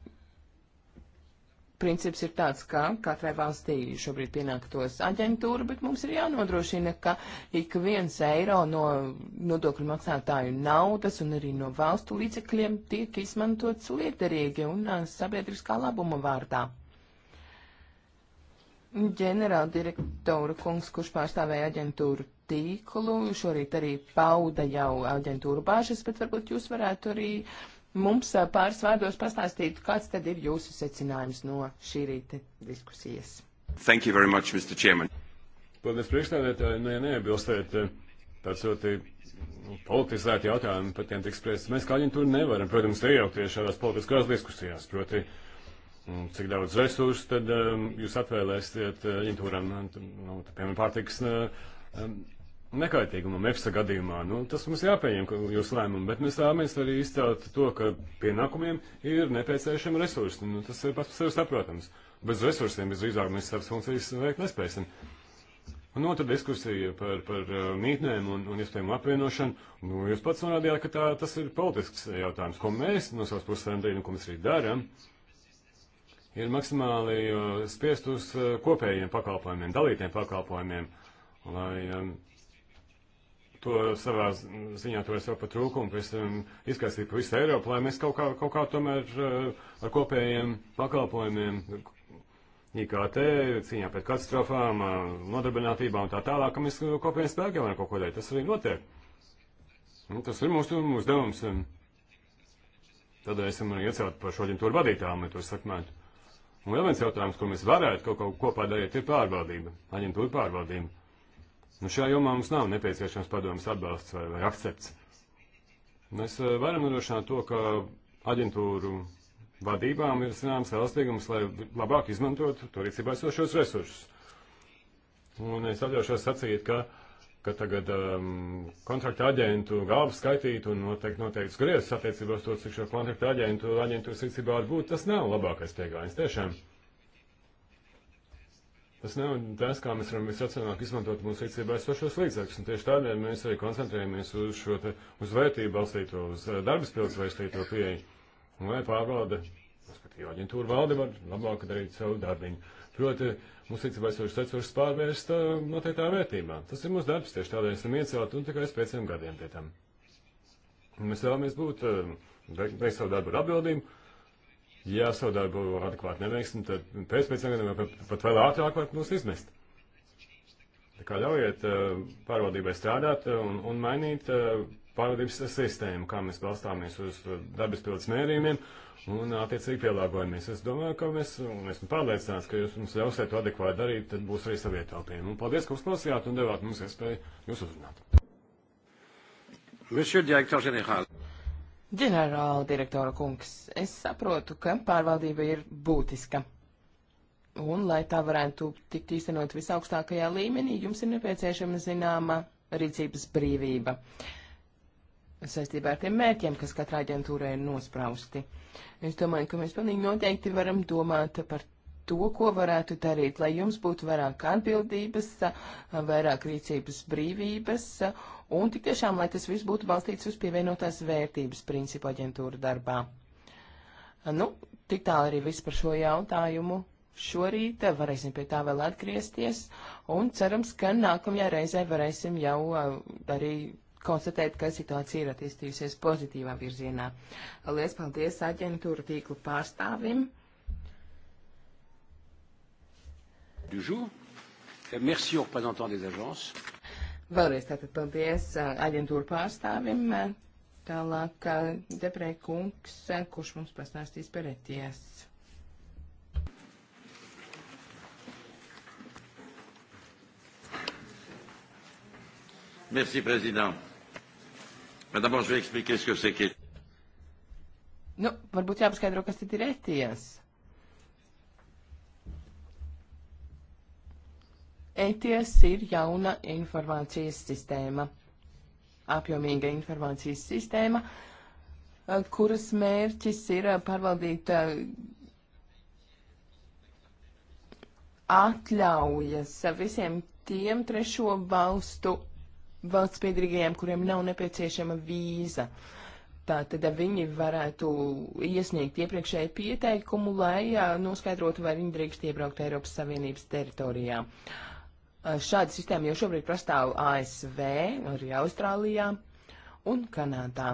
princips ir tāds, ka katrai valstī šobrīd pienāktos aģentūra, bet mums ir jānodrošina, ka ik viens eiro no nodokļu maksātāju naudas un arī no valstu līdzekļiem tiek izmantots liederīgi un uh, sabiedriskā labuma vārdā. Ģenerāla direktora kungs, kurš pārstāvēja aģentūru tīklu, šorīt arī pauda jau aģentūru bāžas, bet varbūt jūs varētu arī uh, mums pāris vārdos pastāstītu, kāds tad ir jūsu secinājums no šī rīta diskusijas. Thank you very much, Mr. Chairman. Paldies priekšstādētāji, nu, ja neiebilstēt, tāds ļoti nu, politizēti jautājumi, par tiem tiks spriests. Mēs kā aģentūra nevaram, protams, iejaukties šādās politiskās diskusijās, proti, mm, cik daudz resursu tad um, jūs atvēlēsiet aģentūram, nu, nu piemēram, pārtiks. Um, nekaitīgumam, EFSA gadījumā. Nu, tas mums jāpieņem, ka jūs lēmumu, bet mēs vēlamies arī izcelt to, ka pienākumiem ir nepieciešami resursi. Nu, tas ir pats par sevi saprotams. Bez resursiem visdrīzāk mēs savas funkcijas veikt nespēsim. Un otra diskusija par, par uh, mītnēm un, un iespējamu apvienošanu. Nu, jūs pats norādījāt, ka tā, tas ir politisks jautājums, ko mēs no savas puses varam darīt un ko mēs arī darām. Ir maksimāli uh, spiest uz uh, kopējiem pakalpojumiem, dalītiem pakalpojumiem, lai um, to savā ziņā to es vēl pat trūkumu, pēc tam um, izkastīt pa visu Eiropu, lai mēs kaut kā, kaut kā tomēr uh, ar kopējiem pakalpojumiem, IKT, cīņā pret katastrofām, uh, nodarbinātībā un tā tālāk, ka mēs uh, kopējiem spēkiem varam kaut ko darīt. Tas arī notiek. Un nu, tas ir mūsu uzdevums. Tādēļ esam arī iecelt par šodien tur vadītām, lai to sakmētu. Un vēl viens jautājums, ko mēs varētu kaut ko kopā darīt, ir pārvaldība, aģentūra pārvaldība. Nu, šajā jomā mums nav nepieciešams padomas atbalsts vai, vai akcepts. Mēs eh, varam nodrošināt to, ka aģentūru vadībām ir zināms elastīgums, lai labāk izmantotu to rīcībā esošos resursus. Un es atļaušos sacīt, ka, ka tagad um, kontrakta aģentu galvas skaitīt un noteikti noteikti griezties attiecībā uz to, cik šo kontrakta aģentu aģentūras rīcībā būtu, tas nav labākais pieejams tiešām. Mm. Tas nav tas, kā mēs varam visracionālāk izmantot mūsu rīcībā esošos līdzekļus. Tieši tādēļ mēs arī koncentrējamies uz šo te, uz vērtību balstīto, uz eh, darbas pilns vērstīto pieeju. Un lai pārvalde, respektīvi aģentūra valde var labāk darīt savu darbiņu. Proti, mūsu rīcībā esošas resursus pārvērst eh, noteiktā vērtībā. Tas ir mūsu darbs, tieši tādēļ esam iecelti un tikai pēc pieciem gadiem pie tam. Un mēs vēlamies būt, eh, veikt savu darbu ar atbildību Ja sadarbo adekvāti neveiksim, tad pēc pēc gadiem pat, pat vēl ātrāk var mūs izmest. Tā kā ļaujiet eh, pārvaldībai strādāt eh, un, un mainīt eh, pārvaldības sistēmu, kā mēs balstāmies uz dabas pildas mērījumiem un attiecīgi pielāgojamies. Es domāju, ka mēs, un esmu pārliecināts, ka jūs mums ļausiet to adekvāti darīt, tad būs arī savietopiem. Un paldies, ka uzklausījāt un devāt mums iespēju jūs uzrunāt. Monsieur direktor ģenerāli. Ģenerāla direktora kungs, es saprotu, ka pārvaldība ir būtiska. Un, lai tā varētu tikt īstenot visaugstākajā līmenī, jums ir nepieciešama zināma rīcības brīvība saistībā ar tiem mērķiem, kas katrā aģentūrai ir nosprausti. Es domāju, ka mēs pilnīgi noteikti varam domāt par to, ko varētu darīt, lai jums būtu vairāk atbildības, vairāk rīcības brīvības Un tik tiešām, lai tas viss būtu balstīts uz pievienotās vērtības principu aģentūra darbā. Nu, tik tālu arī viss par šo jautājumu. Šorīt varēsim pie tā vēl atgriezties un cerams, ka nākamajā reizē varēsim jau uh, arī konstatēt, ka situācija ir attīstījusies pozitīvā virzienā. Lielas paldies aģentūra tīklu pārstāvim. Du jour. Merci aux représentants des agences. Vēlreiz tātad paldies aģentūru pārstāvim. Tālāk Debrē kungs, kurš mums pastāstīs par ETS. Merci, Président. Mais d'abord, je vais expliquer ce que c'est que... E nu, varbūt jāpaskaidro, kas tad ir ETS. ETS ir jauna informācijas sistēma, apjomīga informācijas sistēma, eh, kuras mērķis ir eh, pārvaldīt eh, atļaujas visiem tiem trešo valstu valsts piedrīgajiem, kuriem nav nepieciešama vīza. Tātad viņi varētu iesniegt iepriekšēju pieteikumu, lai noskaidrotu, vai viņi drīkst iebraukt Eiropas Savienības teritorijā. Uh, Eh, šāda sistēma jau šobrīd pastāv ASV, arī Austrālijā un Kanādā.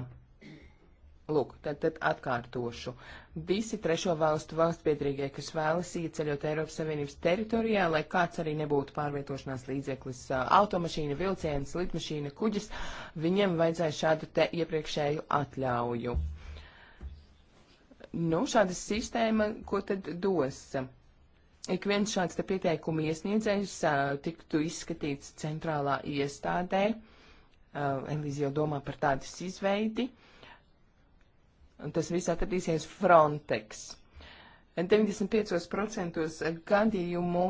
Lūk, tad, tad atkārtošu. Visi trešo valstu valsts piedrīgie, kas vēlas ieceļot Eiropas Savienības teritorijā, lai kāds arī nebūtu pārvietošanās līdzeklis eh, - automašīna, vilciens, lidmašīna, kuģis, viņiem vajadzēja šādu te iepriekšēju atļauju. Nu, šāda sistēma, ko tad dos? ik viens šāds te pieteikumu iesniedzējs tiktu izskatīts centrālā iestādē. Elīze jau domā par tādas izveidi. Un tas viss atradīsies Frontex. 95% gadījumu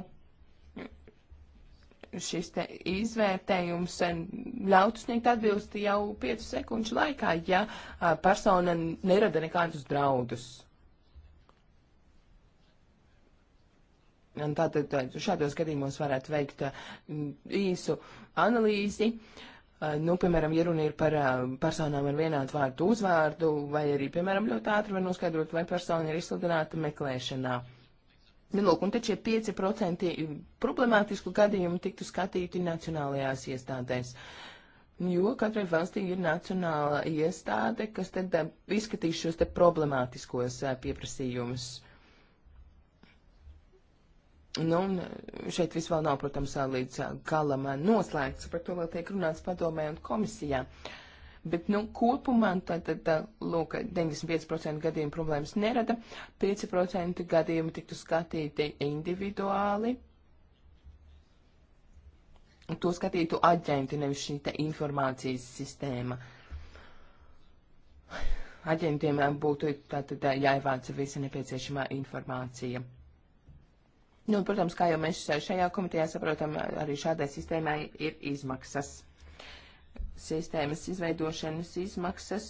šis te izvērtējums ļautu sniegt atbildi jau 5 sekundžu laikā, ja persona nerada nekādus draudus. Un tātad šādos gadījumos varētu veikt uh, īsu analīzi. Uh, nu, piemēram, ja runa ir par uh, personām ar vienādu vārdu uzvārdu, vai arī, piemēram, ļoti ātri var noskaidrot, vai persona ir izsludināta meklēšanā. Nu, lūk, un te šie 5% problemātisku gadījumu tiktu skatīti nacionālajās iestādēs. Nu, jo katrai valstī ir nacionāla iestāde, kas tad izskatīs šos te problemātiskos pieprasījumus. Uh, Nu, eh, šeit viss vēl nav, protams, eh, līdz eh, galam noslēgts, par to vēl tiek runāts padomē un komisijā. Bet, nu, kopumā, tad, tad, lūk, 95% gadījumu problēmas nerada, 5% gadījumu tiktu skatīti individuāli. To skatītu aģenti, nevis šī te informācijas sistēma. Aģentiem būtu tātad jāievāca visa nepieciešamā informācija. Nu, un, protams, kā jau mēs šajā komitejā saprotam, arī šādai sistēmai ir izmaksas. Sistēmas izveidošanas izmaksas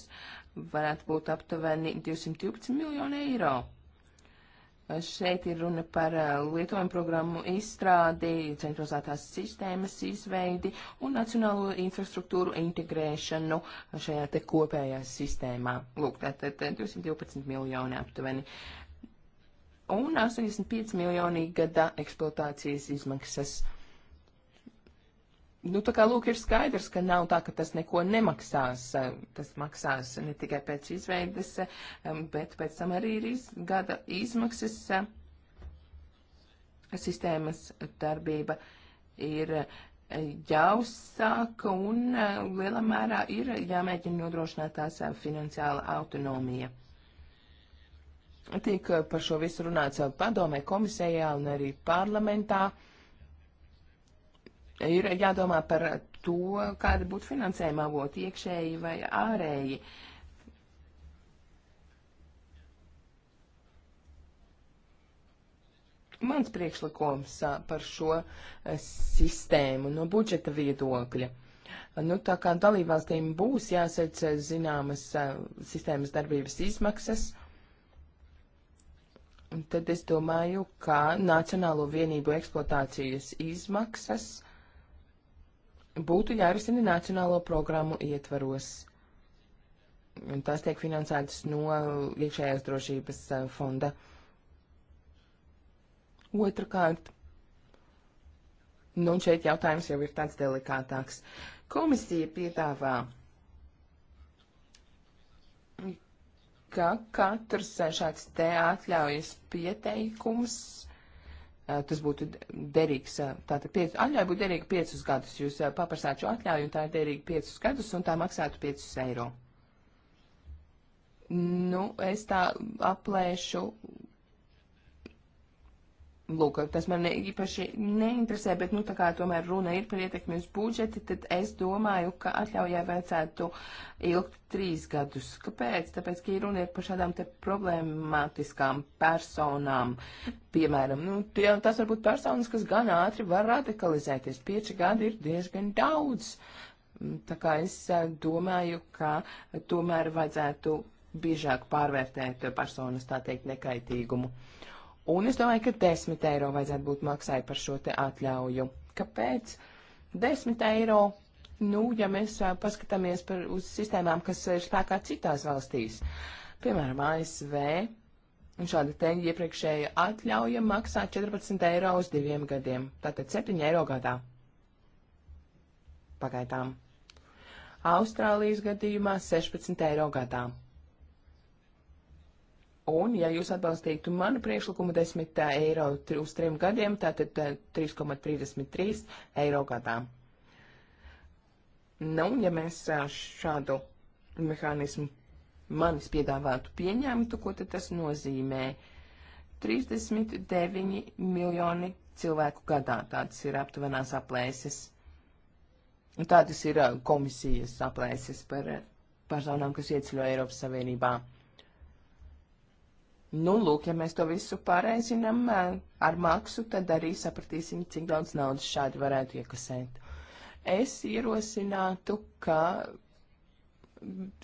varētu būt aptuveni 212 miljoni eiro. Šeit ir runa par eh, lietojumu programmu izstrādi, centralizētās sistēmas izveidi un nacionālo infrastruktūru integrēšanu šajā te kopējā sistēmā. Lūk, tātad 212 eh, miljoni aptuveni. Uh, un 85 miljoni gada eksploatācijas izmaksas. Nu, tā kā lūk, ir skaidrs, ka nav tā, ka tas neko nemaksās. Tas maksās ne tikai pēc izveides, um, bet pēc tam arī ir iz, gada izmaksas sistēmas darbība ir eh, jāuzsāk un eh, lielā mērā ir jāmēģina nodrošināt tās eh, finansiāla autonomija tiek eh, par šo visu runāts eh, padomē, komisējā un arī parlamentā. Ir jādomā par to, kāda būtu finansējuma avota iekšēji vai ārēji. Mans priekšlikums eh, par šo sistēmu no budžeta viedokļa. Nu, tā kā dalībvalstīm būs jāsēc zināmas sistēmas darbības izmaksas tad es domāju, ka Nacionālo vienību eksploatācijas izmaksas būtu jārisina Nacionālo programmu ietvaros. Un tās tiek finansētas no iekšējās drošības eh, fonda. Otrakārt, nu un šeit jautājums jau ir tāds delikātāks. Komisija piedāvā ka katrs šāds te atļaujas pieteikums, tas būtu derīgs, tātad piecu, atļauja būtu derīga piecus gadus, jūs paprasāt šo atļauju, un tā ir derīga piecus gadus, un tā maksātu piecus eiro. Nu, es tā aplēšu Lūk, tas man īpaši neinteresē, bet, nu, tā kā tomēr runa ir par ietekmi uz budžeti, tad es domāju, ka atļaujai vajadzētu ilgt trīs gadus. Kāpēc? Tāpēc, ka runa ir par šādām te problemātiskām personām. Piemēram, nu, tie, tas var būt personas, kas gan ātri var radikalizēties. Pieci gadi ir diezgan daudz. Tā kā es eh, domāju, ka tomēr vajadzētu biežāk pārvērtēt personas, tā teikt, nekaitīgumu. Uh, Un es domāju, ka 10 eiro vajadzētu būt maksai par šo te atļauju. Kāpēc? 10 eiro, nu, ja mēs uh, paskatāmies par, uz sistēmām, kas ir spēkā citās valstīs, piemēram, ASV, Un šāda te iepriekšēja atļauja maksā 14 eiro uz diviem gadiem, tātad 7 eiro gadā. Pagaidām. Austrālijas gadījumā 16 eiro gadā. Un, ja jūs atbalstītu manu priekšlikumu 10 eh, eiro uz trim gadiem, tātad 3,33 eh, eiro gadā. Nu, ja mēs eh, šādu mehānismu manis piedāvātu pieņemtu, ko tad tas nozīmē? 39 miljoni cilvēku gadā, tāds ir aptuvenās aplēses. Un tādas ir komisijas aplēses par personām, kas ieceļo Eiropas Savienībā. Nu, lūk, ja mēs to visu pārreizinām ar maksu, tad arī sapratīsim, cik daudz naudas šādi varētu iekasēt. Es ierosinātu, ka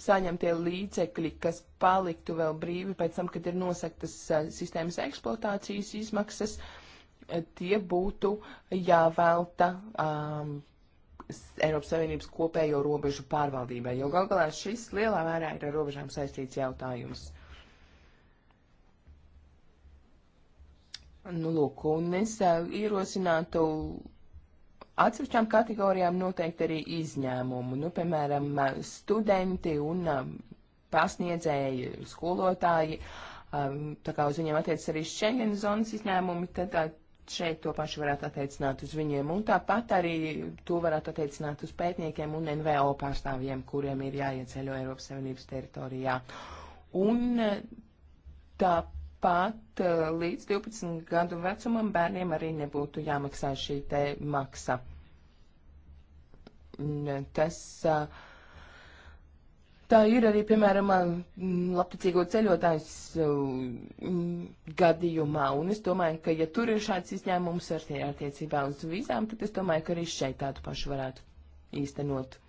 saņemtie līdzekļi, kas paliktu vēl brīvi pēc tam, kad ir nosaktas sistēmas eksploatācijas izmaksas, tie būtu jāvelta um, Eiropas Savienības kopējo robežu pārvaldībai, jo gal galā šis lielā mērā ir ar robežām saistīts jautājums. Nu, lūk, un es ierosinātu atsevišķām kategorijām noteikti arī izņēmumu. Nu, piemēram, studenti un pasniedzēji, skolotāji, tā kā uz viņiem attiecas arī Schengen zonas izņēmumi, tad šeit to pašu varētu attiecināt uz viņiem. Un tāpat arī to varētu attiecināt uz pētniekiem un NVO pārstāvjiem, kuriem ir jāieceļo Eiropas Savienības teritorijā. Un tāpat pat eh, līdz 12 gadu vecumam bērniem arī nebūtu jāmaksā šī te maksa. Mm, tas eh, tā ir arī, piemēram, eh, labticīgo ceļotājs mm, gadījumā, un es domāju, ka ja tur ir šāds izņēmums ar tie attiecībā uz vīzām, tad es domāju, ka arī šeit tādu pašu varētu īstenot.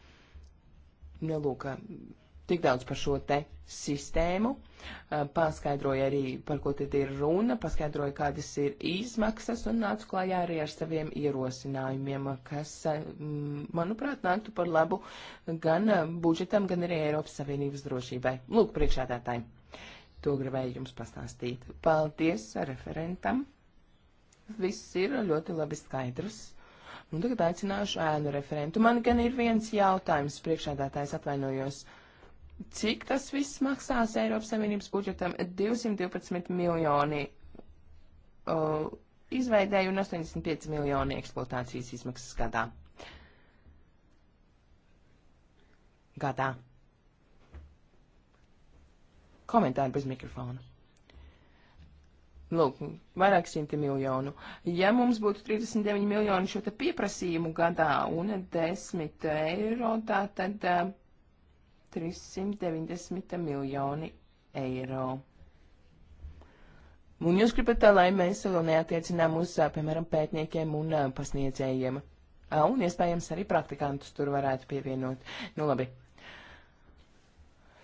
Nelūk, nu, Tik daudz par šo te sistēmu. Paskaidroja arī, par ko tad ir runa, paskaidroja, kādas ir izmaksas un nāca klājā arī ar saviem ierosinājumiem, kas, manuprāt, nāktu par labu gan budžetam, gan arī Eiropas Savienības drošībai. Lūk, priekšādātāji, to gribēju jums pastāstīt. Paldies referentam. Viss ir ļoti labi skaidrs. Un tagad aicināšu ēnu referentu. Man gan ir viens jautājums, priekšādātājs atvainojos. Uh, Cik tas viss maksās Eiropas Savienības budžetam? 212 miljoni uh, izveidēju un 85 miljoni eksploatācijas izmaksas gadā. Gadā. Komentāri bez mikrofona. Lūk, vairāk simti miljonu. Ja mums būtu 39 miljoni šo te pieprasījumu gadā un 10 eiro, tā tad 390 miljoni eiro. Un jūs gribat, lai mēs vēl neatiecinām uz, piemēram, pētniekiem un pasniedzējiem. Un iespējams arī praktikantus tur varētu pievienot. Nu labi.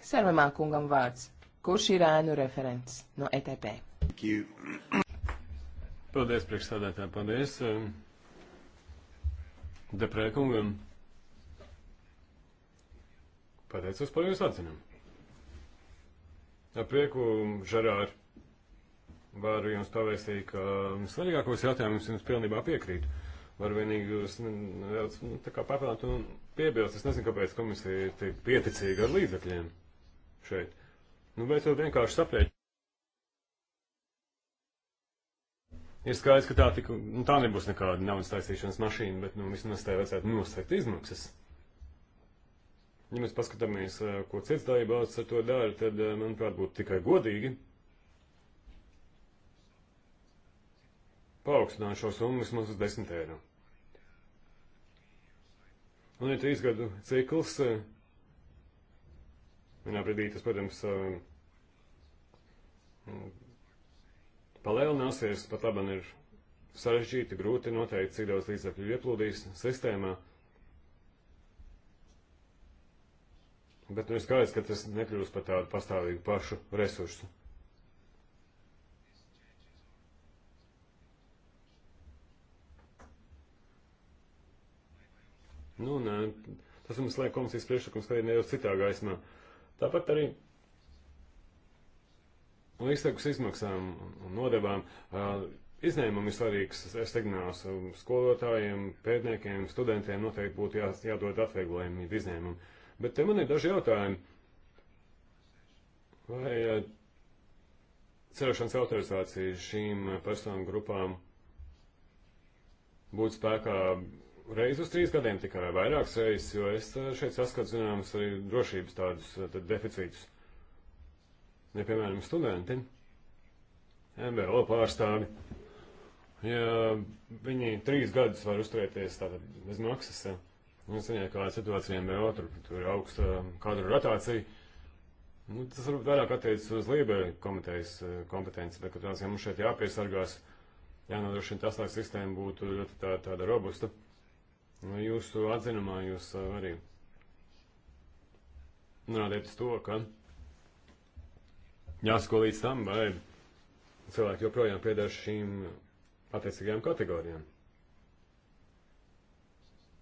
Sarvamā kungam vārds. Kurš ir ēnu referents no ETP? Paldies, priekšstādētā. Paldies. Deprēkungam. Um, Pateicos par jūsu atzinumu. Ar prieku, Žerār, varu jums pavēstīt, ka svarīgākos jautājumus jums pilnībā piekrītu. Varu vienīgi jūs nu, nedaudz nu, tā kā papildināt un piebilst. Es nezinu, kāpēc komisija ir tik pieticīga ar līdzekļiem šeit. Nu, bet jau vienkārši saprēt. Ir skaidrs, ka tā, tika, nu, tā nebūs nekāda naudas taisīšanas mašīna, bet nu, vismaz tā vajadzētu nosegt izmaksas. Ja mēs paskatāmies, ko cits dalība valsts ar to dara, tad, manuprāt, būtu tikai godīgi paaugstināt šo summu vismaz uz 10 eiro. Un ir trīs gadu cikls. Vienā brīdī tas, protams, palielināsies, pat labam ir sarežģīti, grūti noteikt, cik daudz līdzekļu ieplūdīs sistēmā. Bet nu, ir skaidrs, ka tas nekļūst par tādu pastāvīgu pašu resursu. Nu, nē, tas mums liek komisijas priekšlikums, ka ir nedaudz citā gaismā. Tāpat arī līdztekus izmaksām un nodevām izņēmumi ir svarīgs signāls skolotājiem, pētniekiem, studentiem noteikti būtu jā, jādod atvieglojumi izņēmumi. Bet te man ir daži jautājumi. Vai ceļošanas autorizācija šīm personu grupām būtu spēkā reiz uz trīs gadiem tikai vairākas reizes, jo es šeit saskatu zināmas arī drošības tādus deficītus. Ja, piemēram, studenti, MBO pārstāvi, ja viņi trīs gadus var uzturēties tātad bez maksas, Un es viņai kāda situācija MBO, tur, tur ir augsta kadru rotācija. Nu, tas varbūt vairāk attiecas uz Lībiju komitejas eh, kompetenci, bet katrās, ja mums šeit jāpiesargās, jānodrošina tas, lai sistēma būtu ļoti tā, tāda robusta. Nu, jūsu atzinumā jūs eh, arī norādiet uz to, ka jāsako līdz tam, vai cilvēki joprojām piedara šīm attiecīgajām kategorijām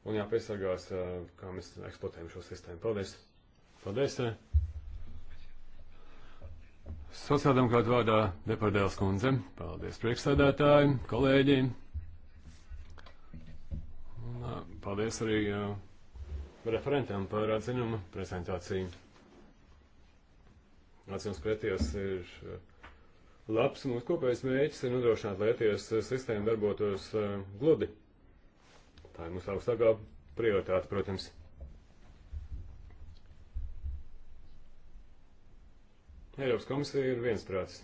un jāpiesargās, eh, kā mēs eksploatējam šo sistēmu. Paldies! Paldies! Eh. Sociāldemokrāta vārdā Depardēls kundze. Paldies priekšsēdētāji, kolēģi. Un, eh, paldies arī uh, referentiem par atziņumu prezentāciju. Atzīmes preties ir labs, un mūsu kopējais mēģis ir nodrošināt, lai ties sistēma darbotos uh, gludi. Tā ir mūsu augstākā prioritāte, protams. Eiropas komisija ir viensprāts.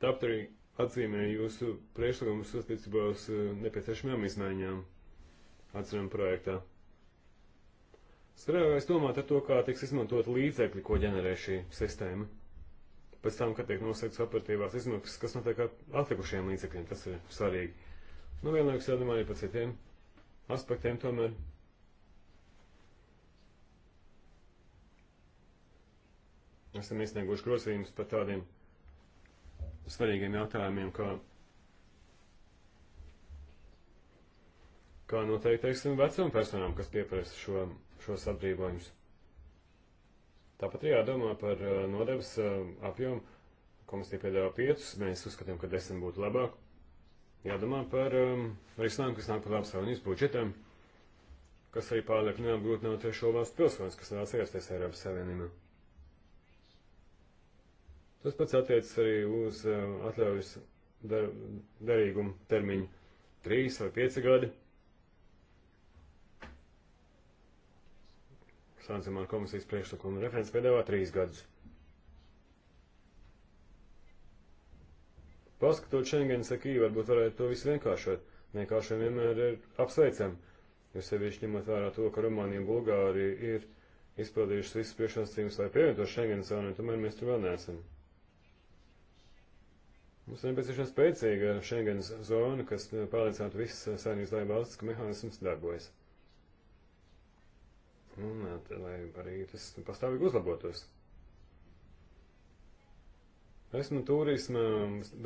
Tāpat arī atzīmēja jūsu priekšlikumus attiecībā uz uh, nepieciešamajām izmaiņām atceram projektā. Svarīgākais domāt ar to, kā tiks izmantot līdzekļi, ko ģenerē šī sistēma pēc tam, kad tiek noslēgts operatīvās izmaksas, kas notiek ar atlikušiem līdzekļiem, tas ir svarīgi. Nu, vienlaikus jādomā arī par citiem aspektiem tomēr. Esam iesnieguši grozījumus par tādiem svarīgiem jautājumiem, kā, kā noteikti, teiksim, vecuma personām, kas pieprasa šo, šos atbrīvojumus. Tāpat ir jādomā par eh, nodevas eh, apjomu. Komisija piedāvā piecus, mēs uzskatām, ka desmit būtu labāk. Jādomā par um, risinājumu, kas nāk par labu savienības budžetam, kas arī pārliek neapgrūtinātu trešo valstu pilsonis, kas vēlas ierasties Eiropas Savienībā. Tas pats attiecas arī uz uh, atļaujas dar derīgumu termiņu - trīs vai pieci gadi. Sanzimā komisijas priekšlikuma referents piedāvā trīs gadus. Paskatot Schengens akī, varbūt varētu to visu vienkāršot. Vienkāršojumi vienmēr ir apsveicami, jo sevišķi ņemot vērā to, ka Rumānija un Bulgārija ir izpildījušas visas priekšnosacījumus, lai pievienotu Schengen zonu, tomēr mēs tur vēl neesam. Mums ir nepieciešama spēcīga Schengen zona, kas nu, pārliecinātu visas saimnības dalībvalstis, ka mehānisms darbojas un eh, lai arī tas pastāvīgi uzlabotos. Esmu turisma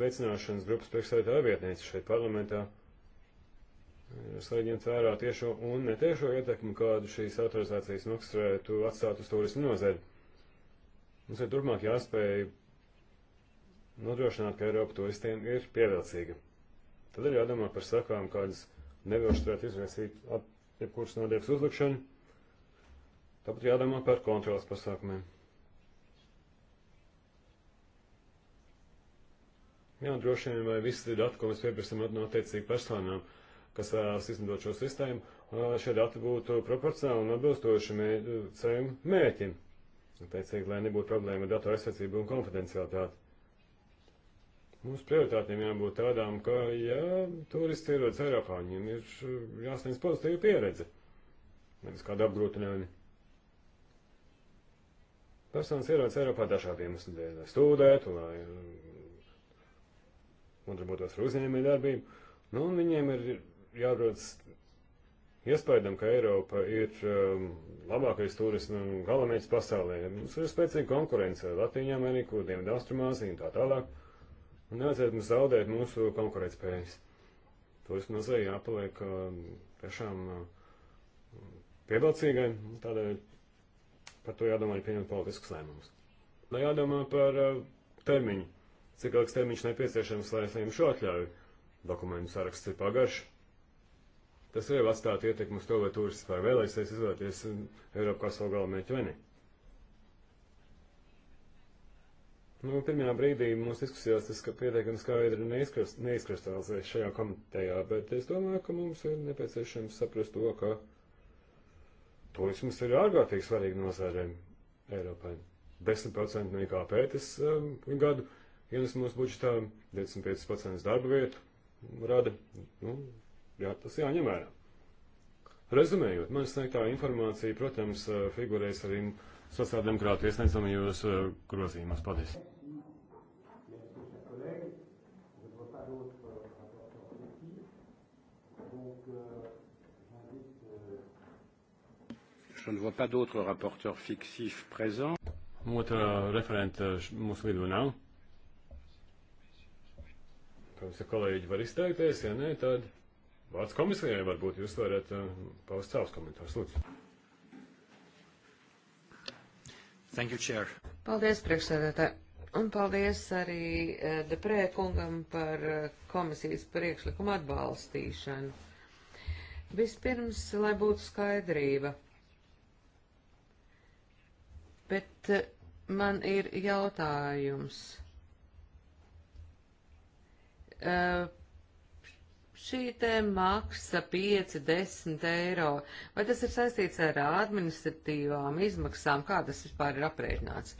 veicināšanas grupas priekšsēdētāja vietniece šeit parlamentā. Eh, Saņemt vērā tiešo un netiešo ietekmi, kādu šīs autorizācijas maksas varētu atstāt uz turismu nozari. Mums ir turpmāk jāspēj nodrošināt, ka Eiropa turistiem ir pievilcīga. Tad ir jādomā par sakām, kādas nevilšturēt izvērsīt ap jebkuras nodevas uzlikšanu Tāpat jādomā par kontrolas pasākumiem. Jā, droši vien, vai viss ir dati, ko mēs pieprasām no attiecīgi personām, kas vēlas izmantot šo sistēmu, šie dati būtu proporcionāli un atbilstoši saviem mērķim. Attiecīgi, lai nebūtu problēma ar datu aizsardzību un konfidencialitāti. Mūsu prioritātiem jābūt tādām, ka, ja turisti ierodas Eiropā, viņiem ir jāsniedz pozitīva pieredze, nevis kāda apgrūtinājuma. Personas ierodas Eiropā dažādiem iemesliem, lai studētu, lai um, nodarbotos ar uzņēmēju darbību. Nu, un viņiem ir jārodas iespējam, ka Eiropa ir um, labākais turismu galamērķis pasaulē. Mums ir spēcīga konkurence ar Latviju Ameriku, Dienvidaustrumāziju un tā tālāk. Un nevajadzētu mums zaudēt mūsu konkurētspējas. Turismu nozarei jāpaliek uh, tiešām uh, pievilcīgai. Tādēļ Par to jādomā, ja pieņem politiskus lēmumus. Nu, jādomā par uh, termiņu. Cik ilgs termiņš nepieciešams, lai saņemtu šo atļauju? Dokumentu saraksts ir pagaršs. Tas var atstāt ietekmi uz to, vai turists vai vēlēsies izvēlēties eh, Eiropā savu galvenmērķu vai ne. Nu, pirmajā brīdī mūsu diskusijās tas pietiekami skaidri neizkristalizējas šajā komitejā, bet es domāju, ka mums ir nepieciešams saprast to, ka Turisms ir ārkārtīgi svarīga nozare Eiropai. 10% no IKP tas um, gadu ienes mūsu budžetā, 25% darba vietu rada. Nu, jā, tas jāņem vērā. Rezumējot, man sniegtā informācija, protams, uh, figurēs arī sociāldemokrātu iesniedzamajos uh, grozījumos. Paldies! Je ne vois pas d'autres rapporteurs fictifs présents. Otra referenta eh, mūsu vidū nav. Protams, ja kolēģi var izteikties, ja nē, tad vārds komisijai varbūt jūs varat uh, paust savus komentārus. Lūdzu. Thank you, Chair. Paldies, priekšsēdētāji. Un paldies arī uh, Deprē kungam par uh, komisijas priekšlikumu atbalstīšanu. Vispirms, lai būtu skaidrība bet eh, man ir jautājums. Uh, šī te maksa 5-10 eiro, vai tas ir saistīts ar administratīvām izmaksām, kā tas vispār ir aprēķināts?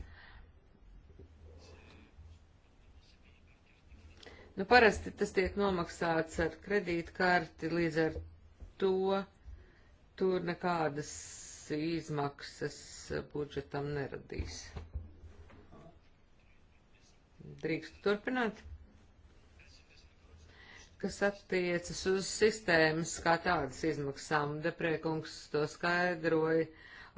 Nu, parasti tas tiek nomaksāts ar kredītkarti, līdz ar to tur nekādas izmaksas budžetam neradīs. Drīkst turpināt? Kas attiecas uz sistēmas kā tādas izmaksām, depriekungs to skaidroja.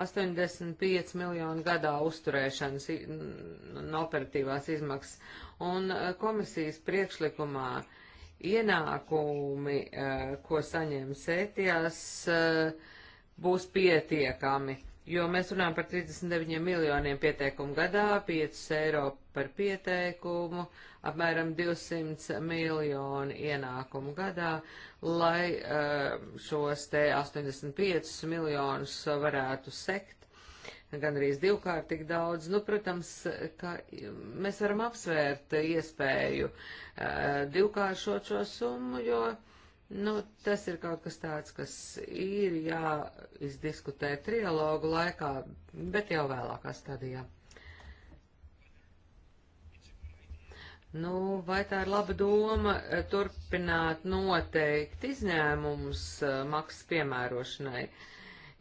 85 miljonu gadā uzturēšanas un operatīvās izmaksas. Un eh, komisijas priekšlikumā ienākumi, eh, ko saņem sētījās, eh, būs pietiekami, jo mēs runājam par 39 miljoniem pieteikumu gadā, 5 eiro par pieteikumu, apmēram 200 miljoni ienākumu gadā, lai eh, šos te 85 miljonus varētu sekt gan arī divkārt tik daudz. Nu, protams, ka mēs varam apsvērt iespēju eh, divkāršot šo summu, jo uh, Nu, tas ir kaut kas tāds, kas ir jāizdiskutē trialogu laikā, bet jau vēlākā stadijā. Nu, vai tā ir laba doma eh, turpināt noteikt izņēmumus eh, maksas piemērošanai?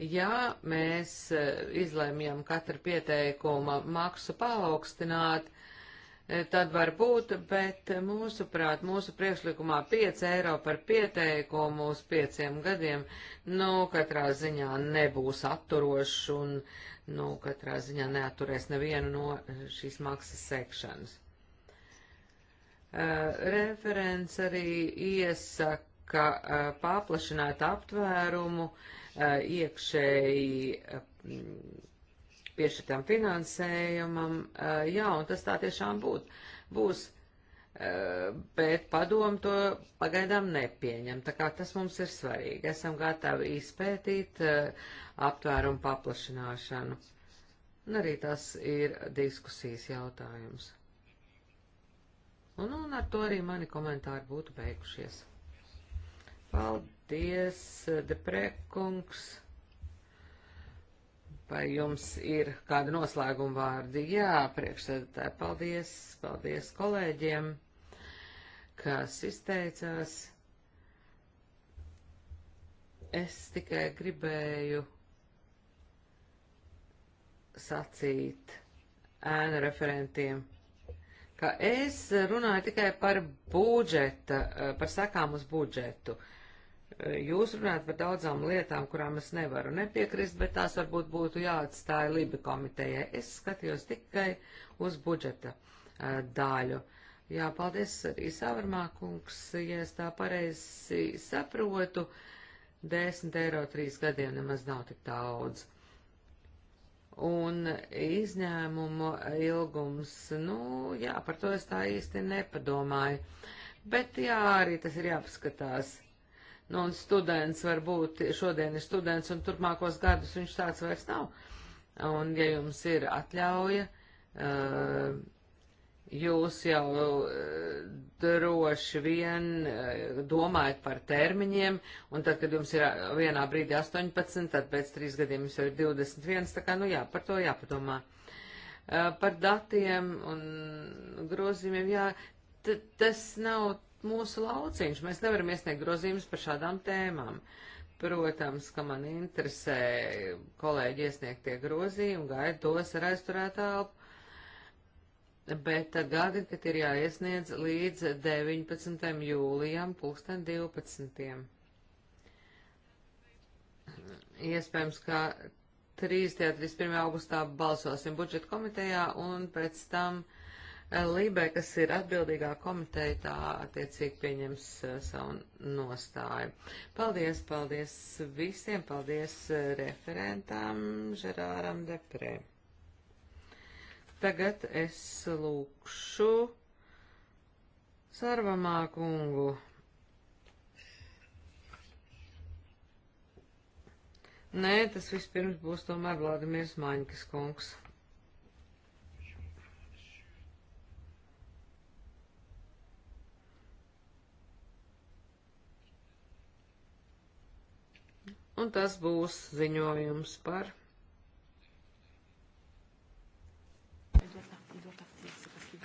Ja mēs eh, izlēmjam katru pieteikumu maksu paaugstināt, E, tad var būt, bet e, mūsuprāt, mūsu priekšlikumā 5 eiro par pieteikumu uz 5 gadiem, nu, katrā ziņā nebūs atturošs un, nu, katrā ziņā neaturēs nevienu no e, šīs maksas sekšanas. Uh, referents arī iesaka uh, paplašināt aptvērumu uh, iekšēji piešķirtam finansējumam. Eh, jā, un tas tā tiešām būt, būs, eh, bet padomu to pagaidām nepieņem. Tā kā tas mums ir svarīgi. Esam gatavi izpētīt eh, aptvērumu paplašināšanu. Un arī tas ir diskusijas jautājums. Un, un ar to arī mani komentāri būtu beigušies. Paldies, Deprekungs! Vai jums ir kāda noslēguma vārdi? Jā, priekšsēdētāji, paldies, paldies kolēģiem, kas izteicās. Es tikai gribēju sacīt ēnu referentiem, ka es runāju tikai par budžeta, par sakām uz budžetu. Uh, Jūs runājat par daudzām lietām, kurām es nevaru nepiekrist, bet tās varbūt būtu jāatstāja Libi komitejai. Es skatījos tikai uz budžeta daļu. Jā, paldies arī Savarmā kungs, ja es tā pareizi saprotu, 10 eiro trīs gadiem nemaz nav tik daudz. Un izņēmumu ilgums, nu jā, par to es tā īsti nepadomāju. Bet jā, arī tas ir jāpaskatās Nu, un students varbūt šodien ir students, un turpmākos gadus viņš tāds vairs nav. Un, ja jums ir atļauja, eh, jūs jau eh, droši vien eh, domājat par termiņiem, un tad, kad jums ir vienā brīdī 18, tad pēc trīs gadiem jums jau ir 21, tā kā, nu jā, par to jāpadomā. Par datiem un grozījumiem, jā, tas nav mūsu lauciņš. Mēs nevaram iesniegt grozījumus par šādām tēmām. Protams, ka man interesē kolēģi iesniegtie grozījumi, gaidu tos ar aizturētu elpu, bet gadi, kad ir jāiesniedz līdz 19. jūlijam, pulksten 12. Iespējams, ka 3. un 31. augustā balsosim budžeta komitejā un pēc tam Lībē, kas ir atbildīgā komiteja, tā attiecīgi pieņems eh, savu nostāju. Paldies, paldies visiem, paldies eh, referentām Žerāram Deprē. Tagad es lūkšu Sarvamā kungu. Nē, tas vispirms būs tomēr Vladimirs Maņkas kungs. un tas būs ziņojums par.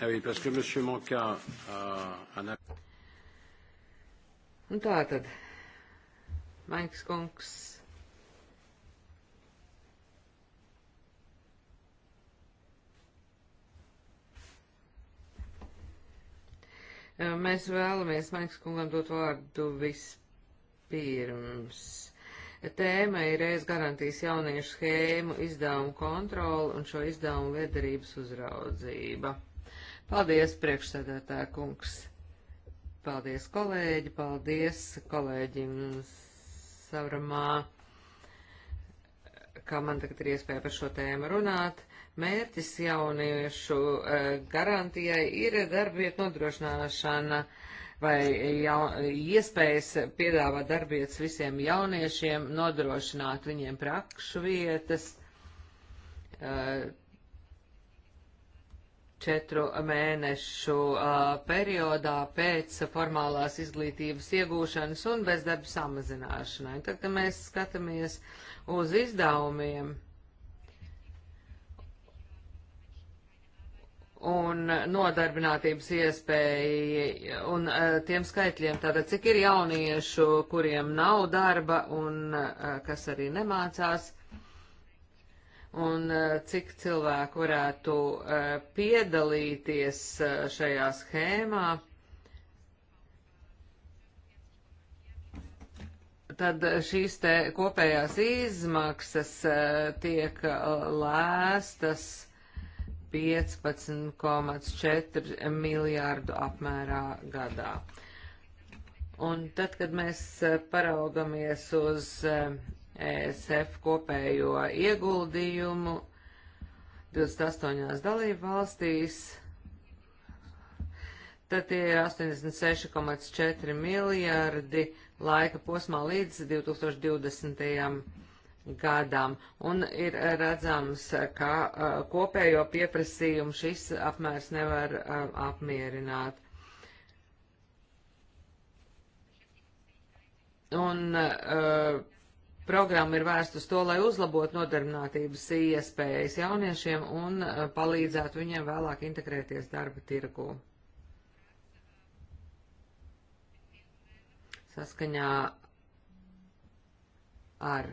Ah oui, parce que Monsieur Manca a euh, un. Un tā tad, Maiks Kungs. Mēs vēlamies Maiks Kungam dot vārdu vispirms. Tēma ir reiz garantijas jauniešu schēmu, izdevumu kontroli un šo izdevumu liederības uzraudzība. Paldies, priekšsēdētā kungs! Paldies, kolēģi! Paldies kolēģim Savramā, kā man tagad ir iespēja par šo tēmu runāt. Mērķis jauniešu eh, garantijai ir darbvietu nodrošināšana. Uh, vai ja, iespējas piedāvāt darbietas visiem jauniešiem, nodrošināt viņiem prakšu vietas eh, četru mēnešu eh, periodā pēc formālās izglītības iegūšanas un bezdarba samazināšanai. Tagad mēs skatāmies uz izdevumiem. un nodarbinātības iespēja un e, tiem skaitļiem, tātad cik ir jauniešu, kuriem nav darba un e, kas arī nemācās, un e, cik cilvēku varētu piedalīties šajā schēmā. Tad šīs te kopējās izmaksas tiek lēstas 15,4 miljārdu apmērā gadā. Un tad, kad mēs eh, paraugamies uz ESF eh, e kopējo ieguldījumu 28 dalību valstīs, tad tie ir 86,4 miljardi laika posmā līdz 2020 gadam, un ir redzams, ka kopējo pieprasījumu šis apmērs nevar apmierināt. Un uh, programma ir vērsta uz to, lai uzlabotu nodarbinātības iespējas jauniešiem un uh, palīdzētu viņiem vēlāk integrēties darba tirgu. Saskaņā ar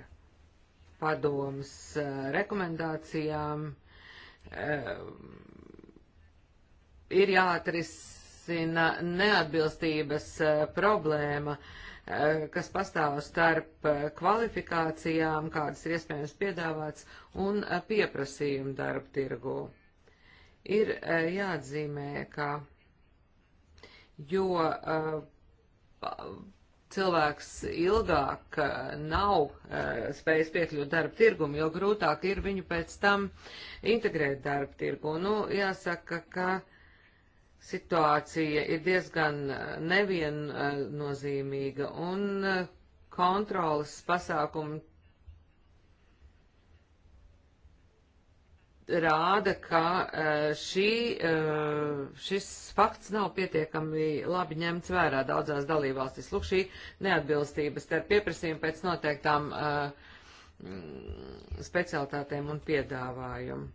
padomas eh, rekomendācijām eh, ir jāatrisina neatbilstības eh, problēma, kas pastāv starp kvalifikācijām, kādas ir iespējams piedāvāts, un pieprasījumu darba tirgu. Ir jāatzīmē, ka jo cilvēks ilgāk eh, nav eh, spējis piekļūt darba tirgumu, jo grūtāk ir viņu pēc tam integrēt darba tirgu. Nu, jāsaka, ka situācija ir diezgan eh, neviennozīmīga un kontrolas pasākumi rāda, ka eh, šī, eh, šis fakts nav pietiekami labi ņemts vērā daudzās dalībvalstīs. Lūk, šī neatbilstības starp pieprasījumu pēc noteiktām eh, specialitātēm un piedāvājumu.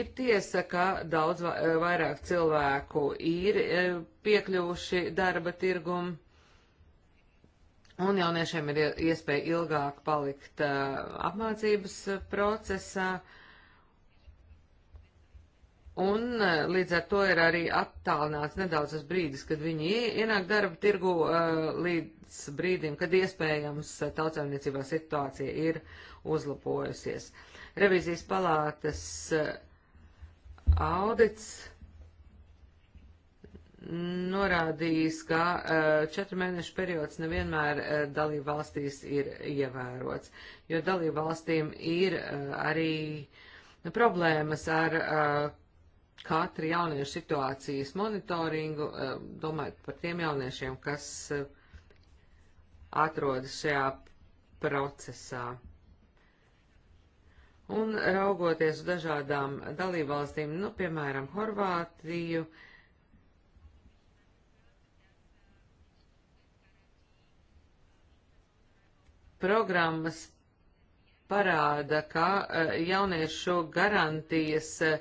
Ir tiesa, ka daudz vairāk cilvēku ir piekļuvuši darba tirgumu Un jauniešiem ir iespēja ilgāk palikt uh, apmācības procesā. Un uh, līdz ar to ir arī attālināts nedaudz tas brīdis, kad viņi ienāk darba tirgu uh, līdz brīdim, kad iespējams tautsēmniecībā situācija ir uzlabojusies. Revizijas palātas audits norādījis, ka eh, četru mēnešu periods nevienmēr eh, dalību valstīs ir ievērots, jo dalību valstīm ir eh, arī nu, problēmas ar katru jauniešu situācijas monitoringu, domājot par tiem jauniešiem, kas atrodas šajā procesā. Un raugoties uz dažādām dalībvalstīm, nu, piemēram, Horvātiju, uh, programmas parāda, ka eh, jauniešu garantijas eh,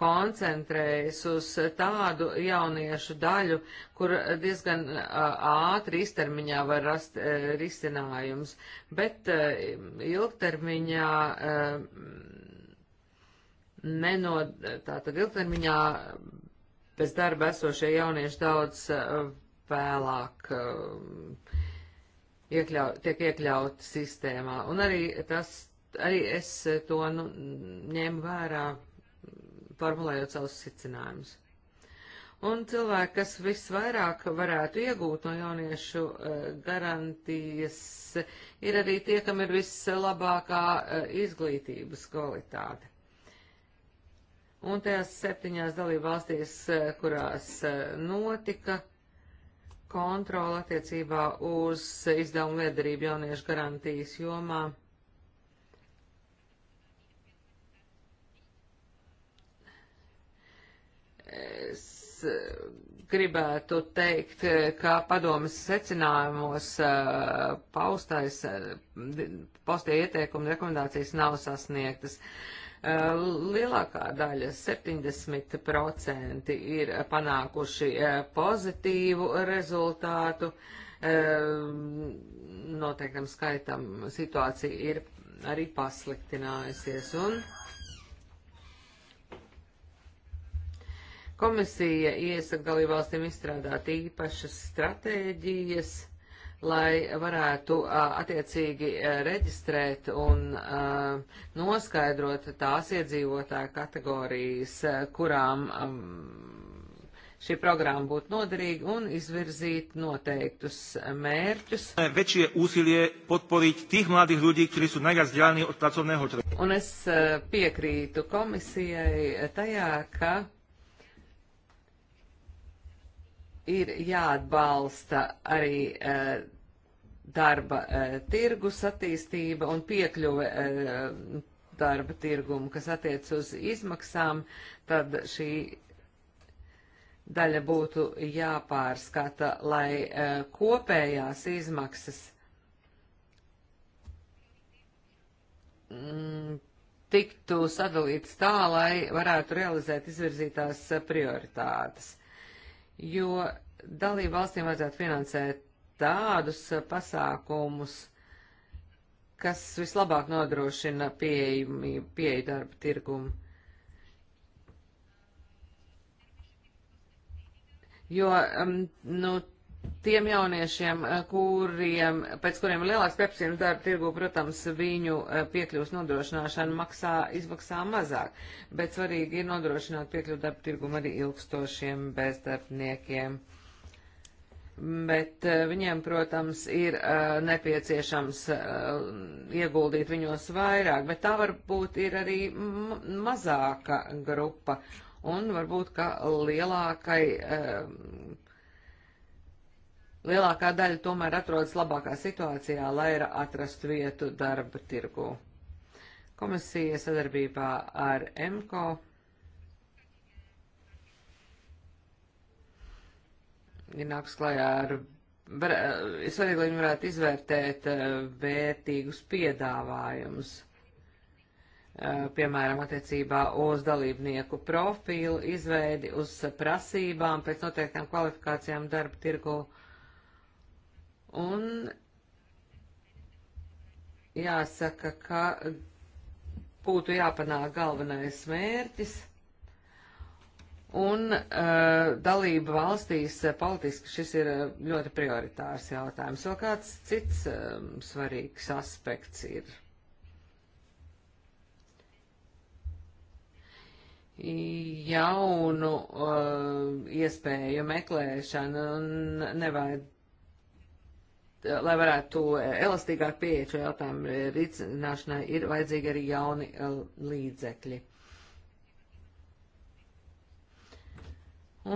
koncentrējas uz tādu jauniešu daļu, kur diezgan eh, ātri īstermiņā var rast risinājums, bet ilgtermiņā nenod, tātad ilgtermiņā bez darba esošie jaunieši daudz vēlāk uh, iekļau, tiek iekļauti sistēmā. Un arī tas, arī es to nu, ņēmu vērā, formulējot savus secinājumus. Un cilvēki, kas visvairāk varētu iegūt no jauniešu eh, garantijas, ir arī tie, kam ir vislabākā eh, izglītības kvalitāte. Un tajās septiņās dalībvalstīs, eh, kurās notika kontrola attiecībā uz izdevumu liederību jauniešu garantijas jomā. Es eh, gribētu teikt, ka padomas secinājumos eh, paustais, eh, paustie ieteikumi rekomendācijas nav sasniegtas. Uh, Eh, lielākā daļa, 70%, ir panākuši eh, pozitīvu rezultātu. Eh, noteiktam skaitam situācija ir arī pasliktinājusies. Un komisija iesaka dalībvalstīm izstrādāt īpašas stratēģijas lai varētu attiecīgi reģistrēt un noskaidrot tās iedzīvotāju kategorijas, kurām šī programma būtu noderīga un izvirzīt noteiktus mērķus. Un es piekrītu komisijai tajā, ka ir jāatbalsta arī e, darba e, tirgus attīstība un piekļuve e, darba tirgumu, kas attiec uz izmaksām, tad šī daļa būtu jāpārskata, lai kopējās izmaksas m, mm, tiktu sadalītas tā, lai varētu realizēt izvirzītās prioritātes jo dalību valstīm vajadzētu finansēt tādus eh, pasākumus, kas vislabāk nodrošina pieeju, pieeju darba tirgumu. Jo, um, nu, tiem jauniešiem, eh, kuriem, pēc kuriem ir lielāks pieprasījums darba tirgu, protams, viņu eh, piekļuvs nodrošināšana maksā, izmaksā mazāk, bet svarīgi ir nodrošināt piekļuvu darba tirgumu arī ilgstošiem bezdarbniekiem. Bet eh, viņiem, protams, ir nepieciešams ieguldīt viņos vairāk, bet tā varbūt ir arī mazāka grupa un varbūt, ka lielākai lielākā daļa tomēr atrodas labākā situācijā, lai atrastu vietu darba tirgu. Komisija sadarbībā ar MKO ir nāks klajā ar, var, eh, ir svarīgi, lai viņi varētu izvērtēt eh, vērtīgus piedāvājumus, eh, piemēram, attiecībā uz dalībnieku profilu, izveidi uz prasībām pēc noteiktām kvalifikācijām darba tirgu Un jāsaka, ka būtu jāpanāk galvenais mērķis. Un uh, dalība valstīs politiski šis ir eh, ļoti prioritārs jautājums. Vēl kāds cits um, svarīgs aspekts ir. Jaunu uh, iespēju meklēšana un nevajag lai varētu elastīgāk pieeja šo jautājumu rīcināšanai, ir vajadzīgi arī jauni eh, līdzekļi.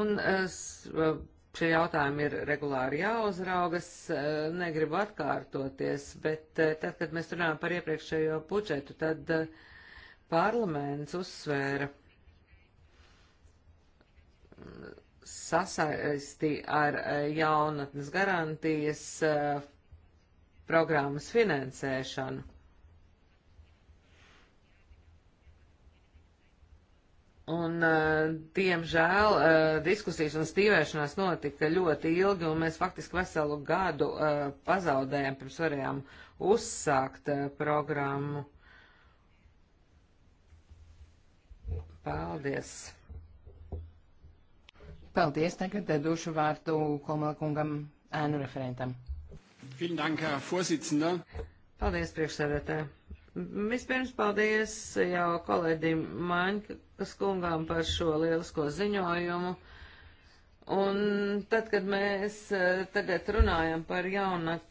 Un eh, eh, šie jautājumi ir regulāri jāuzraugas, negribu atkārtoties, bet tad, kad mēs runājam par iepriekšējo budžetu, tad parlaments uzsvēra sasaisti ar eh, jaunatnes garantijas eh, programmas finansēšanu. Un, eh, diemžēl, diskusijas un stīvēšanās notika ļoti ilgi, un mēs faktiski veselu gadu pazaudējām, pirms varējām uzsākt programmu. Paldies! Paldies. Tagad došu vārdu Komalkungam, ēnu referentam. Paldies, priekšsēdētāji. Vispirms paldies jau kolēģim Maņkas kungām par šo lielisko ziņojumu. Un tad, kad mēs eh, tagad runājam par jaunatni,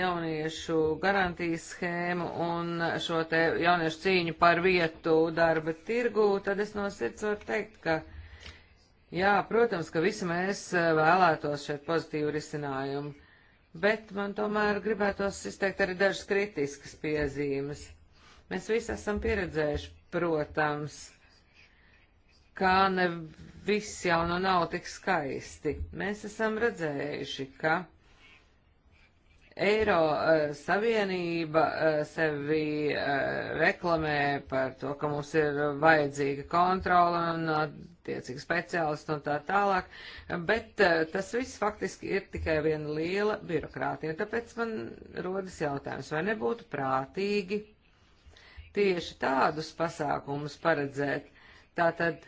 jauniešu garantijas schēmu un šo te jauniešu cīņu par vietu darba tirgu, tad es no sirds varu teikt, ka Jā, protams, ka visi mēs eh, vēlētos šeit pozitīvu risinājumu, bet man tomēr gribētos izteikt arī dažas kritiskas piezīmes. Mēs visi esam pieredzējuši, protams, kā ne viss jau nu nav tik skaisti. Mēs esam redzējuši, ka Eiro uh, Savienība uh, sevi uh, reklamē par to, ka mums ir vajadzīga kontrola un attiecīgi speciālisti un tā tālāk, bet eh, tas viss faktiski ir tikai viena liela birokrātija. Tāpēc man rodas jautājums, vai nebūtu prātīgi tieši tādus pasākumus paredzēt. Tātad,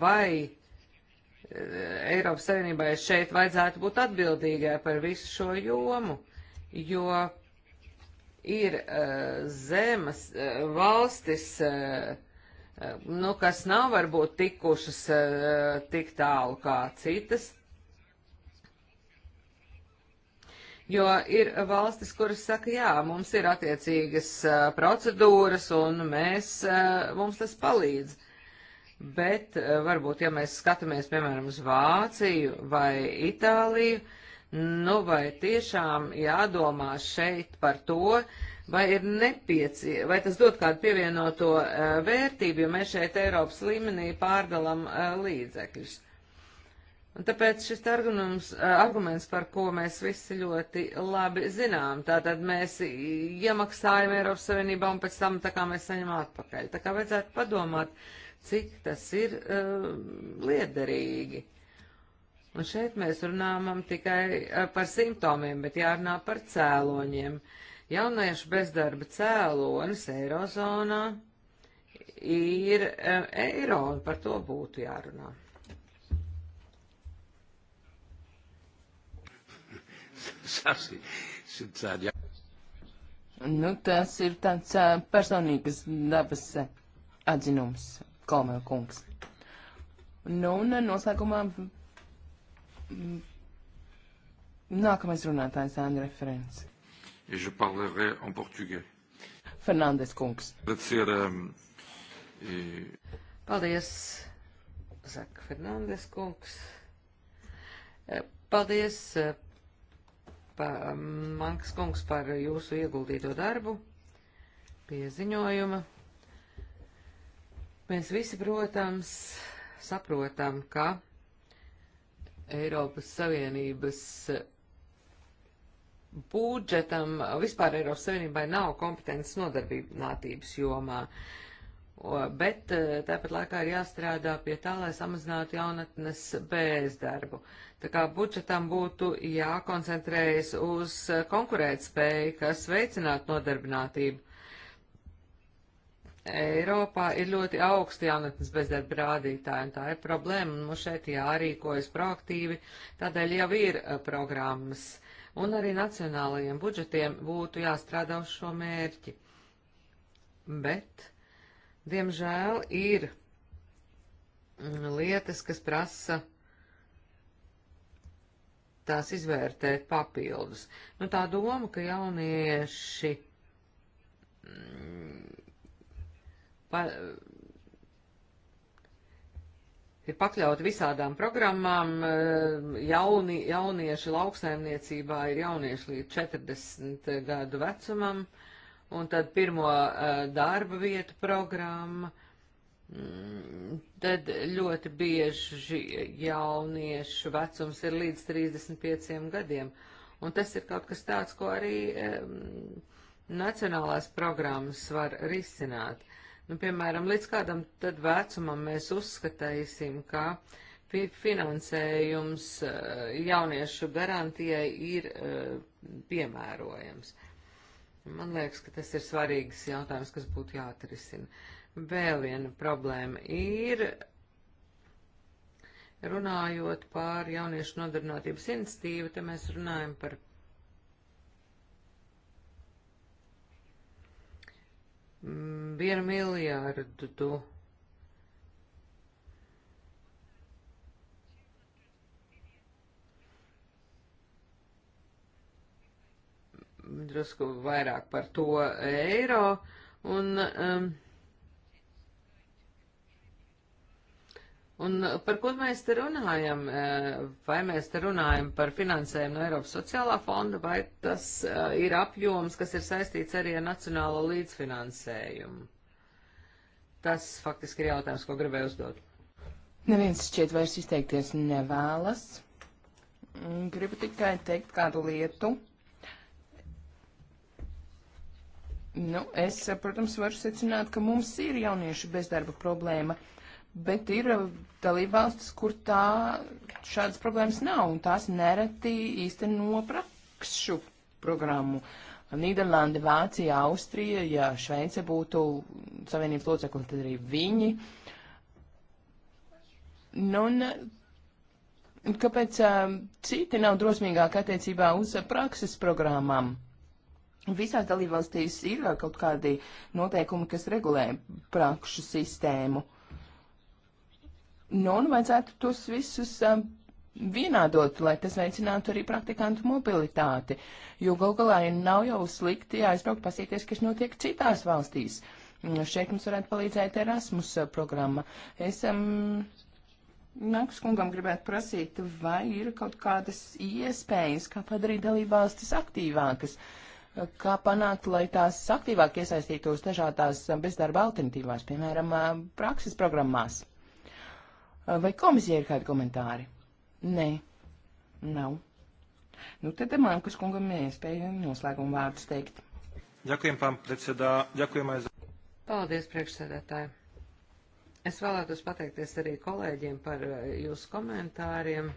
vai eh, Eiropas Savienībai šeit vajadzētu būt atbildīgai par visu šo jomu, jo ir uh, zemes, uh, valstis, uh, nu, kas nav varbūt tikušas eh, tik tālu kā citas. Jo ir valstis, kuras saka, jā, mums ir attiecīgas eh, procedūras un mēs, eh, mums tas palīdz. Bet varbūt, ja mēs skatāmies, piemēram, uz Vāciju vai Itāliju, nu vai tiešām jādomā šeit par to, uh, vai ir nepiecie, vai tas dod kādu pievienoto uh, vērtību, jo mēs šeit Eiropas līmenī pārdalam uh, līdzekļus. Un tāpēc šis arguments, e, arguments, par ko mēs visi ļoti labi zinām, tātad mēs iemaksājam Eiropas Savienībā un pēc tam tā kā mēs saņemam atpakaļ. Tā kā vajadzētu padomāt, cik tas ir uh, liederīgi. Un šeit mēs runājam tikai par simptomiem, bet jārunā par cēloņiem. Uh, Jauniešu bezdarba cēlonis Eirozonā ir eh, eiro, un par to būtu jārunā. Nu, tas ir tāds eh, personīgas dabas atzinums, Kolmēl kungs. Nu, un eh, noslēgumā mm, nākamais runātājs Andra Referents et je parlerai en portugais. Fernandes kungs. Agradecer, um, e... Paldies, saka Fernandes kungs. E, paldies, e, pa, Mankas kungs, par jūsu ieguldīto darbu pie ziņojuma. Mēs visi, protams, saprotam, ka Eiropas Savienības budžetam vispār Eiropas Savienībai nav kompetences nodarbinātības jomā. Bet e, tāpat laikā ir jāstrādā pie tā, lai samazinātu jaunatnes bezdarbu. Tā kā budžetam būtu jākoncentrējas uz konkurētspēju, kas veicinātu nodarbinātību. Eiropā ir ļoti augsti jaunatnes bezdarba rādītāji, un tā ir problēma, un mums šeit jārīkojas proaktīvi, tādēļ jau ir e, programmas. Uh, un arī nacionālajiem budžetiem būtu jāstrādā uz šo mērķi. Bet, diemžēl, ir mm, lietas, kas prasa tās izvērtēt papildus. Nu, tā doma, ka jaunieši mm, pa, ir pakļauti visādām programmām, eh, jauni, jaunieši lauksaimniecībā ir jaunieši līdz 40 gadu vecumam, un tad pirmo eh, darba vietu programma, mm, tad ļoti bieži jauniešu vecums ir līdz 35 gadiem, un tas ir kaut kas tāds, ko arī nacionālās programmas var risināt Nu, piemēram, līdz kādam tad vecumam mēs uzskatīsim, ka fi finansējums eh, jauniešu garantijai ir eh, piemērojams. Man liekas, ka tas ir svarīgs jautājums, kas būtu jāatrisina. Vēl viena problēma ir, runājot pār jauniešu nodarbinātības institīvu, te mēs runājam par Mm, vienu miljārdu. Drusku vairāk par to eiro. Un, um, Un eh, par ko mēs te runājam? Eh, vai mēs te runājam par finansējumu no Eiropas sociālā fonda, vai tas eh, ir apjoms, kas ir saistīts arī ar nacionālo līdzfinansējumu? Tas faktiski ir jautājums, ko gribēju uzdot. Neviens šķiet vairs izteikties nevēlas. Gribu tikai teikt kādu lietu. Nu, es, protams, varu secināt, ka mums ir jauniešu bezdarba problēma. Uh, bet ir uh, dalībvalstis, kur tā šādas problēmas nav, un tās nereti īsteno prakšu programmu. Nīderlanda, Vācija, Austrija, ja Šveice būtu savienības locekli, tad arī viņi. Nu, un uh, kāpēc uh, citi nav drosmīgāki attiecībā uz prakses programmām? Visās dalībvalstīs ir kaut kādi noteikumi, kas regulē prakšu sistēmu. Uh, Nu, un vajadzētu tos visus um, vienādot, lai tas veicinātu arī praktikantu mobilitāti, jo gal galā nav jau slikti aizbraukt pasīties, kas notiek citās valstīs. Mm, šeit mums varētu palīdzēt Erasmus uh, programma. Es um, Nākas kungam gribētu prasīt, vai ir kaut kādas iespējas, kā padarīt dalībvalstis aktīvākas, uh, kā panākt, lai tās aktīvāk iesaistītos dažādās uh, bezdarba alternatīvās, piemēram, prakses programmās. Eh, vai komisija ir kādi komentāri? Nē, nav. Nu, tad Mankas kungam iespēju noslēgumu vārdus teikt. Ďakujem, pán predsedā. Ďakujem aj za... Paldies, priekšsēdētāji. Es vēlētos pateikties arī kolēģiem par eh, jūsu komentāriem.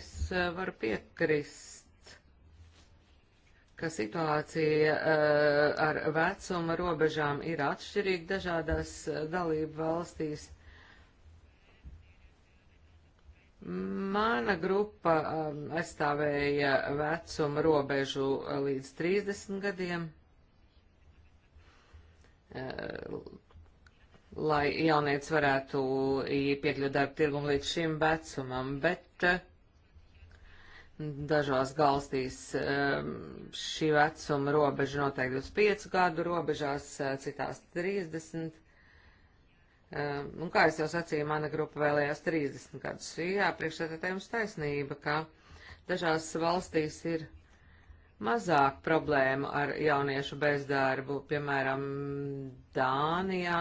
Es eh, varu piekrist, ka situācija ar vecuma robežām ir atšķirīga dažādās dalību valstīs. Mana grupa um, aizstāvēja vecuma robežu uh, līdz 30 gadiem, uh, lai jaunieci varētu piekļūt darba tirgumu līdz šim vecumam, bet uh, dažās galstīs um, šī vecuma robeža noteikti uz 5 gadu robežās, uh, citās 30 Ehm, un kā es jau sacīju, mana grupa vēlējās 30 gadus. Jā, priekšsēdētājiem taisnība, ka dažās valstīs ir mazāk problēma ar jauniešu bezdarbu, piemēram, Dānijā.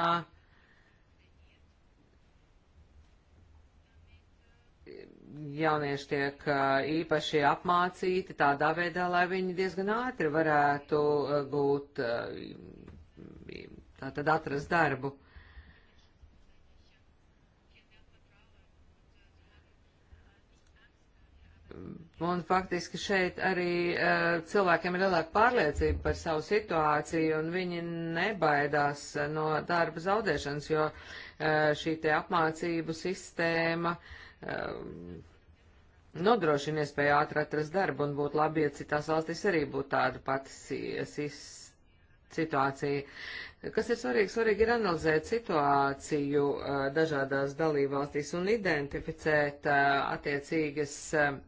Jaunieši tiek īpaši apmācīti tādā veidā, lai viņi diezgan ātri varētu gūt, tātad atrast darbu. Un faktiski šeit arī uh, cilvēkiem ir lielāka pārliecība par savu situāciju, un viņi nebaidās eh, no darba zaudēšanas, jo uh, šī te apmācību sistēma uh, nodrošina iespēju ātri atrast darbu un būt labi, ja citās valstīs arī būtu tāda pati situācija. Kas ir svarīgi? Svarīgi ir analizēt situāciju uh, dažādās dalībvalstīs un identificēt uh, attiecīgas. Uh,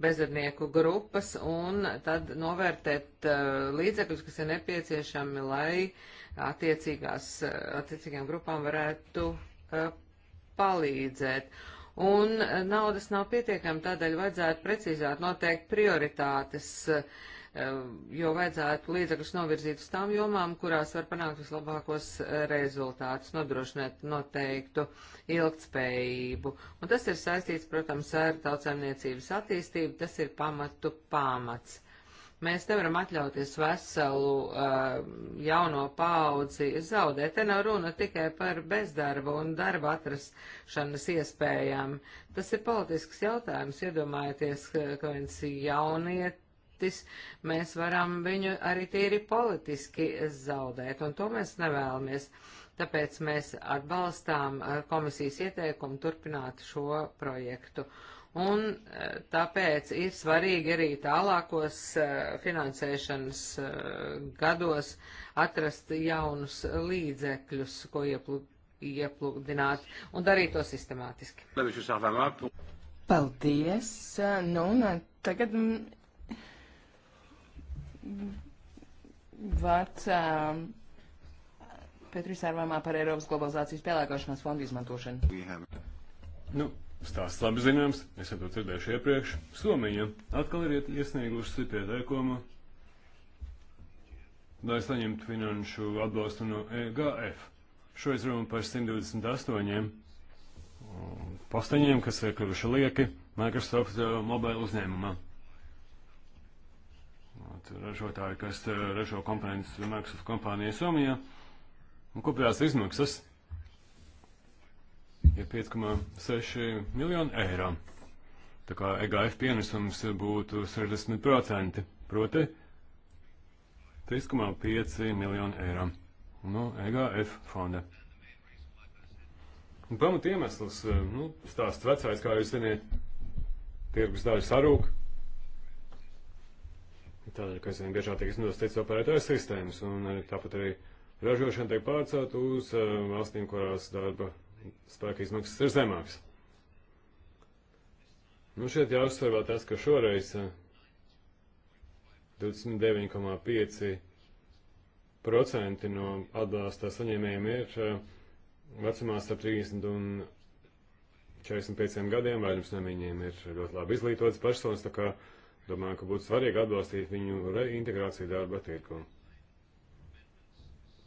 bezdarbnieku grupas un tad novērtēt uh, līdzekļus, kas ir nepieciešami, lai attiecīgās, eh, attiecīgām grupām varētu uh, palīdzēt. Un naudas nav pietiekami, tādēļ vajadzētu precīzāk noteikt prioritātes. Uh, Eh, jo vajadzētu līdzekļus novirzīt uz tām jomām, kurās var panākt vislabākos eh, rezultātus, nodrošināt noteiktu ilgtspējību. Un tas ir saistīts, protams, ar tautsēmniecības attīstību, tas ir pamatu pamats. Mēs nevaram atļauties veselu uh, jauno paudzi zaudēt. Te nav runa tikai par bezdarbu un darba atrašanas iespējām. Tas ir politisks jautājums. Iedomājieties, ka viens jauniet, valstis, mēs varam viņu arī tīri politiski zaudēt, un to mēs nevēlamies. Tāpēc mēs atbalstām eh, komisijas ieteikumu turpināt šo projektu. Un eh, tāpēc ir svarīgi arī tālākos eh, finansēšanas gados atrast jaunus līdzekļus, ko ieplūkt iepludināt un darīt to sistemātiski. Paldies! Nu, un tagad mm, vecām um, Petris Arvamā par Eiropas globalizācijas pielāgošanās fondu izmantošanu. Nu, stāsts labi zināms, es to dzirdējuši iepriekš. Somija atkal ir iesniegusi pieteikumu, lai saņemtu finanšu atbalstu no EGF. Šoreiz runa par 128 um, posteņiem, kas ir kļuvuši lieki Microsoft uh, mobile uzņēmumā ražotāji, kas eh, ražo komponentus Microsoft kompānijā Somijā. Un kopējās izmaksas ir 5,6 miljoni eiro. Tā kā EGF pienesums būtu 60%, proti 3,5 miljoni eiro no EGF fonda. Un pamat iemesls, eh, nu, stāsts vecais, kā jūs ziniet, tirgus daļa sarūka. Tādēļ, ka aizvien biežāk tiek izmantotas operētāju sistēmas, un eh, tāpat arī ražošana tiek pārcelt uz eh, valstīm, kurās darba spēka izmaksas ir zemākas. Nu, šeit jāuzsver vēl tas, ka šoreiz 29,5% eh, no atbalsta saņēmējiem ir vecumā starp 30 un 45 gadiem, vairums no viņiem ir ļoti labi izglītotas personas, tā kā uh, Domāju, ka būtu svarīgi atbalstīt viņu reintegrāciju darba tirku.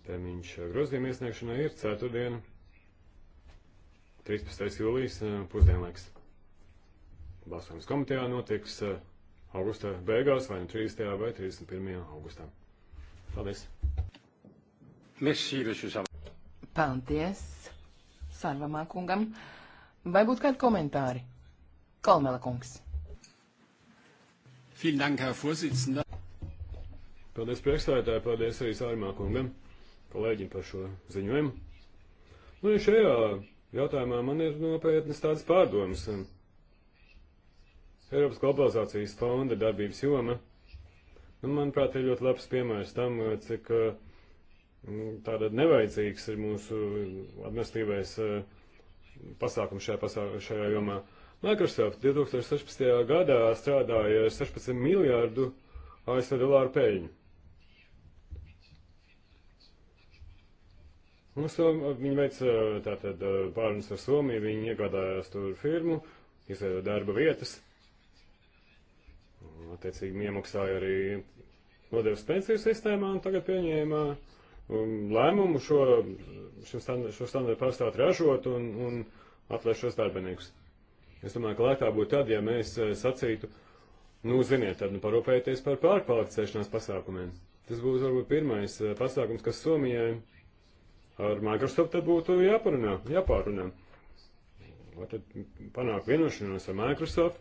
Termiņš grozījuma iesniegšanai ir ceturtdiena, 13. jūlijas eh, pusdienlaiks. Balsojums komitejā notiks eh, augusta beigās, vai nu 30. vai 31. augustā. Paldies! Merci, Paldies Sarvamā kungam! Vai būtu kādi komentāri? Kalmela kungs! Vielen Dank, Herr Vorsitzender. Paldies priekšstādātāji, paldies arī Sārmā kungam, kolēģim par šo ziņojumu. Nu, ja šajā jautājumā man ir nopietnas tādas pārdomas. Eiropas globalizācijas fonda darbības joma, nu, manuprāt, ir ļoti labs piemērs tam, cik mm, tāda nevajadzīgs ir mūsu administratīvais eh, pasākums šajā, pasā šajā jomā. Uh, Microsoft 2016. gadā strādāja ar 16 miljārdu ASV dolāru peļņu. Mums viņi veica tātad pārunas ar Somiju, viņi iegādājās tur firmu, izveidoja darba vietas, attiecīgi iemaksāja arī nodevis pensiju sistēmā un tagad pieņēma um, lēmumu šo, šo standartu pārstāt ražot un, un atlaiž šos darbiniekus. Es domāju, ka lētāk būtu tad, ja mēs eh, sacītu, nu, ziniet, tad nu, parūpējieties par pārkvalificēšanās pasākumiem. Tas būs varbūt pirmais eh, pasākums, kas Somijai ar Microsoft tad būtu jāparunā, jāpārunā. Vai tad panāk vienošanos ar Microsoft,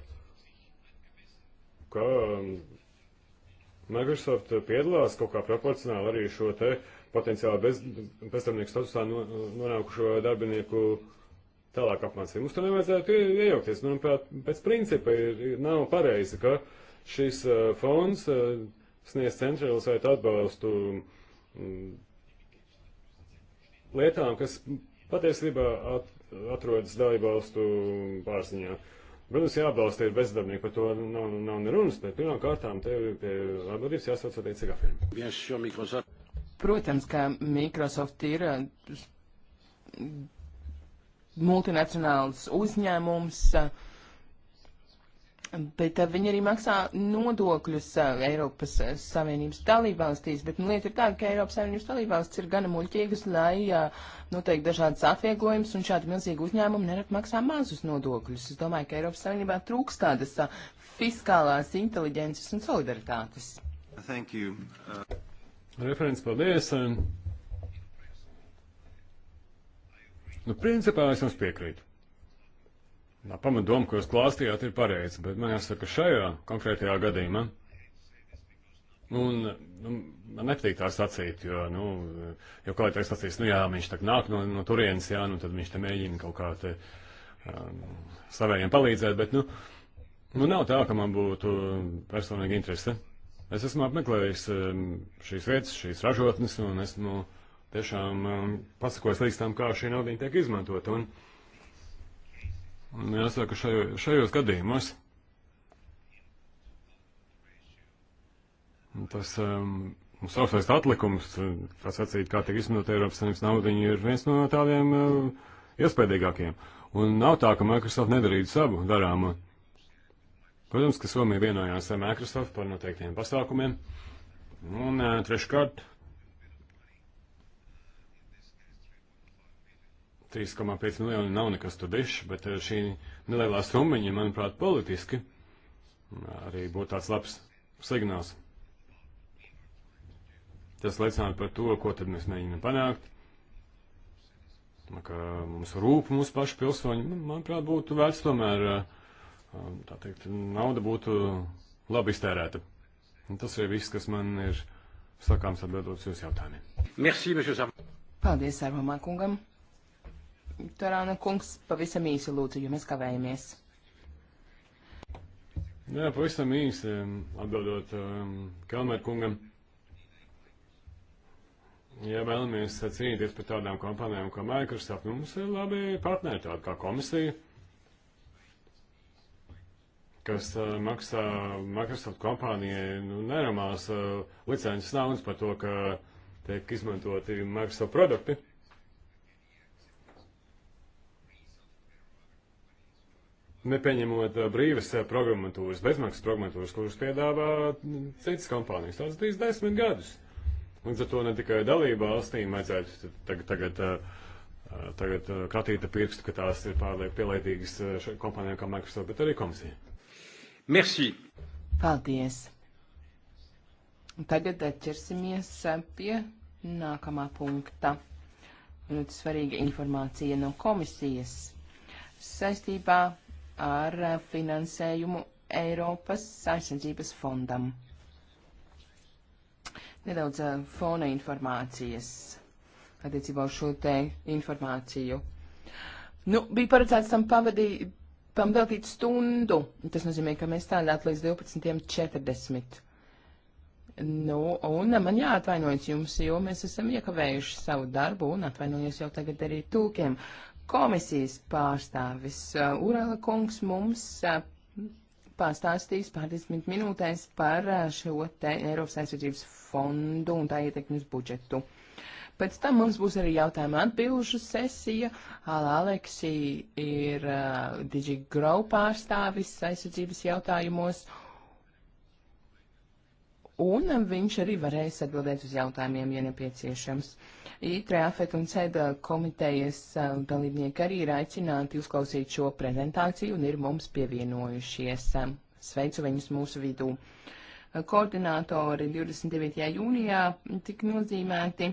ka mm, Microsoft piedalās kaut kā proporcionāli arī šo te potenciāli bez, bezdarbnieku statusā nonākušo darbinieku uh, tālāk apmācību. Mums tur nevajadzētu iejaukties. Manuprāt, pēc principa ir, nav pareizi, ka šis uh, fonds uh, sniedz centralizētu atbalstu um, lietām, kas patiesībā at, atrodas dalībvalstu pārziņā. Protams, jāatbalsta ir bezdarbnieki, par to nav, nav nerunas, bet pirmām kārtām tev pie atbildības jāsauc attiecīgā firma. Protams, ka Microsoft ir uh, multinacionāls uzņēmums, bet eh, viņi arī maksā nodokļus eh, Eiropas eh, Savienības dalībvalstīs, bet nu, lieta ir tāda, ka Eiropas Savienības dalībvalsts ir gana muļķīgas, lai noteikti dažādas atvieglojumus, un šādi milzīgi uzņēmumi nerad maksā mazus nodokļus. Es domāju, ka Eiropas Savienībā trūks tādas fiskālās inteliģences un solidaritātes. Thank you. Uh... Referents, paldies. Um... Nu, principā es jums piekrītu. Nā, pamat doma, ko jūs klāstījāt, ir pareiza, bet man jāsaka šajā konkrētajā gadījumā. Un, nu, man nepatīk tā sacīt, jo, nu, jo kaut kādā sacīs, nu jā, viņš tā nāk no, no turienes, jā, nu tad viņš te mēģina kaut kā te um, savējiem palīdzēt, bet, nu, nu, nav tā, ka man būtu personīgi interese. Es esmu apmeklējis um, šīs vietas, šīs ražotnes, un esmu. Nu, tiešām um, pasakos līdz tam, kā šī naudiņa tiek izmantot. Un, un jāsaka, šajo, šajos gadījumos tas um, mums savsais atlikums, tā sacīt, kā tiek izmantot Eiropas Savienības naudiņu, ir viens no tādiem um, uh, iespēdīgākiem. Un nav tā, ka Microsoft nedarītu savu darāmu. Protams, ka Somija vienojās ar Microsoft par noteiktiem pasākumiem. Un uh, treškārt, 3,5 miljoni nav nekas tur bišs, bet eh, šī nelielā summiņa, manuprāt, politiski mm, arī būtu tāds labs signāls. Tas liecināja par to, ko tad mēs mēģinām panākt, ka mums rūp mūsu pašu pilsoņi. Nu, manuprāt, būtu vērts tomēr, eh, um, tā teikt, nauda būtu labi iztērēta. Un tas ir viss, kas man ir sakāms atbildot uz jūsu jautājumiem. Merci, Paldies, Armamā kungam! Tarāna kungs, pavisam īsi lūdzu, jo mēs kavējamies. Jā, pavisam īsi atbildot um, Kalmēra kungam. Ja vēlamies cīnīties par tādām kompānijām kā Microsoft, nu, mums ir labi partneri, tāda kā komisija, kas uh, maksā Microsoft kompānijai nu, neramās uh, licences naudas par to, ka tiek izmantoti Microsoft produkti. nepieņemot eh, brīvas eh, programmatūras, bezmaksas programmatūras, kuras piedāvā mm, citas kompānijas. Tāds trīs desmit gadus. Līdz ar to ne tikai dalību valstīm vajadzētu tagad, eh, tagad, tagad kratīt pirkstu, ka tās ir pārlieku pielaidīgas kompānijām kā Microsoft, bet arī komisija. Merci! Paldies! Tagad atķersimies pie nākamā punkta. Ļoti svarīga informācija no komisijas saistībā ar eh, finansējumu Eiropas aizsardzības fondam. Nedaudz eh, fona informācijas attiecībā uz šo te informāciju. Nu, bija paredzēts tam pavadīt, tam veltīt stundu. Tas nozīmē, ka mēs strādāt līdz 12.40. Nu, un man jāatvainojas jums, jo mēs esam iekavējuši savu darbu un atvainojos jau tagad arī tūkiem. Uh, komisijas pārstāvis uh, Urala kungs mums uh, pastāstīs pārdesmit minūtēs par uh, šo te Eiropas aizsardzības fondu un tā ietekmi uz budžetu. Pēc tam mums būs arī jautājuma atbilžu sesija. Alā Aleksija ir uh, DigiGrow pārstāvis aizsardzības jautājumos. Uh, un viņš arī varēs atbildēt uz jautājumiem, ja nepieciešams. ITRE, AFET un CEDA komitejas uh, dalībnieki arī ir aicināti uzklausīt šo prezentāciju un ir mums pievienojušies. Um, sveicu viņus mūsu vidū. Uh, koordinātori 29. jūnijā tik nozīmēti.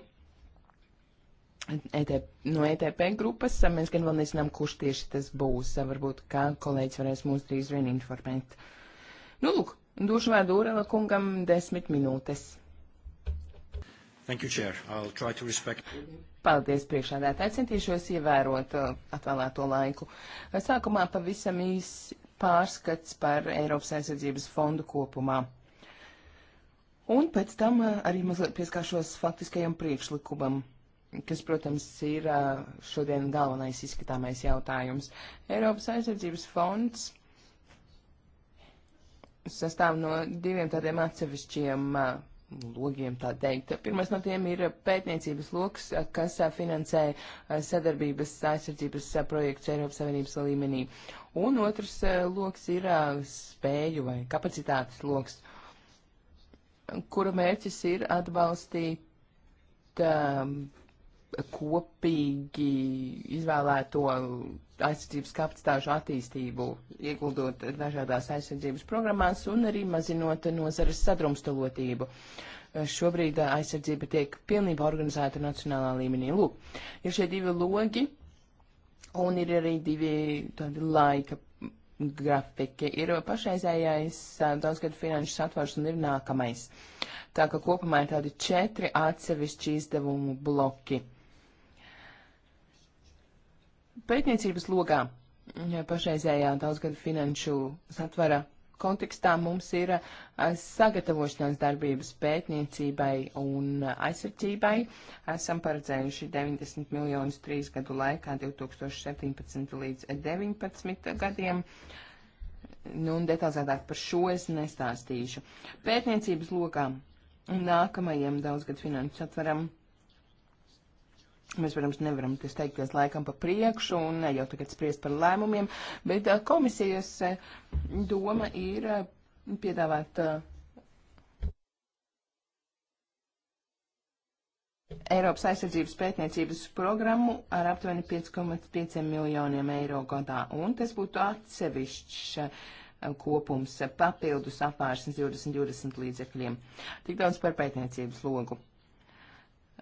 ETP, no ETP grupas. Uh, mēs gan vēl nezinām, kurš tieši tas būs. Varbūt kā kolēģis varēs mūs drīz vien informēt. Nu, lūk, Došu vārdu Urela kungam desmit minūtes. Thank you, Chair. I'll try to respect. Paldies priekšādātāji, centīšos ievērot uh, atvēlēto laiku. Sākumā pavisam īs pārskats par Eiropas aizsardzības fondu kopumā. Un pēc tam uh, arī mazliet pieskāršos faktiskajam priekšlikumam, kas, protams, ir uh, šodien galvenais izskatāmais jautājums. Eiropas aizsardzības fonds sastāv no diviem tādiem atsevišķiem uh, logiem, tā teikt. Pirmais no tiem ir pētniecības loks, uh, kas uh, finansē uh, sadarbības aizsardzības uh, projekts Eiropas Savienības līmenī. Un otrs uh, loks ir spēju vai kapacitātes loks, kura mērķis ir atbalstīt um, kopīgi izvēlēto aizsardzības kapacitāšu attīstību, ieguldot dažādās aizsardzības programmās un arī mazinot nozares sadrumstalotību. Eh, šobrīd eh, aizsardzība tiek pilnībā organizēta nacionālā līmenī. Lūk, ir šie divi logi un ir arī divi tādi laika grafiki. Ir pašreizējais eh, daudzgadu finanšu satvars un ir nākamais. Tā ka kopumā ir tādi četri atsevišķi izdevumu bloki. Pētniecības logā pašreizējā daudzgada finanšu satvara kontekstā mums ir sagatavošanās darbības pētniecībai un aizsardzībai. Esam paredzējuši 90 miljonus trīs gadu laikā, 2017 līdz 2019 gadiem. Nu, un detalizētāk par šo es nestāstīšu. Pētniecības lokā nākamajam daudzgadu finanšu atvaram Mēs, protams, nevaram te steigties laikam pa priekšu un jau tagad spriest par lēmumiem, bet komisijas doma ir piedāvāt Eiropas aizsardzības pētniecības programmu ar aptuveni 5,5 miljoniem eiro gadā. Un tas būtu atsevišķs kopums papildus apvārsnes 2020 līdzekļiem. Tik daudz par pētniecības logu.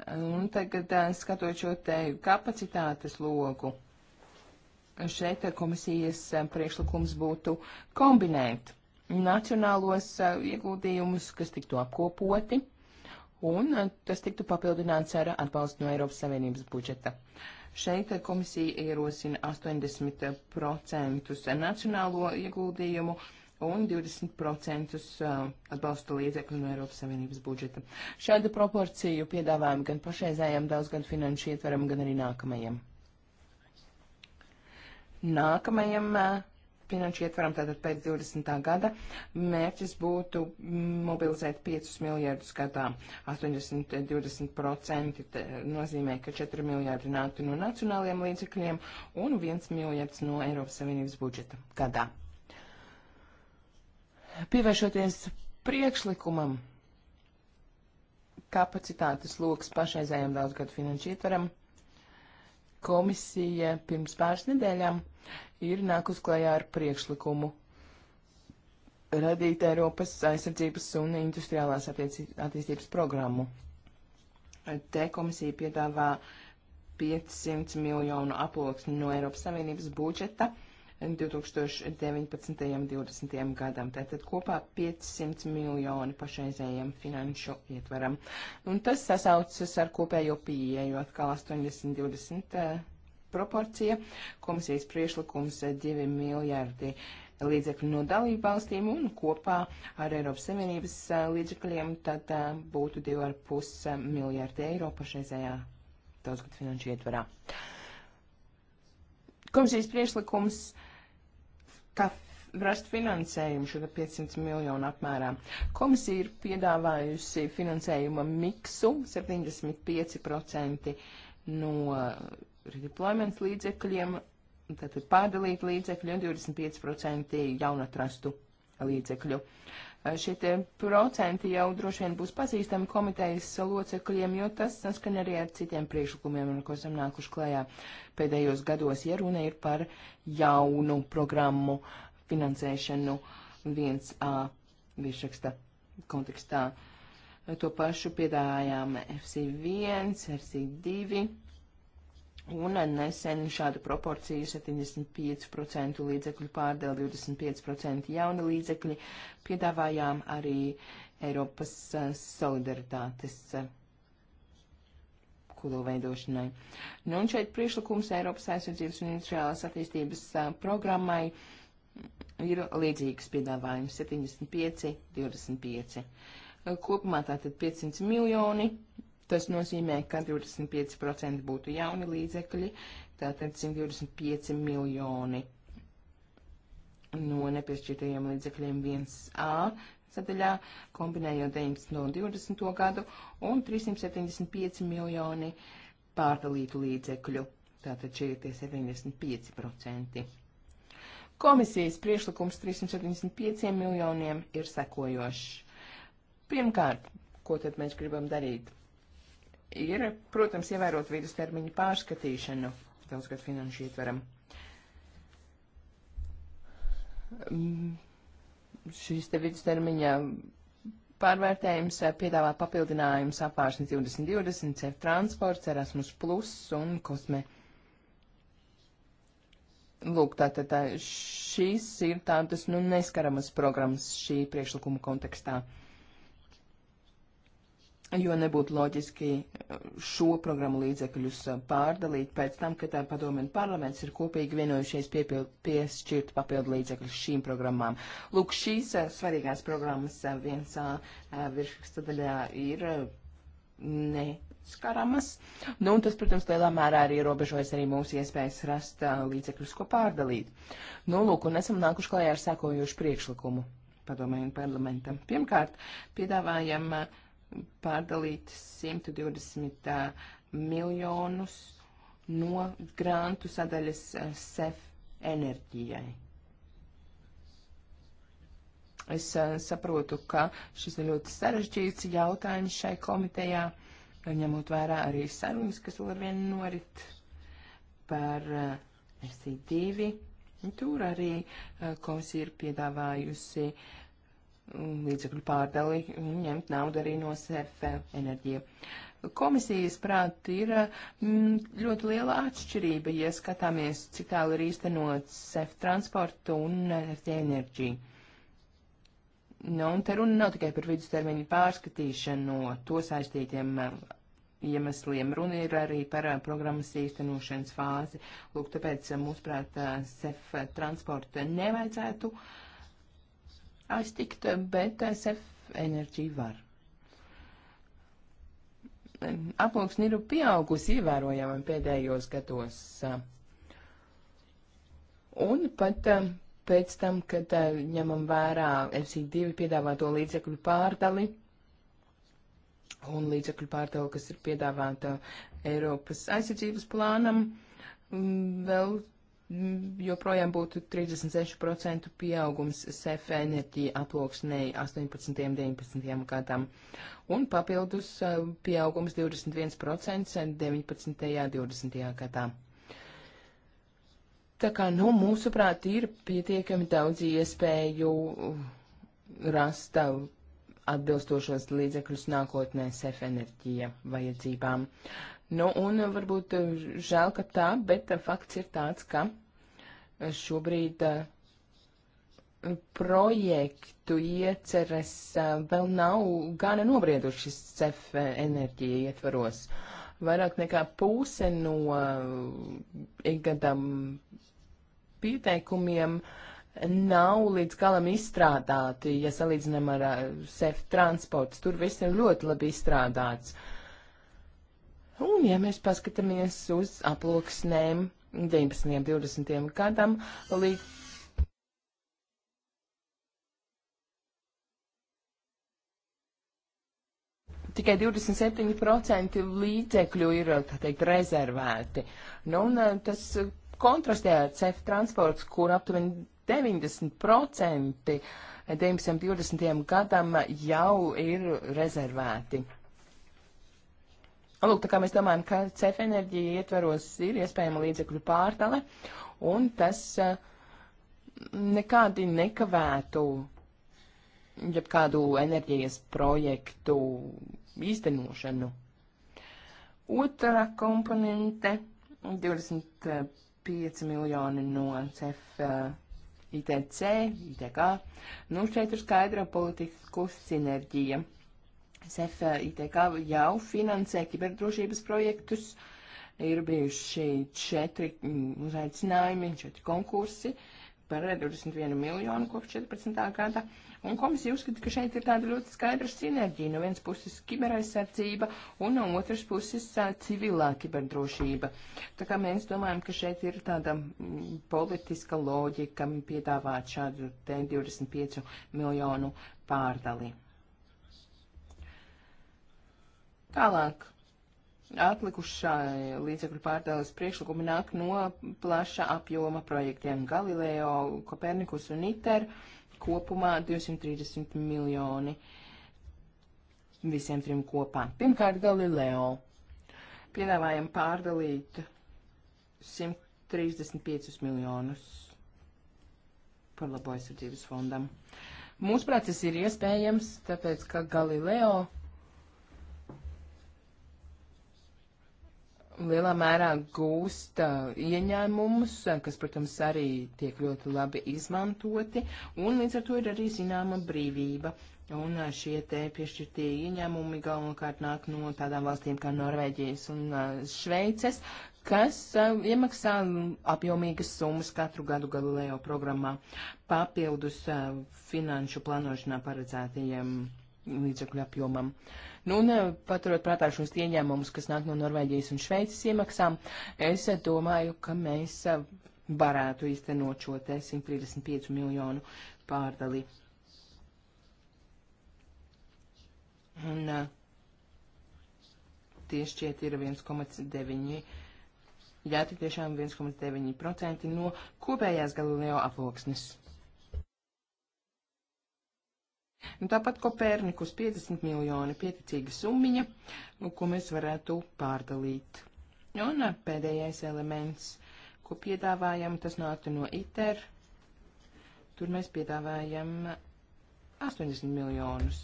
Un tagad eh, skatot šo te kapacitātes logu, šeit eh, komisijas eh, priekšlikums būtu kombinēt nacionālos ieguldījumus, kas tiktu apkopoti, un tas tiktu papildināts ar atbalstu no Eiropas Savienības budžeta. Šeit komisija ierosina 80% nacionālo ieguldījumu, un 20% atbalsta līdzekļu no Eiropas Savienības budžeta. Šādu proporciju piedāvājam gan pašreizējiem daudzgadu finanšu ietveram, gan arī nākamajam. Nākamajam finanšu ietveram, tātad pēc 20. gada, mērķis būtu mobilizēt 5 miljardus gadā. 80-20% nozīmē, ka 4 miljardi nāktu no nacionāliem līdzekļiem un 1 miljards no Eiropas Savienības budžeta gadā. Pievēršoties priekšlikumam, kapacitātes lokus pašreizējam daudzgadu finanšu ietvaram, komisija pirms pāris nedēļām ir nākus klajā ar priekšlikumu radīt Eiropas aizsardzības un industriālās attīstības programmu. Te komisija piedāvā 500 miljonu aploksni no Eiropas Savienības budžeta – 2019. un 2020. gadam. Tātad kopā 500 miljoni pašreizējiem finanšu ietveram. Un tas sasaucas ar kopējo pieeju atkal 80-20 eh, proporcija. Komisijas priešlikums 2 eh, miljardi līdzekļu no dalību valstīm un kopā ar Eiropas Savienības eh, līdzekļiem tad būtu 2,5 miljārdi eiro pašreizējā daudzgad finanšu ietvarā. Komisijas priešlikums uh, kā rast finansējumu šo 500 miljonu apmērā. Komisija ir piedāvājusi finansējuma miksu 75% no redeployments līdzekļiem, tātad pārdalīt līdzekļu un 25% jaunatrastu līdzekļu. Šie procenti jau droši vien būs pazīstami komitejas locekļiem, jo tas saskan arī ar citiem priekšlikumiem, ar ko esam nākuši klajā pēdējos gados, ja runa ir par jaunu programmu finansēšanu viens A virsraksta kontekstā. To pašu piedāvājām FC1, FC2 Un nesen šādu proporciju 75% līdzekļu pārdeva 25% jauni līdzekļi piedāvājām arī Eiropas eh, solidaritātes eh, kulu veidošanai. Nu, un šeit priešlikums Eiropas aizsardzības un industriālās attīstības eh, programmai ir līdzīgs piedāvājums 75-25. Kopumā tātad 500 miljoni Tas nozīmē, ka 25% būtu jauni līdzekļi, tātad 125 miljoni no nepiešķirtajiem līdzekļiem 1A sadaļā, kombinējot 19 no 20. gadu un 375 miljoni pārdalītu līdzekļu. Tātad šie ir tie 75%. Komisijas priešlikums 375 miljoniem ir sekojošs. Pirmkārt, ko tad mēs gribam darīt? ir, protams, ievērot vidustermiņu pārskatīšanu daudzgad finanšu ietveram. Mm, šis te vidustermiņa pārvērtējums eh, piedāvā papildinājumus apvāršņi 2020, CEF transports, Erasmus Plus un Kosme. Lūk, tātad tā, tā, šīs ir tādas, nu, neskaramas programmas šī priekšlikuma kontekstā. Uh, jo nebūtu loģiski eh, šo programmu līdzekļus eh, pārdalīt pēc tam, kad padomju un parlaments ir kopīgi vienojušies piepild, piešķirt papildu līdzekļus šīm programmām. Lūk, šīs eh, svarīgās programmas viens virsrakstadaļā ir neskaramas. Nu, un tas, protams, lielā mērā arī ierobežojas arī mūsu iespējas rast līdzekļus, ko pārdalīt. Nu, lūk, un esam nākuši klajā ar sekojošu priekšlikumu padomēju un parlamentam. Pirmkārt, piedāvājam uh, pārdalīt 120 miljonus no grantu sadaļas SEF enerģijai. Es saprotu, ka šis ir ļoti sarežģīts jautājums šai komitejā, ņemot vērā arī sarunas, kas vēl ar vienu norit par SI2. Tur arī komisija ir piedāvājusi uh, līdzekļu pārdali un ņemt naudu arī no SEF enerģija. Komisijas prāt ir mm, ļoti liela atšķirība, ja skatāmies, cik tālu ir īstenots SEF transportu un SEF enerģiju. Nu, un te runa nav tikai par vidustermiņu pārskatīšanu no to saistītiem eh, iemesliem. Runa ir arī par eh, programmas īstenošanas fāzi. Lūk, tāpēc, eh, mūsuprāt, SEF transporta nevajadzētu uh, Aș be TSF Energy var. Aploksne ir pieaugusi ievērojami pēdējos gados. Un pat eh, pēc tam, kad eh, ņemam vērā FC2 piedāvāto līdzekļu pārdali un līdzekļu pārdali, kas ir piedāvāta Eiropas aizsardzības plānam, mm, vēl Mm, joprojām būtu 36% pieaugums SEF enerģija aploksnei 18. un 19. gadam. Un papildus eh, pieaugums 21% 19. un 20. gadā. Tā kā, nu, mūsuprāt, ir pietiekami daudz iespēju eh, rast eh, atbilstošos līdzekļus nākotnē SEF enerģija vajadzībām. Uh, Nu, un eh, varbūt eh, žēl, ka tā, bet eh, fakts ir tāds, ka šobrīd projektu ieceres vēl nav gana nobriedušas CEF enerģija ietvaros. Vairāk nekā puse no ikgadam pieteikumiem nav līdz galam izstrādāti, ja salīdzinām ar CEF transports. Tur viss ir ļoti labi izstrādāts. Uh, Un, ja mēs paskatāmies uz aploksnēm 19. un 20. gadam, līdz. Tikai 27% līdzekļu ir, tā teikt, rezervēti. Nu, un eh, tas kontrastē ar CEF transports, kur aptuveni 90% 19. un 20. gadam jau ir rezervēti. Lūk, tā kā mēs domājam, ka CEF enerģija ietveros ir iespējama līdzekļu pārdale, un tas eh, nekādi nekavētu jebkādu enerģijas projektu īstenošanu. Otra komponente - 25 miljoni no CEF ITC, ITK. Nu, šeit ir skaidra politisku sinerģija. SEF ITK jau finansē kiberdrošības projektus. Ir bijuši četri mm, uzaicinājumi, četri konkursi par 21 miljonu kopš 14. gada. Un komisija uzskata, ka šeit ir tāda ļoti skaidra sinerģija. No vienas puses kiberaizsardzība un no otras puses civilā kiberdrošība. Tā kā mēs domājam, ka šeit ir tāda mm, politiska loģika piedāvāt šādu 25 miljonu pārdali. Tālāk. Atlikušai līdzekļu pārdales priekšlikumi nāk no plaša apjoma projektiem Galileo, Kopernikus un ITER kopumā 230 miljoni visiem trim kopā. Pirmkārt, Galileo. Piedāvājam pārdalīt 135 miljonus par labo aizsardzības fondam. Mūsuprāt, tas ir iespējams, tāpēc, ka Galileo lielā mērā gūst uh, ieņēmumus, kas, protams, arī tiek ļoti labi izmantoti, un līdz ar to ir arī zināma brīvība. Un uh, šie te piešķirtie ieņēmumi galvenokārt nāk no tādām valstīm kā Norvēģijas un uh, Šveices, kas iemaksā apjomīgas summas katru gadu Galileo programmā papildus finanšu plānošanā paredzētajiem līdzekļu apjomam. Uh, Nu, un eh, paturot prātā šos ieņēmumus, kas nāk no Norvēģijas un Šveices iemaksām, es eh, domāju, ka mēs eh, varētu īstenot šo te 135 miljonu pārdali. Un tieši šķiet ir 1,9, jā, tik tiešām 1,9% no kopējās Galileo aploksnes. Nu, tāpat Kopernikus 50 miljoni pieticīga summiņa, nu, ko mēs varētu pārdalīt. Un pēdējais elements, ko piedāvājam, tas nāktu no ITER. Tur mēs piedāvājam 80 miljonus.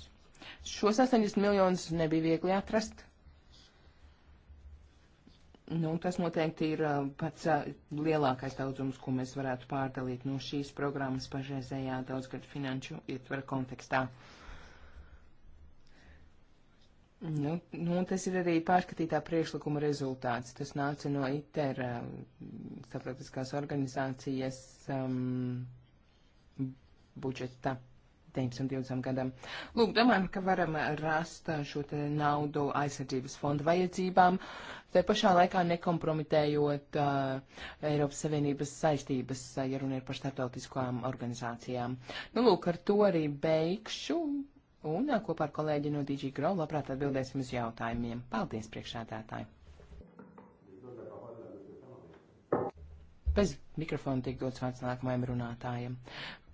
Šos 80 miljonus nebija viegli atrast. Nu, tas noteikti ir pats lielākais daudzums, ko mēs varētu pārdalīt no šīs programmas pašreizējā daudzgad finanšu ietvara kontekstā. Nu, nu, tas ir arī pārskatītā priekšlikuma rezultāts. Tas nāca no ITER, starptautiskās organizācijas um, budžeta 1920 gadam. Lūk, domājam, ka varam rast šo te naudu aizsardzības fonda vajadzībām, te pašā laikā nekompromitējot uh, Eiropas Savienības saistības, uh, ja runa ir par starptautiskām organizācijām. Nu, lūk, ar to arī beigšu. Un uh, kopā ar kolēģi no DG Grow labprāt atbildēsim uz jautājumiem. Paldies, priekšādātāji! Bez mikrofona tiek dots vārds nākamajam runātājam.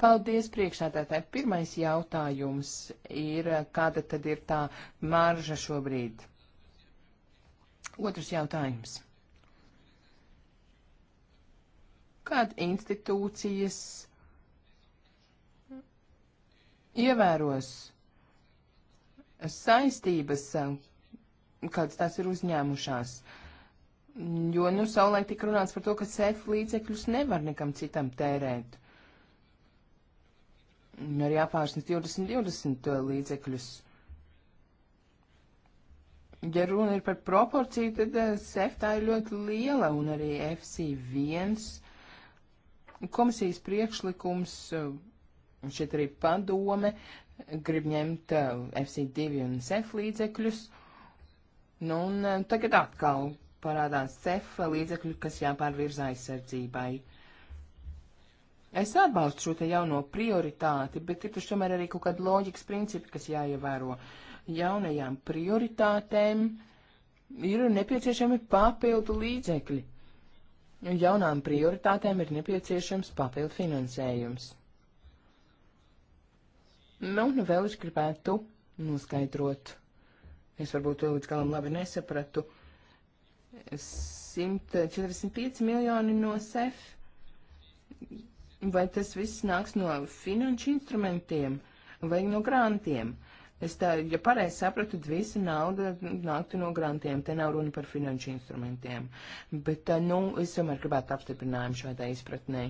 Paldies, priekšsēdētāji. Pirmais jautājums ir, kāda tad ir tā marža šobrīd? Otrs jautājums. Kāda institūcijas ievēros saistības, kādas tās ir uzņēmušās? Uh, Jo, nu, savulaik tika runāts par to, ka sef līdzekļus nevar nekam citam tērēt. Un arī apārsnes 20-20 eh, līdzekļus. Ja runa ir par proporciju, tad eh, sef tā ir ļoti liela un arī FC1 komisijas priekšlikums, un eh, šeit arī padome, grib ņemt FC2 un sef līdzekļus. Nu, un tagad atkal parādās cefa līdzekļi, kas jāpārvirza aizsardzībai. Es atbalstu šo te jauno prioritāti, bet ir taču tomēr arī kaut kāda loģikas principi, kas jāievēro. Jaunajām prioritātēm ir nepieciešami papildu līdzekļi. Jaunām prioritātēm ir nepieciešams papildu finansējums. Nu, nu vēl es gribētu noskaidrot. Es varbūt to līdz galam labi nesapratu. 145 miljoni no SEF. Vai tas viss nāks no finanšu instrumentiem vai no grantiem? Es tā, ja pareizi sapratu, tad visa nauda nāktu no grantiem. Te nav runa par finanšu instrumentiem. Bet, tā, eh, nu, es tomēr gribētu apstiprinājumu šādai izpratnē.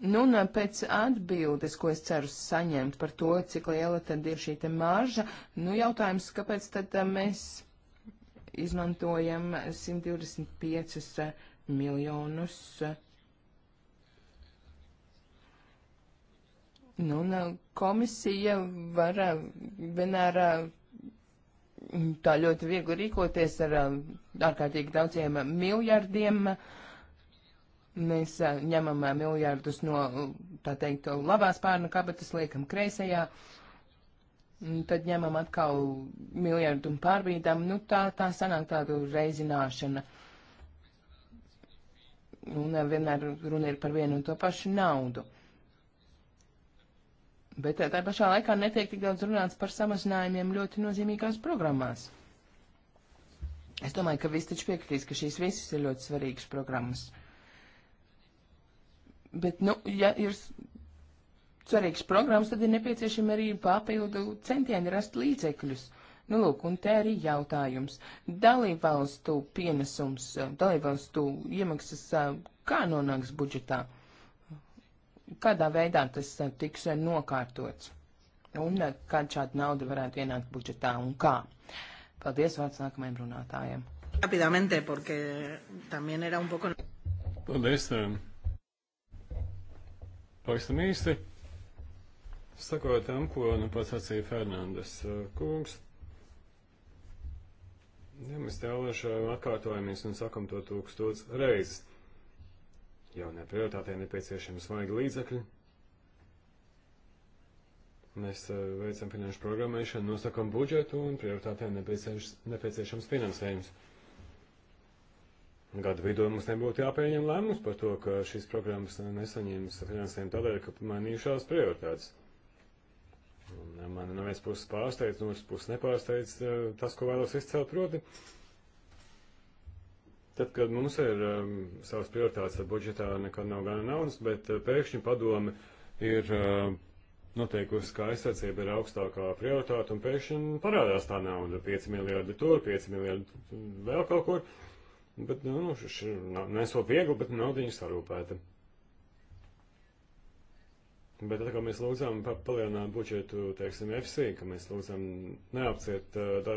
Nu, un eh, pēc atbildes, ko es ceru saņemt par to, cik liela tad ir šī te marža, nu, jautājums, kāpēc tad tā, eh, mēs izmantojam 125 miljonus. Nu, un uh, komisija var uh, vienmēr uh, tā ļoti viegli rīkoties ar ārkārtīgi daudziem miljardiem. Mēs ņemam miljardus no, tā teikt, labās pārnu kabatas, liekam kreisajā. Uh, Un tad ņemam atkal miljardu un pārbīdām. Nu, tā, tā sanāk tāda reizināšana. Un vienmēr runa ir par vienu un to pašu naudu. Bet tā pašā laikā netiek tik daudz runāts par samazinājumiem ļoti nozīmīgās programmās. Es domāju, ka visi taču piekritīs, ka šīs visas ir ļoti svarīgas programmas. Bet, nu, ja ir cerīgas programmas, tad ir nepieciešami arī papildu centieni rast līdzekļus. Nu, lūk, un te arī jautājums. Dalībvalstu pienesums, eh, dalībvalstu iemaksas, eh, kā nonāks budžetā? Kādā veidā tas eh, tiks nokārtots? Un kad šāda nauda varētu ienākt budžetā un kā? Paldies vārds nākamajam runātājiem. Rapidamente, porque también era un poco... Paldies. Pavisam īsti. Sakot tam, ko nu pats sacīja Fernandes kungs, ja mēs tēlēšu atkārtojamies un sakam to tūkstots reizes, jaunajā prioritātē nepieciešami svaigi līdzekļi. Mēs veicam finanšu programmēšanu, nosakam budžetu un prioritātē nepieciešams finansējums. Gada vidū mums nebūtu jāpieņem lēmums par to, ka šīs programmas nesaņems finansējumu tādēļ, ka mainījušās prioritātes. Un man no vienas puses pārsteidz, no otras puses nepārsteidz eh, tas, ko vēlos izcelt, proti. Tad, kad mums ir um, savas prioritātes, tad budžetā nekad nav gana naudas, bet uh, pēkšņi padome ir uh, noteikusi, ka aizsardzība ir augstākā prioritāte, un pēkšņi parādās tā nauda - 5 miljardi tur, 5 miljardi vēl kaut kur. Bet, nu, nu šis nesot viegli, bet naudiņa sarūpēta. Bet tā kā mēs lūdzām pa, palielināt budžetu, teiksim, FC, ka mēs lūdzām neapciet da,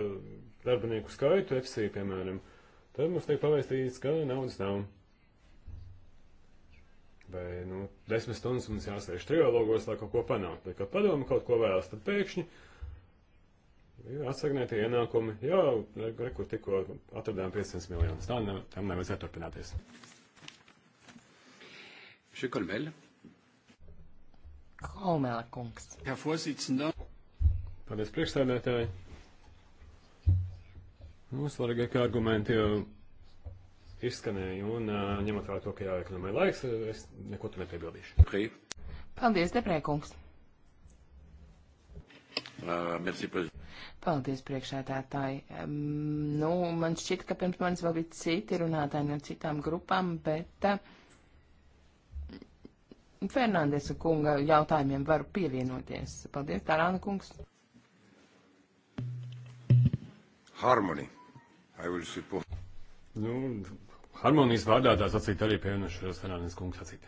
darbinieku skaitu FC, piemēram, tad mums tiek pavēstīts, ka naudas nav. Vai, nu, desmit stundas mums jāsēž trijologos, lai kaut ko panāktu. Bet, kad padomu kaut ko vēlas, tad pēkšņi Atsagnētie ienākumi, jā, rekur tikko atradām 500 miljonus. Tā ne, tam nevajadzētu turpināties. Šikolmēļ. Haumēla kungs. Jā, fosīcinā. Paldies, priekšstādētāji. Nu, svarīgākie argumenti jau izskanēja, un ņemot vērā to, ka jāiekonomē laiks, es neko tur nepiebildīšu. Okay. Paldies, Deprēkungs. Uh, merci, Paldies, priekšētātāji. Um, nu, man šķiet, ka pirms manis vēl bija citi runātāji no citām grupām, bet. Uh, Fernandesa kunga jautājumiem varu pievienoties. Paldies, Tārāna kungs. Harmony. Nu, harmonijas vārdā tā sacīt arī pievienošos Fernandes kungs sacīt.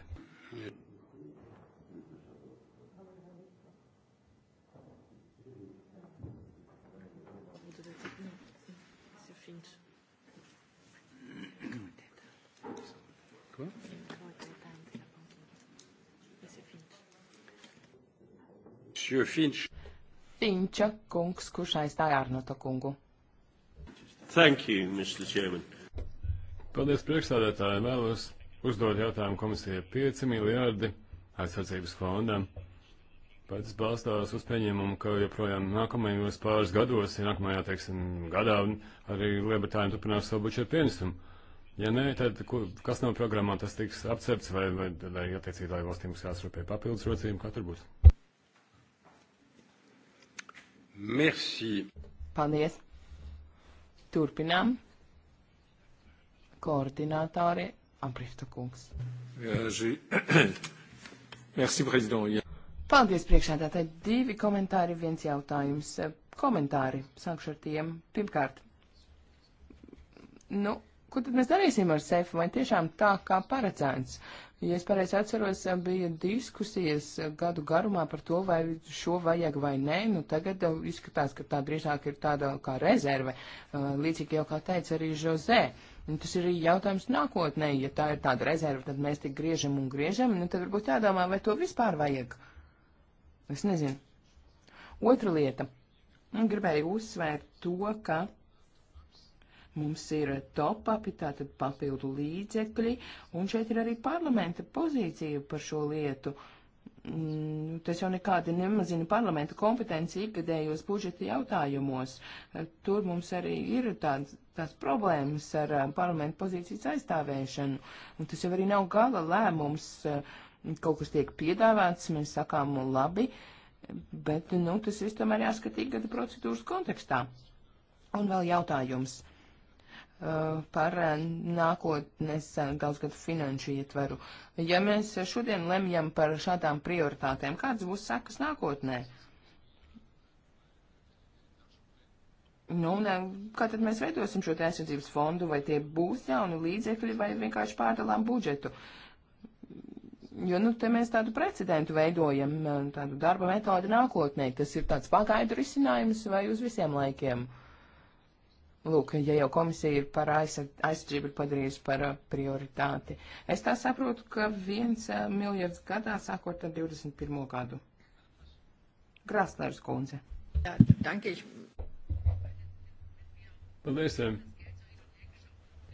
Finč. Finča kungs, kurš aizstāja Arnota kungu. Thank you, Mr. Chairman. Paldies priekšstādātājiem. Vēlos uzdot jautājumu komisijai 5 miljārdi aizsardzības fondam. Pats balstās uz pieņēmumu, ka joprojām nākamajos pāris gados, ja nākamajā, teiksim, gadā arī Lielbritānija turpinās savu budžetu pienesumu. Ja nē, tad ko, kas nav programmā, tas tiks apcerts vai, vai, vai attiecīgi, lai valstīm jāsrūpē papildus rocījumu, kā tur būs. Merci. Paldies. Turpinām. Koordinātori Ambrifta kungs. Euh, [COUGHS] Merci, prezident. Paldies, priekšsēdētāji. Divi komentāri, viens jautājums. Komentāri, sākšu ar tiem. Pirmkārt, nu, ko tad mēs darīsim ar sefu? Vai tiešām tā kā paredzēts? Ja es pareizi atceros, bija diskusijas gadu garumā par to, vai šo vajag vai nē. Nu, tagad izskatās, ka tā drīzāk ir tāda kā rezerve, līdzīgi jau kā teica arī Žozē. Un nu, tas ir jautājums nākotnē, ja tā ir tāda rezerve, tad mēs tik griežam un griežam, nu tad varbūt jādomā, vai to vispār vajag. Es nezinu. Otra lieta. Gribēju uzsvērt to, ka Mums ir top-upi, tātad papildu līdzekļi, un šeit ir arī parlamenta pozīcija par šo lietu. Mm, tas jau nekādi nemazina parlamenta kompetenci ikgadējos budžeta jautājumos. Tur mums arī ir tāds, tās problēmas ar uh, parlamenta pozīcijas aizstāvēšanu, un tas jau arī nav gala lēmums. Uh, kaut kas tiek piedāvāts, mēs sakām nu, labi, bet nu, tas viss tomēr jāskatīt gada procedūras kontekstā. Un vēl jautājums Uh, par uh, nākotnes daudzgadu uh, finanšu ietveru. Ja mēs šodien lemjam par šādām prioritātēm, kādas būs sekas nākotnē? Nu, ne, kā tad mēs veidosim šo aizsardzības fondu, vai tie būs jauni līdzekļi, vai vienkārši pārdalām budžetu? Jo, nu, te mēs tādu precedentu veidojam, tādu darba metodi nākotnē. Tas ir tāds pagaidu risinājums vai uz visiem laikiem? Uh, Lūk, ja jau komisija ir par aizsardzību padarījusi par uh, prioritāti. Es tā saprotu, ka viens uh, miljards gadā sākot ar 21. gadu. Grāslērs kundze. Jā, dankiši. Paldies. Eh.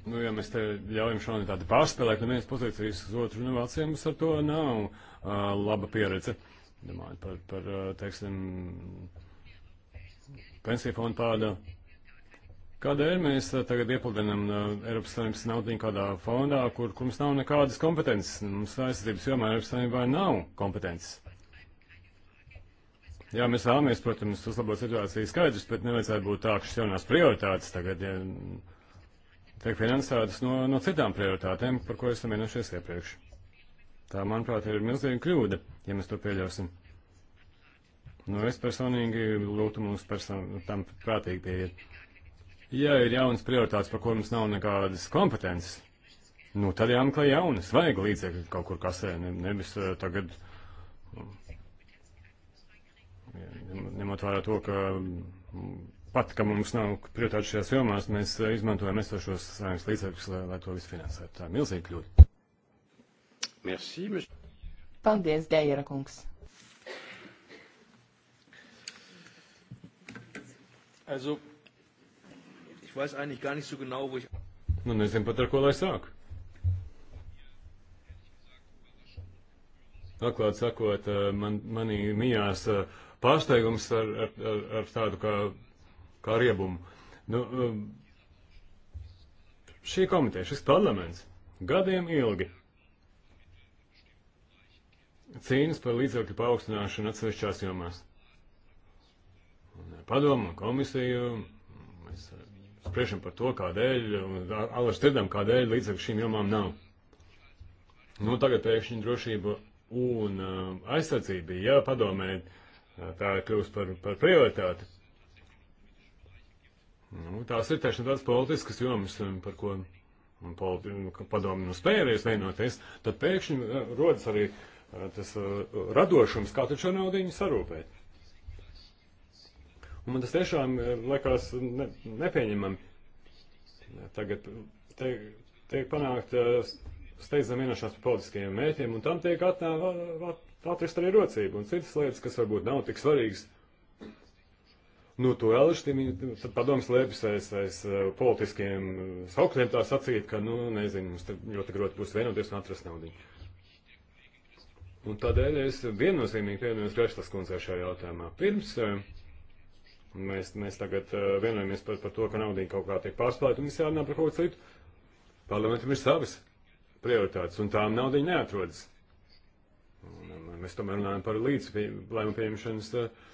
Nu, ja mēs te ļaujam šodien tādu pārspēlēt no nu vienas pozīcijas uz otru, nu, vāciem mums ar to nav uh, laba pieredze. Domāju par, par uh, teiksim, pensiju fondu pārdošanu Kādēļ mēs uh, tagad iepludinam uh, Eiropas Savienības naudu kādā fondā, kur, kur mums nav nekādas kompetences? Mums aizsardzības jomā Eiropas Savienībā nav kompetences. Jā, mēs vēlamies, protams, uzlabot situāciju skaidrs, bet nevajadzētu būt tā, ka šis jaunās prioritātes tagad ja, tiek finansētas no, no citām prioritātēm, par ko esam vienojušies iepriekš. Tā, manuprāt, ir milzīga kļūda, ja mēs to pieļausim. Nu, es personīgi lūgtu mums person tam prātīgi pieiet. Ja ir jaunas prioritātes, par ko mums nav nekādas kompetences, nu tad jāmeklē jaunas, vajag līdzekļi kaut kur kasē, ne, nevis eh, tagad, mm, ņemot vērā to, ka mm, pat, ka mums nav prioritāti šajās jomās, mēs eh, izmantojam esošos saimnes līdzekļus, lai, lai to visu finansētu. Tā ir milzīga kļūda. Merci, mēs... Paldies, Deira kungs. Also, Ich weiß eigentlich gar nicht so genau, wo ich. Nu, nezinu pat ar ko lai sāku. Atklāt sakot, eh, man, manī mījās eh, pārsteigums ar, ar, ar, ar tādu kā, kā riebumu. Nu, eh, šī komiteja, šis parlaments gadiem ilgi cīnas par līdzekļu paaugstināšanu atsevišķās jomās. Padomu, komisiju, mēs Spriešam par to, kādēļ, un arī strādājam, kādēļ līdzekļu šīm jomām nav. Nu, tagad pēkšņi drošība un uh, aizsardzība, ja padomē, tā ir kļūst par, par prioritāti. Nu, tās ir tieši tādas politiskas jomas, par ko politi padomu nu spēja arī vienoties, tad pēkšņi rodas arī uh, tas uh, radošums, kā taču naudiņu sarūpēt. Nu, man tas tiešām eh, liekas ne, nepieņemami. Tagad te, tiek panākt eh, steidzam vienošanās par politiskajiem mērķiem, un tam tiek atnā, atrist arī rocība un citas lietas, kas varbūt nav tik svarīgas. Nu, to elastīgi padoms lēpjas aiz, aiz eh, politiskiem saukļiem tā sacīt, ka, nu, nezinu, mums ļoti grūti būs vienoties un atrast naudu. Un tādēļ es viennozīmīgi pievienojos Grešlas kundzē šajā jautājumā. Pirms uh, Mēs, mēs tagad uh, vienojamies par, par to, ka naudīgi kaut kā tiek pārspēlēta un viss jārunā par kaut ko citu. Parlamentam ir savas prioritātes, un tām naudīgi neatrodas. Un, un, mēs tomēr runājam par līdzlēmumu pieņemšanas uh,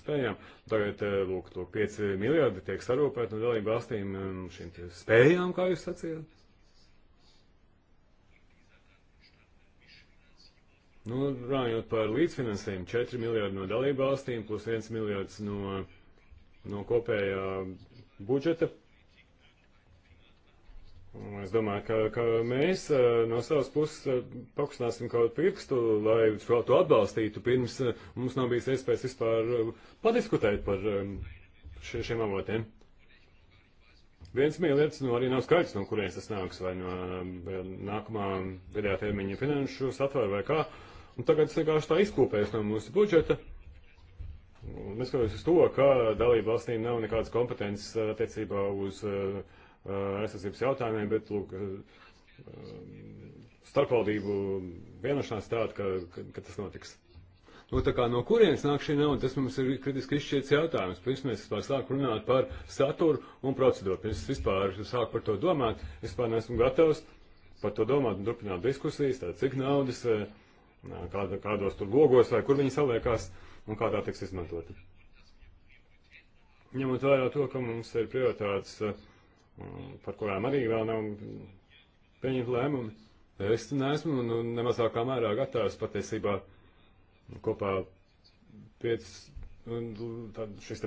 spējām. Tagad, uh, lūk, to 5 miljardi tiek sarūpēti no dalību valstīm um, šīm spējām, kā jūs sacījāt. Nu, runājot par līdzfinansējumu, 4 miljardi no dalību valstīm plus 1 miljards no, no kopējā budžeta. Un es domāju, ka, ka mēs eh, no savas puses eh, pakustināsim kaut pirkstu, lai šo to atbalstītu, pirms eh, mums nav bijis iespējas vispār padiskutēt par šie, šiem avotiem. Viens mīlēts, nu arī nav skaidrs, no kurienes tas nāks, vai no nākamā vidējā termiņa finanšu satvēra vai kā. Uh, Un tagad tas vienkārši tā izkūpējas no mūsu budžeta. Neskatoties uz to, ka dalība valstī nav nekādas kompetences uh, attiecībā uz uh, uh, aizsardzības jautājumiem, bet, lūk, uh, um, starpvaldību vienošanās tāda, ka, ka, ka tas notiks. Nu, tā kā no kurienes nāk šī nauda, tas mums ir kritiski izšķirts jautājums. Pirms mēs vispār sākam runāt par saturu un procedūru, pirms vispār sāku par to domāt, vispār neesmu gatavs par to domāt un turpināt diskusijas, tā cik naudas, eh, kāda, kādos tur logos vai kur viņi saliekās un kā tā tiks izmantota. Ņemot vērā to, ka mums ir prioritātes, eh, par kurām arī vēl nav pieņemta lēmumi, es neesmu nu, nemazākā mērā gatavs patiesībā kopā 5, šis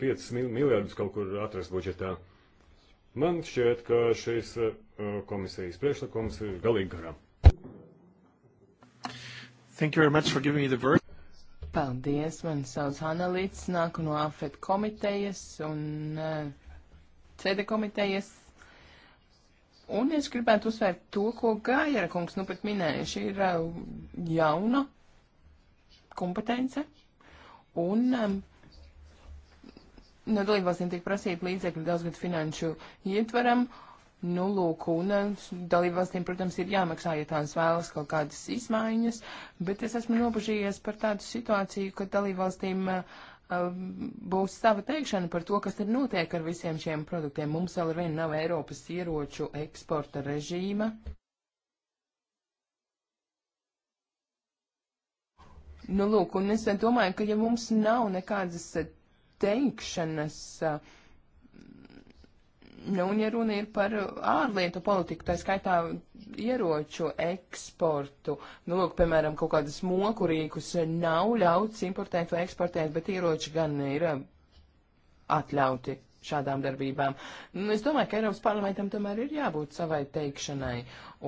5 miljardus kaut kur atrast budžetā. Man šķiet, ka šīs eh, komisijas priekšlikums ir galīgi garām. Thank you very much for giving me the word. Paldies, man sauc Analīts, nāku no AFET komitejas un uh, eh, CD komitejas. Un es gribētu uzsvērt to, ko Gājara kungs nu pat minēja. Šī ir uh, jauna kompetence. Un um, eh, no dalībvalstīm tiek prasīta līdzekļi daudzgad finanšu ietvaram. Uh, Nu, lūk, un eh, dalībvalstīm, protams, ir jāmaksā, ja tās vēlas kaut kādas izmaiņas, bet es esmu nobažījies par tādu situāciju, ka dalībvalstīm uh, būs sava teikšana par to, kas tad notiek ar visiem šiem produktiem. Mums vēl ar vienu nav Eiropas ieroču eksporta režīma. Nu, lūk, un es domāju, ka ja mums nav nekādas teikšanas uh, Nu, un, ja runa ir par uh, ārlietu politiku, tā skaitā ieroču eksportu, nu, lūk, piemēram, kaut kādas mokurīkus nav ļauts importēt vai eksportēt, bet ieroči gan ir uh, atļauti šādām darbībām. Nu, es domāju, ka Eiropas parlamentam tomēr ir jābūt savai teikšanai,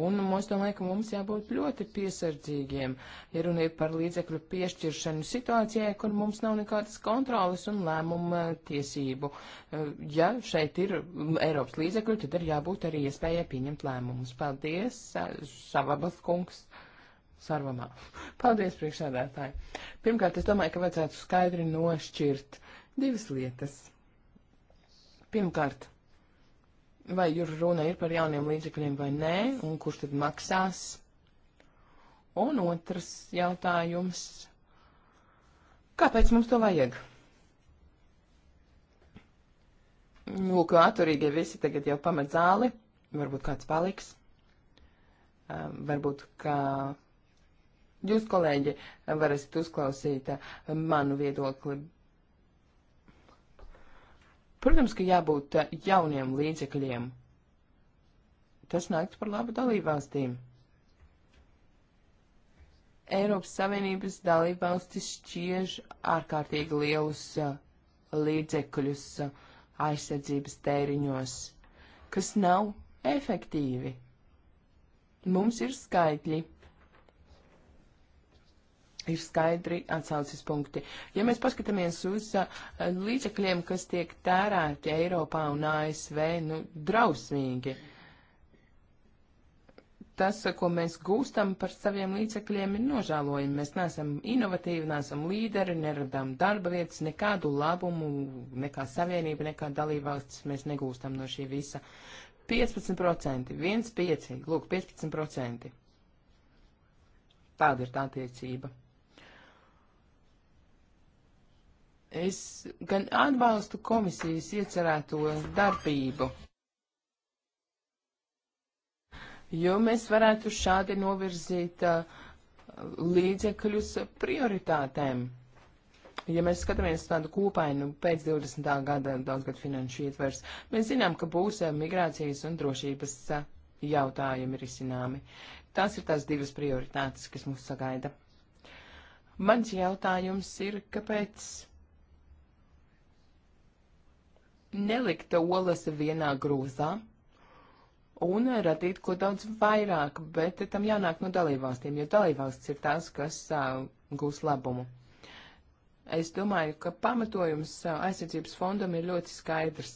un es domāju, ka mums jābūt ļoti piesardzīgiem, ja runa ir par līdzekļu piešķiršanu situācijai, kur mums nav nekādas kontrolas un lēmuma eh, tiesību. Eh, ja šeit ir Eiropas līdzekļu, tad ir jābūt arī iespējai pieņemt lēmumus. Paldies, eh, Savabas kungs! Sarvamā. Paldies, priekšsēdētāji. Pirmkārt, es domāju, ka vajadzētu skaidri nošķirt divas lietas. Pirmkārt, vai jur runa ir par jauniem līdzekļiem vai nē, un kurš tad maksās? Un otrs jautājums, kāpēc mums to vajag? Lūk, atturīgie visi tagad jau pamet zāli, varbūt kāds paliks, ehm, varbūt kā jūs, kolēģi, varat uzklausīt eh, manu viedokli Protams, ka jābūt eh, jauniem līdzekļiem. Tas nāktu par labu dalībvalstīm. Eiropas Savienības dalībvalstis šķiež ārkārtīgi lielus eh, līdzekļus eh, aizsardzības tēriņos, kas nav efektīvi. Mums ir skaitļi ir skaidri atsaucis punkti. Ja mēs paskatāmies uz uh, līdzekļiem, kas tiek tērēti Eiropā un ASV, nu, drausmīgi. Tas, ko mēs gūstam par saviem līdzekļiem, ir nožēlojami. Mēs neesam inovatīvi, neesam līderi, neradām darba vietas, nekādu labumu, nekā savienība, nekā dalībvalstis mēs negūstam no šī visa. 15%, 1,5, lūk, 15%. Tāda ir tā tiecība. Es gan atbalstu komisijas iecerēto darbību, jo mēs varētu šādi novirzīt uh, līdzekļus prioritātēm. Ja mēs skatāmies tādu kūpainu pēc 20. gada daudzgad finanšu ietvers, mēs zinām, ka būs uh, migrācijas un drošības uh, jautājumi risināmi. Tās ir tās divas prioritātes, kas mūs sagaida. Mans jautājums ir, kāpēc nelikta olas vienā grozā un radīt ko daudz vairāk, bet tam jānāk no dalībvalstīm, jo dalībvalsts ir tās, kas uh, gūs labumu. Es domāju, ka pamatojums aizsardzības fondam ir ļoti skaidrs.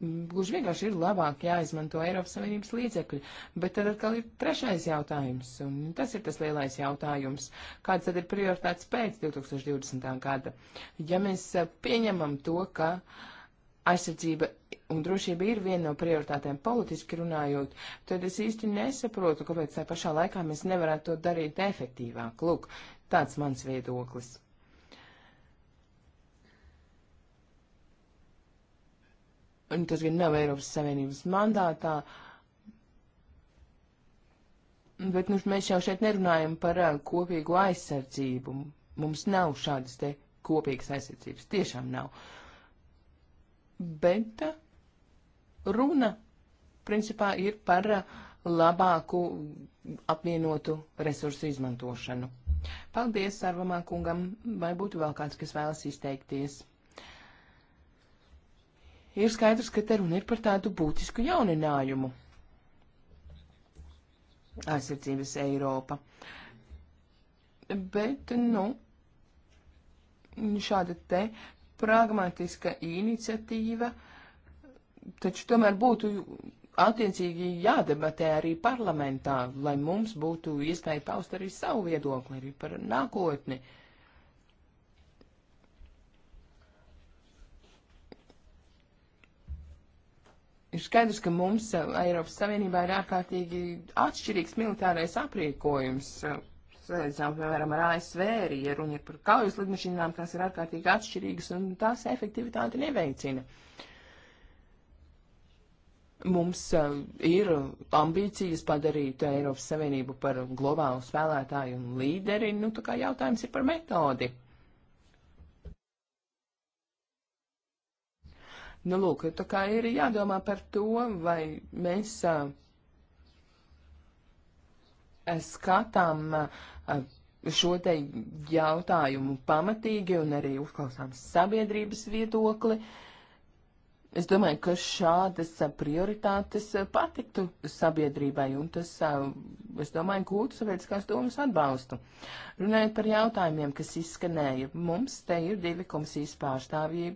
Mm, gluži vienkārši ir labāk jāizmanto Eiropas Savienības līdzekļi, bet tad atkal ir trešais jautājums, un tas ir tas lielais jautājums, kāds tad ir prioritāts pēc 2020. gada. Ja mēs pieņemam to, ka uh, aizsardzība un drošība ir viena no prioritātēm politiski runājot, tad es īsti nesaprotu, kāpēc tā pašā laikā mēs nevarētu to darīt efektīvāk. Lūk, tāds mans viedoklis. Un tas gan nav Eiropas Savienības mandātā, bet nu, mēs jau šeit nerunājam par uh, kopīgu aizsardzību. Mums nav šādas te kopīgas aizsardzības, tiešām nav. Uh, bet runa principā ir par labāku apvienotu resursu izmantošanu. Paldies Sarvamā kungam, vai būtu vēl kāds, kas vēlas izteikties? Ir skaidrs, ka te runa ir par tādu būtisku jauninājumu. Aizsardzības Eiropa. Bet, nu, šāda te pragmatiska iniciatīva, taču tomēr būtu attiecīgi jādebatē arī parlamentā, lai mums būtu iespēja paust arī savu viedokli arī par nākotni. Ir skaidrs, ka mums Eiropas Savienībā ir ārkārtīgi atšķirīgs militārais aprīkojums salīdzinām, piemēram, ar ASV, arī ja runa ir par kaujas lidmašīnām, tās ir ārkārtīgi atšķirīgas un tās efektivitāti neveicina. Mums uh, ir ambīcijas padarīt Eiropas Savienību par globālu spēlētāju un līderi, nu tā kā jautājums ir par metodi. Nu, lūk, tā kā ir jādomā par to, vai mēs uh, skatām uh, šo te jautājumu pamatīgi un arī uzklausām sabiedrības viedokli. Es domāju, ka šādas prioritātes patiktu sabiedrībai, un tas, es domāju, gūtu sabiedriskās domas atbalstu. Runājot par jautājumiem, kas izskanēja, mums te ir divi komisijas pārstāvji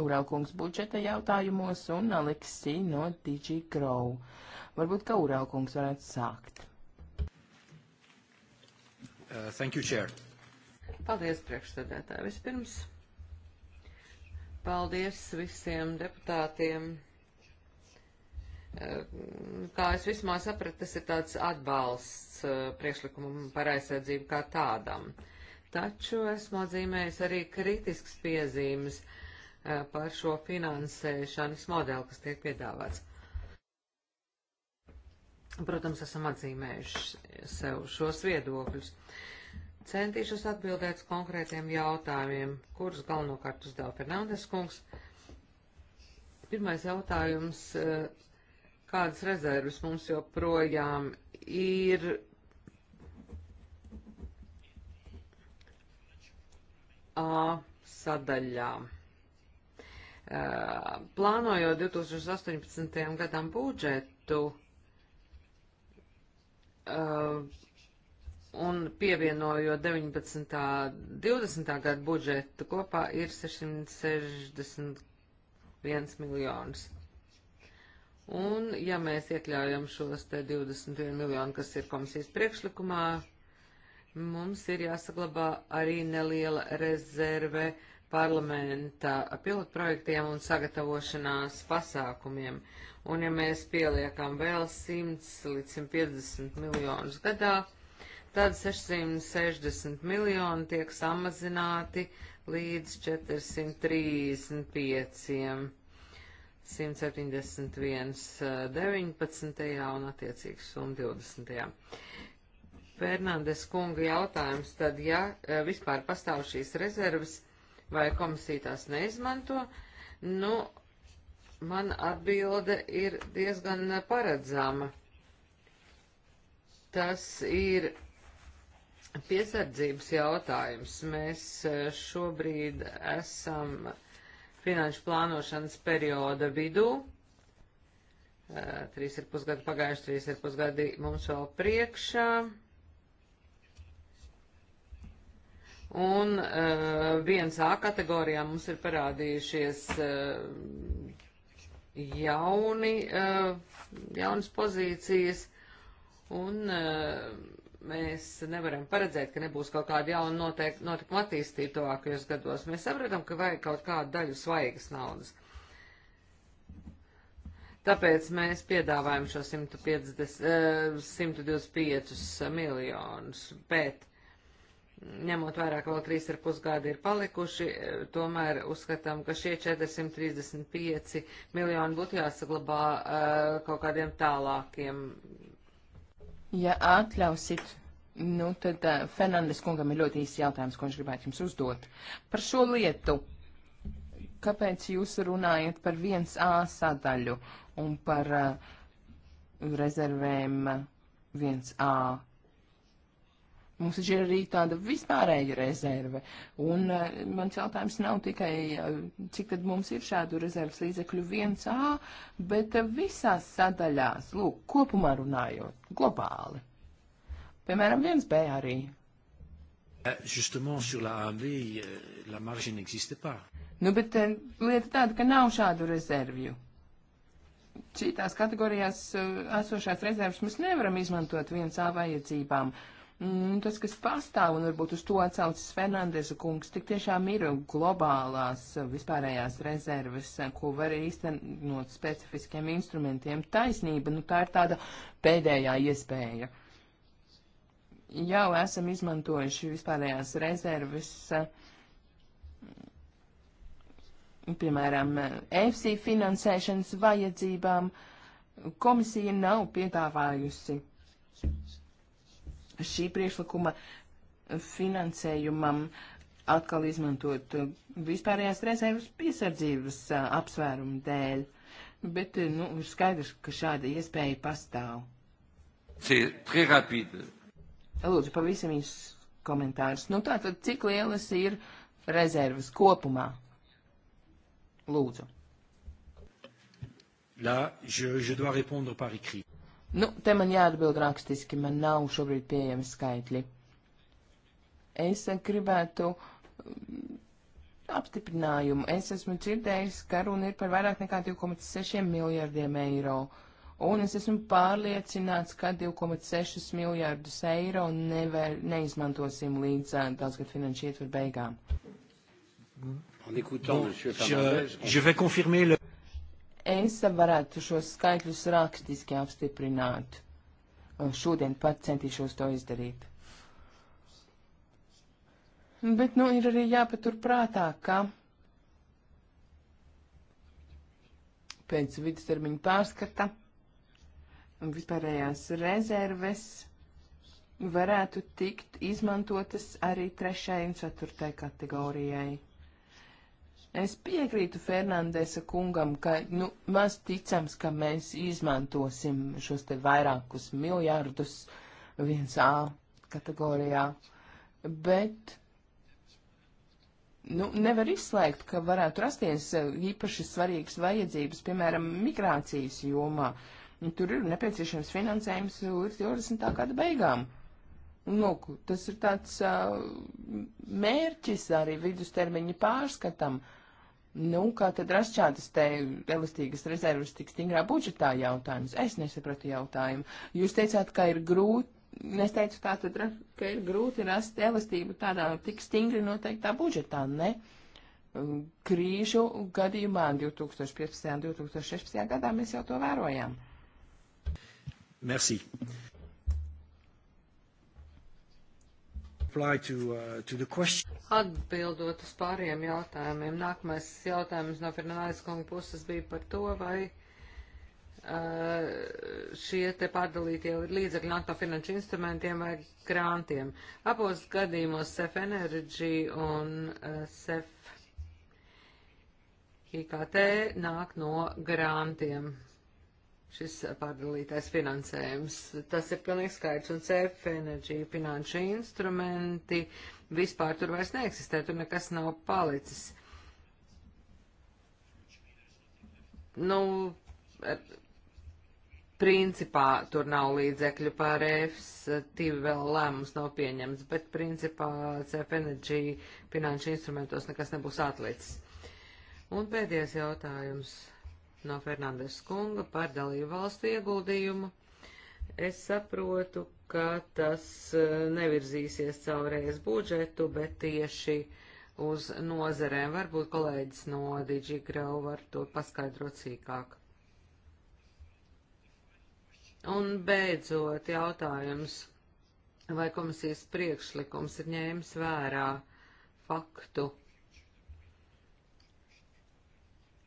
Uralkungs budžeta jautājumos un Aleksī no DG Grow. Varbūt, ka Uralkungs varētu sākt. Uh, thank you, Chair. Paldies, priekšsēdētāji. Vispirms paldies visiem deputātiem. Uh, kā es vismaz sapratu, tas ir tāds atbalsts uh, priekšlikumam par aizsardzību kā tādam. Taču esmu atzīmējis arī kritisks piezīmes uh, par šo finansēšanas modeli, kas tiek piedāvāts. Protams, esam atzīmējuši sev šos viedokļus. Centīšos atbildēt konkrētiem jautājumiem, kurus galvenokārt uzdeva Fernandes kungs. Pirmais jautājums, eh, kādas rezervas mums joprojām ir A sadaļā. Eh, plānojot 2018. gadam budžetu, Uh, un pievienojot 19. 20. gadu budžetu kopā ir 661 miljonus. Un, ja mēs iekļaujam šos te 21 miljonu, kas ir komisijas priekšlikumā, mums ir jāsaglabā arī neliela rezerve uh, parlamenta pilotprojektiem un sagatavošanās pasākumiem. Un ja mēs pieliekam vēl 100 līdz 150 miljonus gadā, tad 660 miljoni tiek samazināti līdz 435. 171, 19. un attiecīgs summa 20. Fernandes kunga jautājums, tad ja eh, vispār pastāv šīs rezervas, vai komisija tās neizmanto? Nu, man atbilde ir diezgan paredzama. Tas ir piesardzības jautājums. Mēs e, šobrīd esam finanšu plānošanas perioda vidū. E, trīs ir pusgadi pagājuši, trīs ir pusgadi mums vēl priekšā. Un uh, viens A kategorijā mums ir parādījušies uh, jauni, uh, jaunas pozīcijas, un uh, mēs nevaram paredzēt, ka nebūs kaut kāda jauna noteik, notikuma attīstība tuvākajos gados. Mēs saprotam, ka vajag kaut kādu daļu svaigas naudas. Tāpēc mēs piedāvājam šo 150, 125 miljonus, bet ņemot vērā, ka vēl 3,5 gadi ir palikuši, e, tomēr uzskatām, ka šie 435 miljoni būtu jāsaglabā uh, kaut kādiem tālākiem. Ja atļausit, nu tad uh, Fernandes kungam ir ļoti īsts jautājums, ko viņš gribētu jums uzdot. Par šo lietu, kāpēc jūs runājat par 1A sadaļu un par uh, rezervēm 1A Mums ir arī tāda vispārēja rezerve. Un uh, mans jautājums nav tikai, uh, cik tad mums ir šādu rezerves līdzekļu 1A, bet uh, visās sadaļās, lūk, kopumā runājot, globāli. Piemēram, 1B arī. Justement, sur la 1B, la marge n'existe pas. Nu, bet lieta tāda, ka nav šādu rezervju. Citās kategorijās esošās rezerves mēs nevaram izmantot 1A vajadzībām. Uh, Mm, tas, kas pastāv, un varbūt uz to atsaucas Fernandeza kungs, tik tiešām ir globālās eh, vispārējās rezerves, eh, ko var īstenot specifiskiem instrumentiem. Taisnība, nu tā ir tāda pēdējā iespēja. Jau esam izmantojuši vispārējās rezerves, eh, piemēram, EFSI finansēšanas vajadzībām. Komisija nav piedāvājusi šī priekšlikuma finansējumam atkal izmantot vispārējās rezervas piesardzības apsvērumu dēļ. Bet, nu, ir skaidrs, ka šāda iespēja pastāv. Lūdzu, pavisam īs komentārs. Nu, tātad, cik lielas ir rezervas kopumā? Lūdzu. Là, je, je dois répondre par écrit. Nu, te man jāatbild rakstiski, man nav šobrīd pieejami skaitļi. Es gribētu mm, apstiprinājumu. Es esmu dzirdējis, ka runa ir par vairāk nekā 2,6 miljardiem eiro. Un es esmu pārliecināts, ka 2,6 miljārdus eiro nevar, neizmantosim līdz daudzgad finanšu ietveru beigām. Mm. En écoutant bon, M. Fernandez, je, je vais confirmer le... ESA varētu šos skaitļus rakstiski apstiprināt. Šodien pat centīšos to izdarīt. Bet, nu, ir arī jāpatur prātā, ka pēc vidustermiņa pārskata un vispārējās rezerves varētu tikt izmantotas arī trešajai un ceturtajai kategorijai. Es piekrītu Fernandesa kungam, ka nu, maz ticams, ka mēs izmantosim šos te vairākus miljārdus 1A kategorijā, bet nu, nevar izslēgt, ka varētu rasties eh, īpaši svarīgas vajadzības, piemēram, migrācijas jomā. Tur ir nepieciešams finansējums līdz 20. gada beigām. Nu, tas ir tāds uh, mērķis arī vidustermiņa pārskatam. Uh, Nu, kā tad rast šādas te elastīgas rezervas tik stingrā budžetā jautājums? Es nesapratu jautājumu. Jūs teicāt, ka ir grūti, es teicu tā tad, ka ir grūti rast elastību tādā tik stingri noteiktā budžetā, ne? Mm, krīžu gadījumā 2015. un 2016. gadā mēs jau to vērojām. Merci. To, uh, to Atbildot uz pāriem jautājumiem, nākamais jautājums no Fernandes kunga puses bija par to, vai uh, šie te pārdalītie līdzekļi nāk no finanšu instrumentiem vai grāntiem. Abos gadījumos SEF Energy un uh, SEF IKT nāk no grāntiem šis pārdalītais finansējums. Tas ir pilnīgi skaidrs, un CF enerģija, finanšu instrumenti, vispār tur vairs neeksistē, tur nekas nav palicis. Nu, er, principā tur nav līdzekļu pār EFS, tīvi vēl lēmums nav pieņemts, bet principā CF enerģija finanšu instrumentos nekas nebūs atlicis. Un pēdējais jautājums no Fernandes kunga par dalību valstu ieguldījumu. Es saprotu, ka tas eh, nevirzīsies caurreiz budžetu, bet tieši uz nozerēm. Varbūt kolēģis no DigiGrau var to paskaidrot sīkāk. Un beidzot jautājums, vai komisijas priekšlikums ir ņēmis vērā faktu,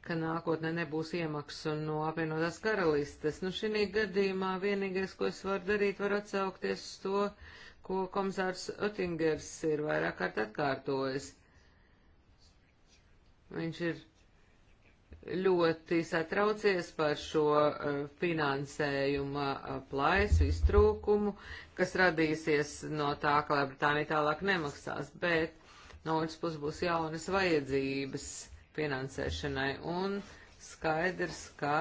ka nākotnē nebūs iemaksu no apvienotās karalistes. Nu, šī gadījumā vienīgais, ko es varu darīt, var atsaukties uz to, ko komisārs Otingers ir vairāk kārt atkārtojis. Viņš ir ļoti satraucies par šo uh, finansējuma uh, plaisu iztrūkumu, kas radīsies no tā, ka Lielbritānija tālāk nemaksās, bet no otras puses būs jaunas vajadzības. Uh, finansēšanai. Un skaidrs, ka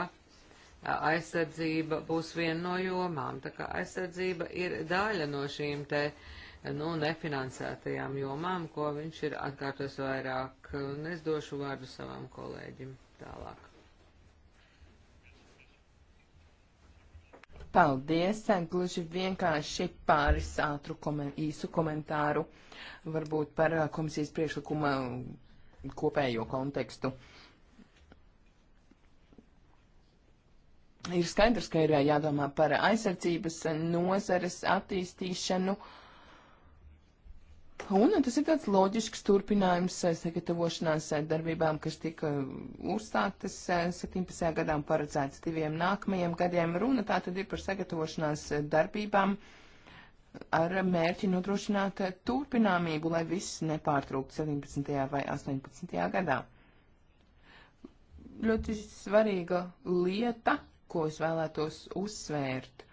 aizsardzība būs viena no jomām. Tā kā aizsardzība ir daļa no šīm te nu, nefinansētajām jomām, ko viņš ir atkārtos vairāk. Un es došu vārdu savam kolēģim tālāk. Paldies, gluži vienkārši pāris ātru komen, īsu komentāru, varbūt par komisijas priekšlikuma kopējo kontekstu. Ir skaidrs, ka ir jādomā par aizsardzības nozares attīstīšanu, un tas ir tāds loģisks turpinājums sagatavošanās darbībām, kas tika uzstāktas 17. gadām paredzēts diviem nākamajiem gadiem. Runa tā tad ir par sagatavošanās darbībām. Uh, ar mērķi nodrošināt turpināmību, lai viss nepārtrūkt 17. vai 18. gadā. Ļoti svarīga lieta, ko es vēlētos uzsvērt.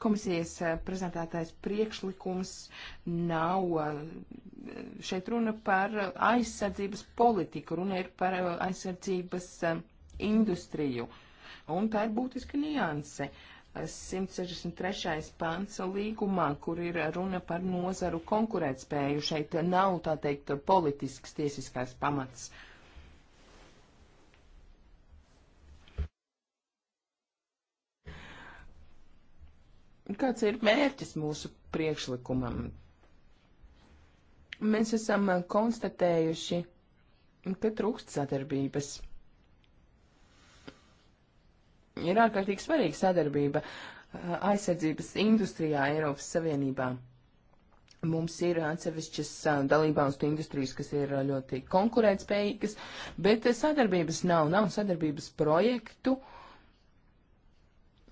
Komisijas eh, prezentētais priekšlikums nav eh, šeit runa par aizsardzības politiku, runa ir par eh, aizsardzības industriju. Un tā ir būtiska nianse. Uh, 163. pants līgumā, kur ir runa par nozaru konkurētspēju. Šeit nav, tā teikt, politisks tiesiskais pamats. Kāds ir mērķis mūsu priekšlikumam? Mēs esam konstatējuši, ka trūkst sadarbības ir ārkārtīgi svarīga sadarbība uh, aizsardzības industrijā Eiropas Savienībā. Mums ir atsevišķas uh, dalībvalstu industrijas, kas ir uh, ļoti konkurētspējīgas, bet sadarbības nav, nav sadarbības projektu.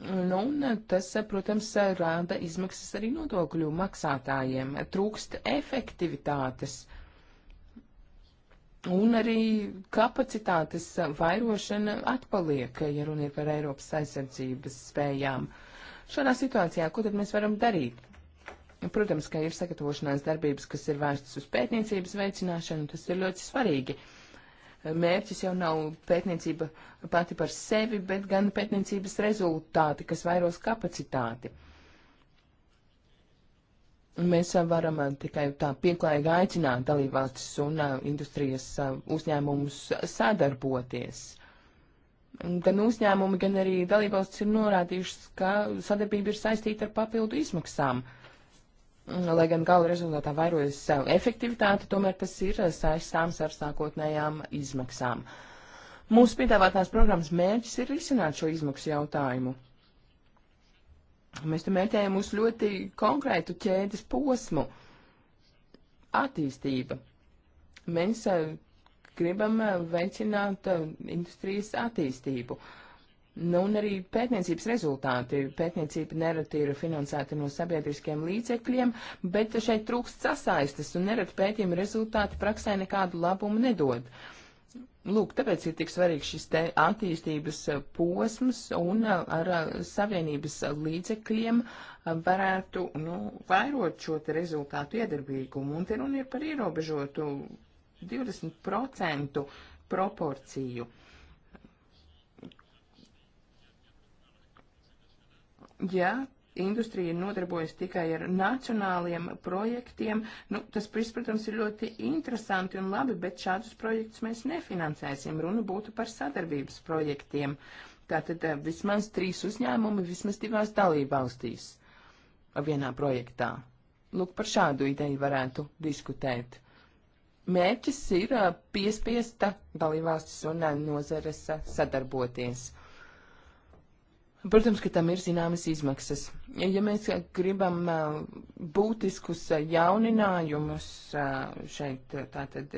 Nu, un tas, protams, rāda izmaksas arī nodokļu maksātājiem. Trūkst efektivitātes. Uh, Un arī kapacitātes vairošana atpaliek, ja runa ir par Eiropas aizsardzības spējām. Šādā situācijā, ko tad mēs varam darīt? Protams, ka ir sagatavošanās darbības, kas ir vērstas uz pētniecības veicināšanu, tas ir ļoti svarīgi. Mērķis jau nav pētniecība pati par sevi, bet gan pētniecības rezultāti, kas vairos kapacitāti. Mēs varam tikai tā pieklājīgi aicināt dalībvalstis un industrijas uzņēmumus sadarboties. Gan uzņēmumi, gan arī dalībvalstis ir norādījušas, ka sadarbība ir saistīta ar papildu izmaksām. Lai gan gala rezultātā vairojas efektivitāte, tomēr tas ir saistāms ar sākotnējām izmaksām. Mūsu piedāvātās programmas mērķis ir risināt šo izmaksu jautājumu. Mēs te mētējam uz ļoti konkrētu ķēdes posmu - attīstība. Mēs eh, gribam eh, veicināt eh, industrijas attīstību. Nu, un arī pētniecības rezultāti. Pētniecība nereti ir finansēta no sabiedriskiem līdzekļiem, bet šeit trūkst sasaistes un nereti pētījuma rezultāti praksē nekādu labumu nedod. Uh, Lūk, tāpēc ir tik svarīgs šis te attīstības eh, posms un eh, ar eh, savienības līdzekļiem varētu nu, vairot šo te rezultātu iedarbīgumu. Un te runa ir par ierobežotu 20% proporciju. Ja industrija nodarbojas tikai ar nacionāliem projektiem. Nu, tas, protams, ir ļoti interesanti un labi, bet šādus projektus mēs nefinansēsim. Runa būtu par sadarbības projektiem. Tātad eh, vismaz trīs uzņēmumi, vismaz divās dalībvalstīs vienā projektā. Lūk, par šādu ideju varētu diskutēt. Mērķis ir eh, piespiesta dalībvalstis un eh, nozares sadarboties. Protams, ka tam ir zināmas izmaksas. Ja mēs gribam eh, būtiskus eh, jauninājumus eh, šeit, tātad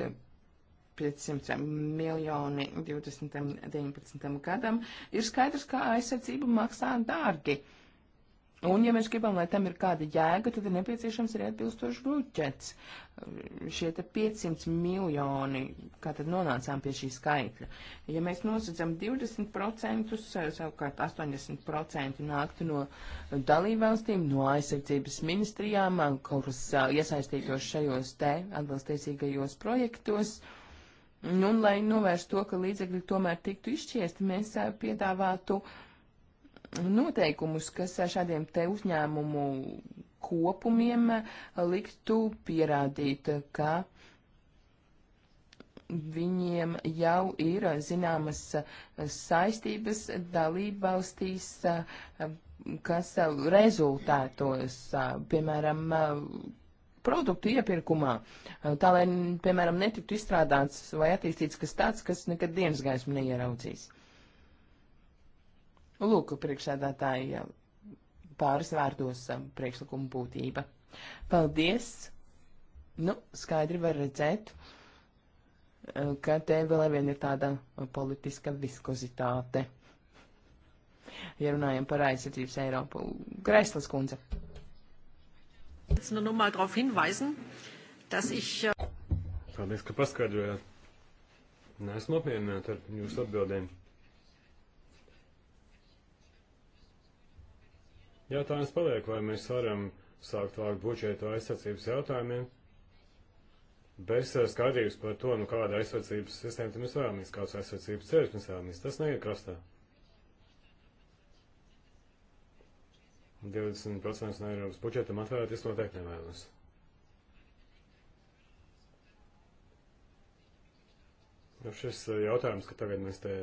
500 miljoni 2019. gadam, ir skaidrs, ka aizsardzība maksā dārgi. Uh, Un, ja mēs gribam, lai tam ir kāda jēga, tad ir nepieciešams arī atbilstošs budžets. Šie te 500 miljoni, kā tad nonācām pie šī skaitļa. Ja mēs nosacam 20%, savukārt 80% nāktu no dalībvalstīm, no aizsardzības ministrijām, kuras iesaistītos šajos te atbilstiesīgajos projektos, nu, un lai novērstu to, ka līdzekļi tomēr tiktu izšķiesti, mēs piedāvātu. Uh, noteikumus, kas šādiem te uzņēmumu kopumiem liktu pierādīt, ka viņiem jau ir zināmas saistības dalībvalstīs, kas rezultātos, piemēram, produktu iepirkumā, tā lai, piemēram, netiktu izstrādāts vai attīstīts kas tāds, kas nekad dienas gaismu neieraudzīs. Lūk, priekšsēdētāji, pāris vārdos um, priekšlikuma būtība. Paldies! Nu, skaidri var redzēt, uh, ka te vēl vien ir tāda politiska viskozitāte. Ja runājam par aizsardzības Eiropu, Kreslas kundze. Äh, Paldies, ka paskaidrojāt. Nesmu apmierināta ar jūsu atbildēm. Jautājums paliek, vai mēs varam sākt vākt budžetu aizsardzības jautājumiem bez eh, skaidrības par to, nu kāda aizsardzības sistēma mēs vēlamies, kāds aizsardzības ceļš mēs vēlamies. Tas neiet krastā. 20% no Eiropas budžetam atvēlēt, es noteikti nevēlos. Nu, šis eh, jautājums, ka tagad mēs te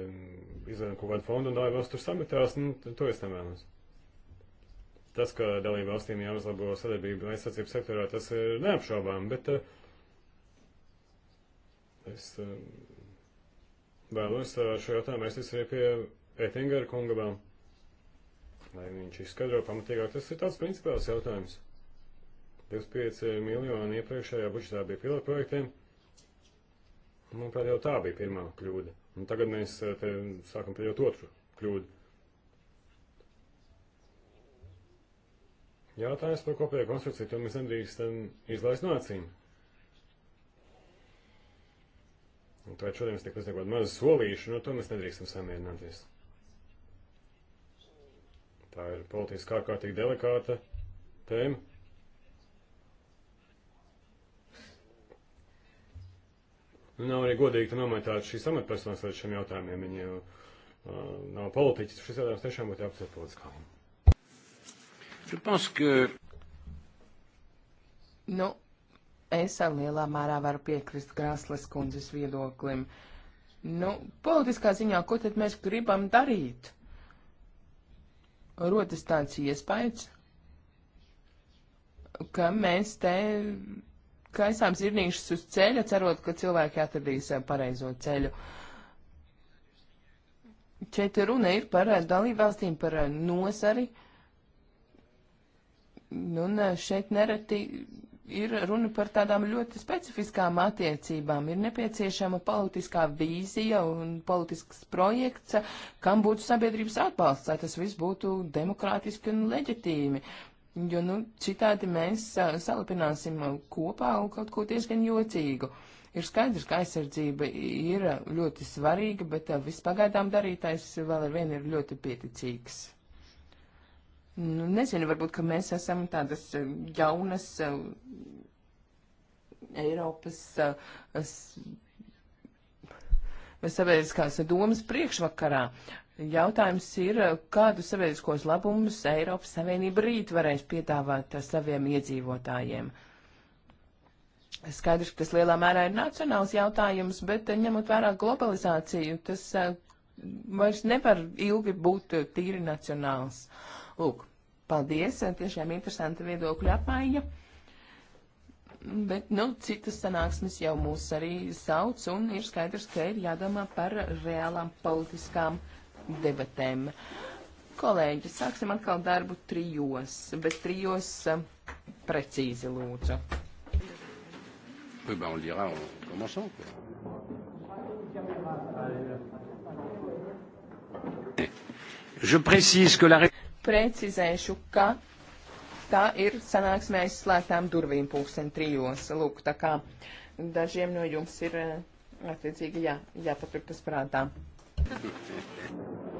izvēlam kaut kādu fondu un dāvim, vēl tur samitās, nu, to es nevēlos. Tas, ka dalību valstīm jāuzlabo sadarbība aizsardzības sektorā, tas ir neapšaubām, bet eh, es eh, vēlos eh, šo jautājumu vērsties arī pie Ettingera kungabām, lai viņš izskaidro pamatīgāk. Tas ir tāds principāls jautājums. 25 miljoni iepriekšējā budžetā bija pilotprojektiem. Manuprāt, jau tā bija pirmā kļūda. Un tagad mēs te sākam pieļaut otru kļūdu. Jautājums par kopējo konstrukciju, to mēs nedrīkstam izlaist no acīm. Un tā šodien mēs tiek uzniekot mazu solīšu, no to mēs nedrīkstam samierināties. Tā ir politiski ārkārtīgi delikāta tēma. Nu, nav arī godīgi nomaitāt šīs amatpersonas ar šiem jautājumiem. Viņi jau uh, nav politiķis. Šis jautājums tiešām būtu jāapsver politiskā līmenī. Je pense, ka. Nu, es lielā mērā varu piekrist Grāslas kundzes viedoklim. Nu, politiskā ziņā, ko tad mēs gribam darīt? Rotas tāds iespējas, ka mēs te kaisām zirnīšus uz ceļa, cerot, ka cilvēki atradīs pareizo ceļu. Šeit runa ir par dalībvalstīm, par nosari. Uh, Un nu, šeit nereti ir runa par tādām ļoti specifiskām attiecībām. Ir nepieciešama politiskā vīzija un politisks projekts, kam būtu sabiedrības atbalsts, lai tas viss būtu demokrātiski un leģitīmi. Jo nu, citādi mēs salapināsim kopā kaut ko diezgan jocīgu. Ir skaidrs, ka aizsardzība ir ļoti svarīga, bet viss pagaidām darītais vēl ar vienu ir ļoti pieticīgs. Nu, nezinu, varbūt, ka mēs esam tādas eh, jaunas uh, Eiropas uh, sabiedriskās domas priekšvakarā. Jautājums ir, kādu sabiedriskos labumus Eiropas Savienība rīt varēs piedāvāt saviem iedzīvotājiem. Skaidrs, ka tas lielā mērā ir nacionāls jautājums, bet ņemot vērā globalizāciju, tas uh, vairs nevar ilgi būt tīri nacionāls. Uh, Lūk, paldies, tiešām interesanta viedokļa apmaiņa. Bet, nu, citas sanāksmes jau mūs arī sauc, un ir skaidrs, ka ir jādomā par reālām politiskām debatēm. Kolēģi, sāksim atkal darbu trijos, bet trijos precīzi lūdzu. Oui, ben on le dira en commençant. Quoi. Je précise que la precizēšu, ka tā ir sanāksmē aizslēgtām durvīm pulksten trijos. Lūk, tā kā dažiem no jums ir eh, attiecīgi jā, jāpatur tas prātā. Thank you.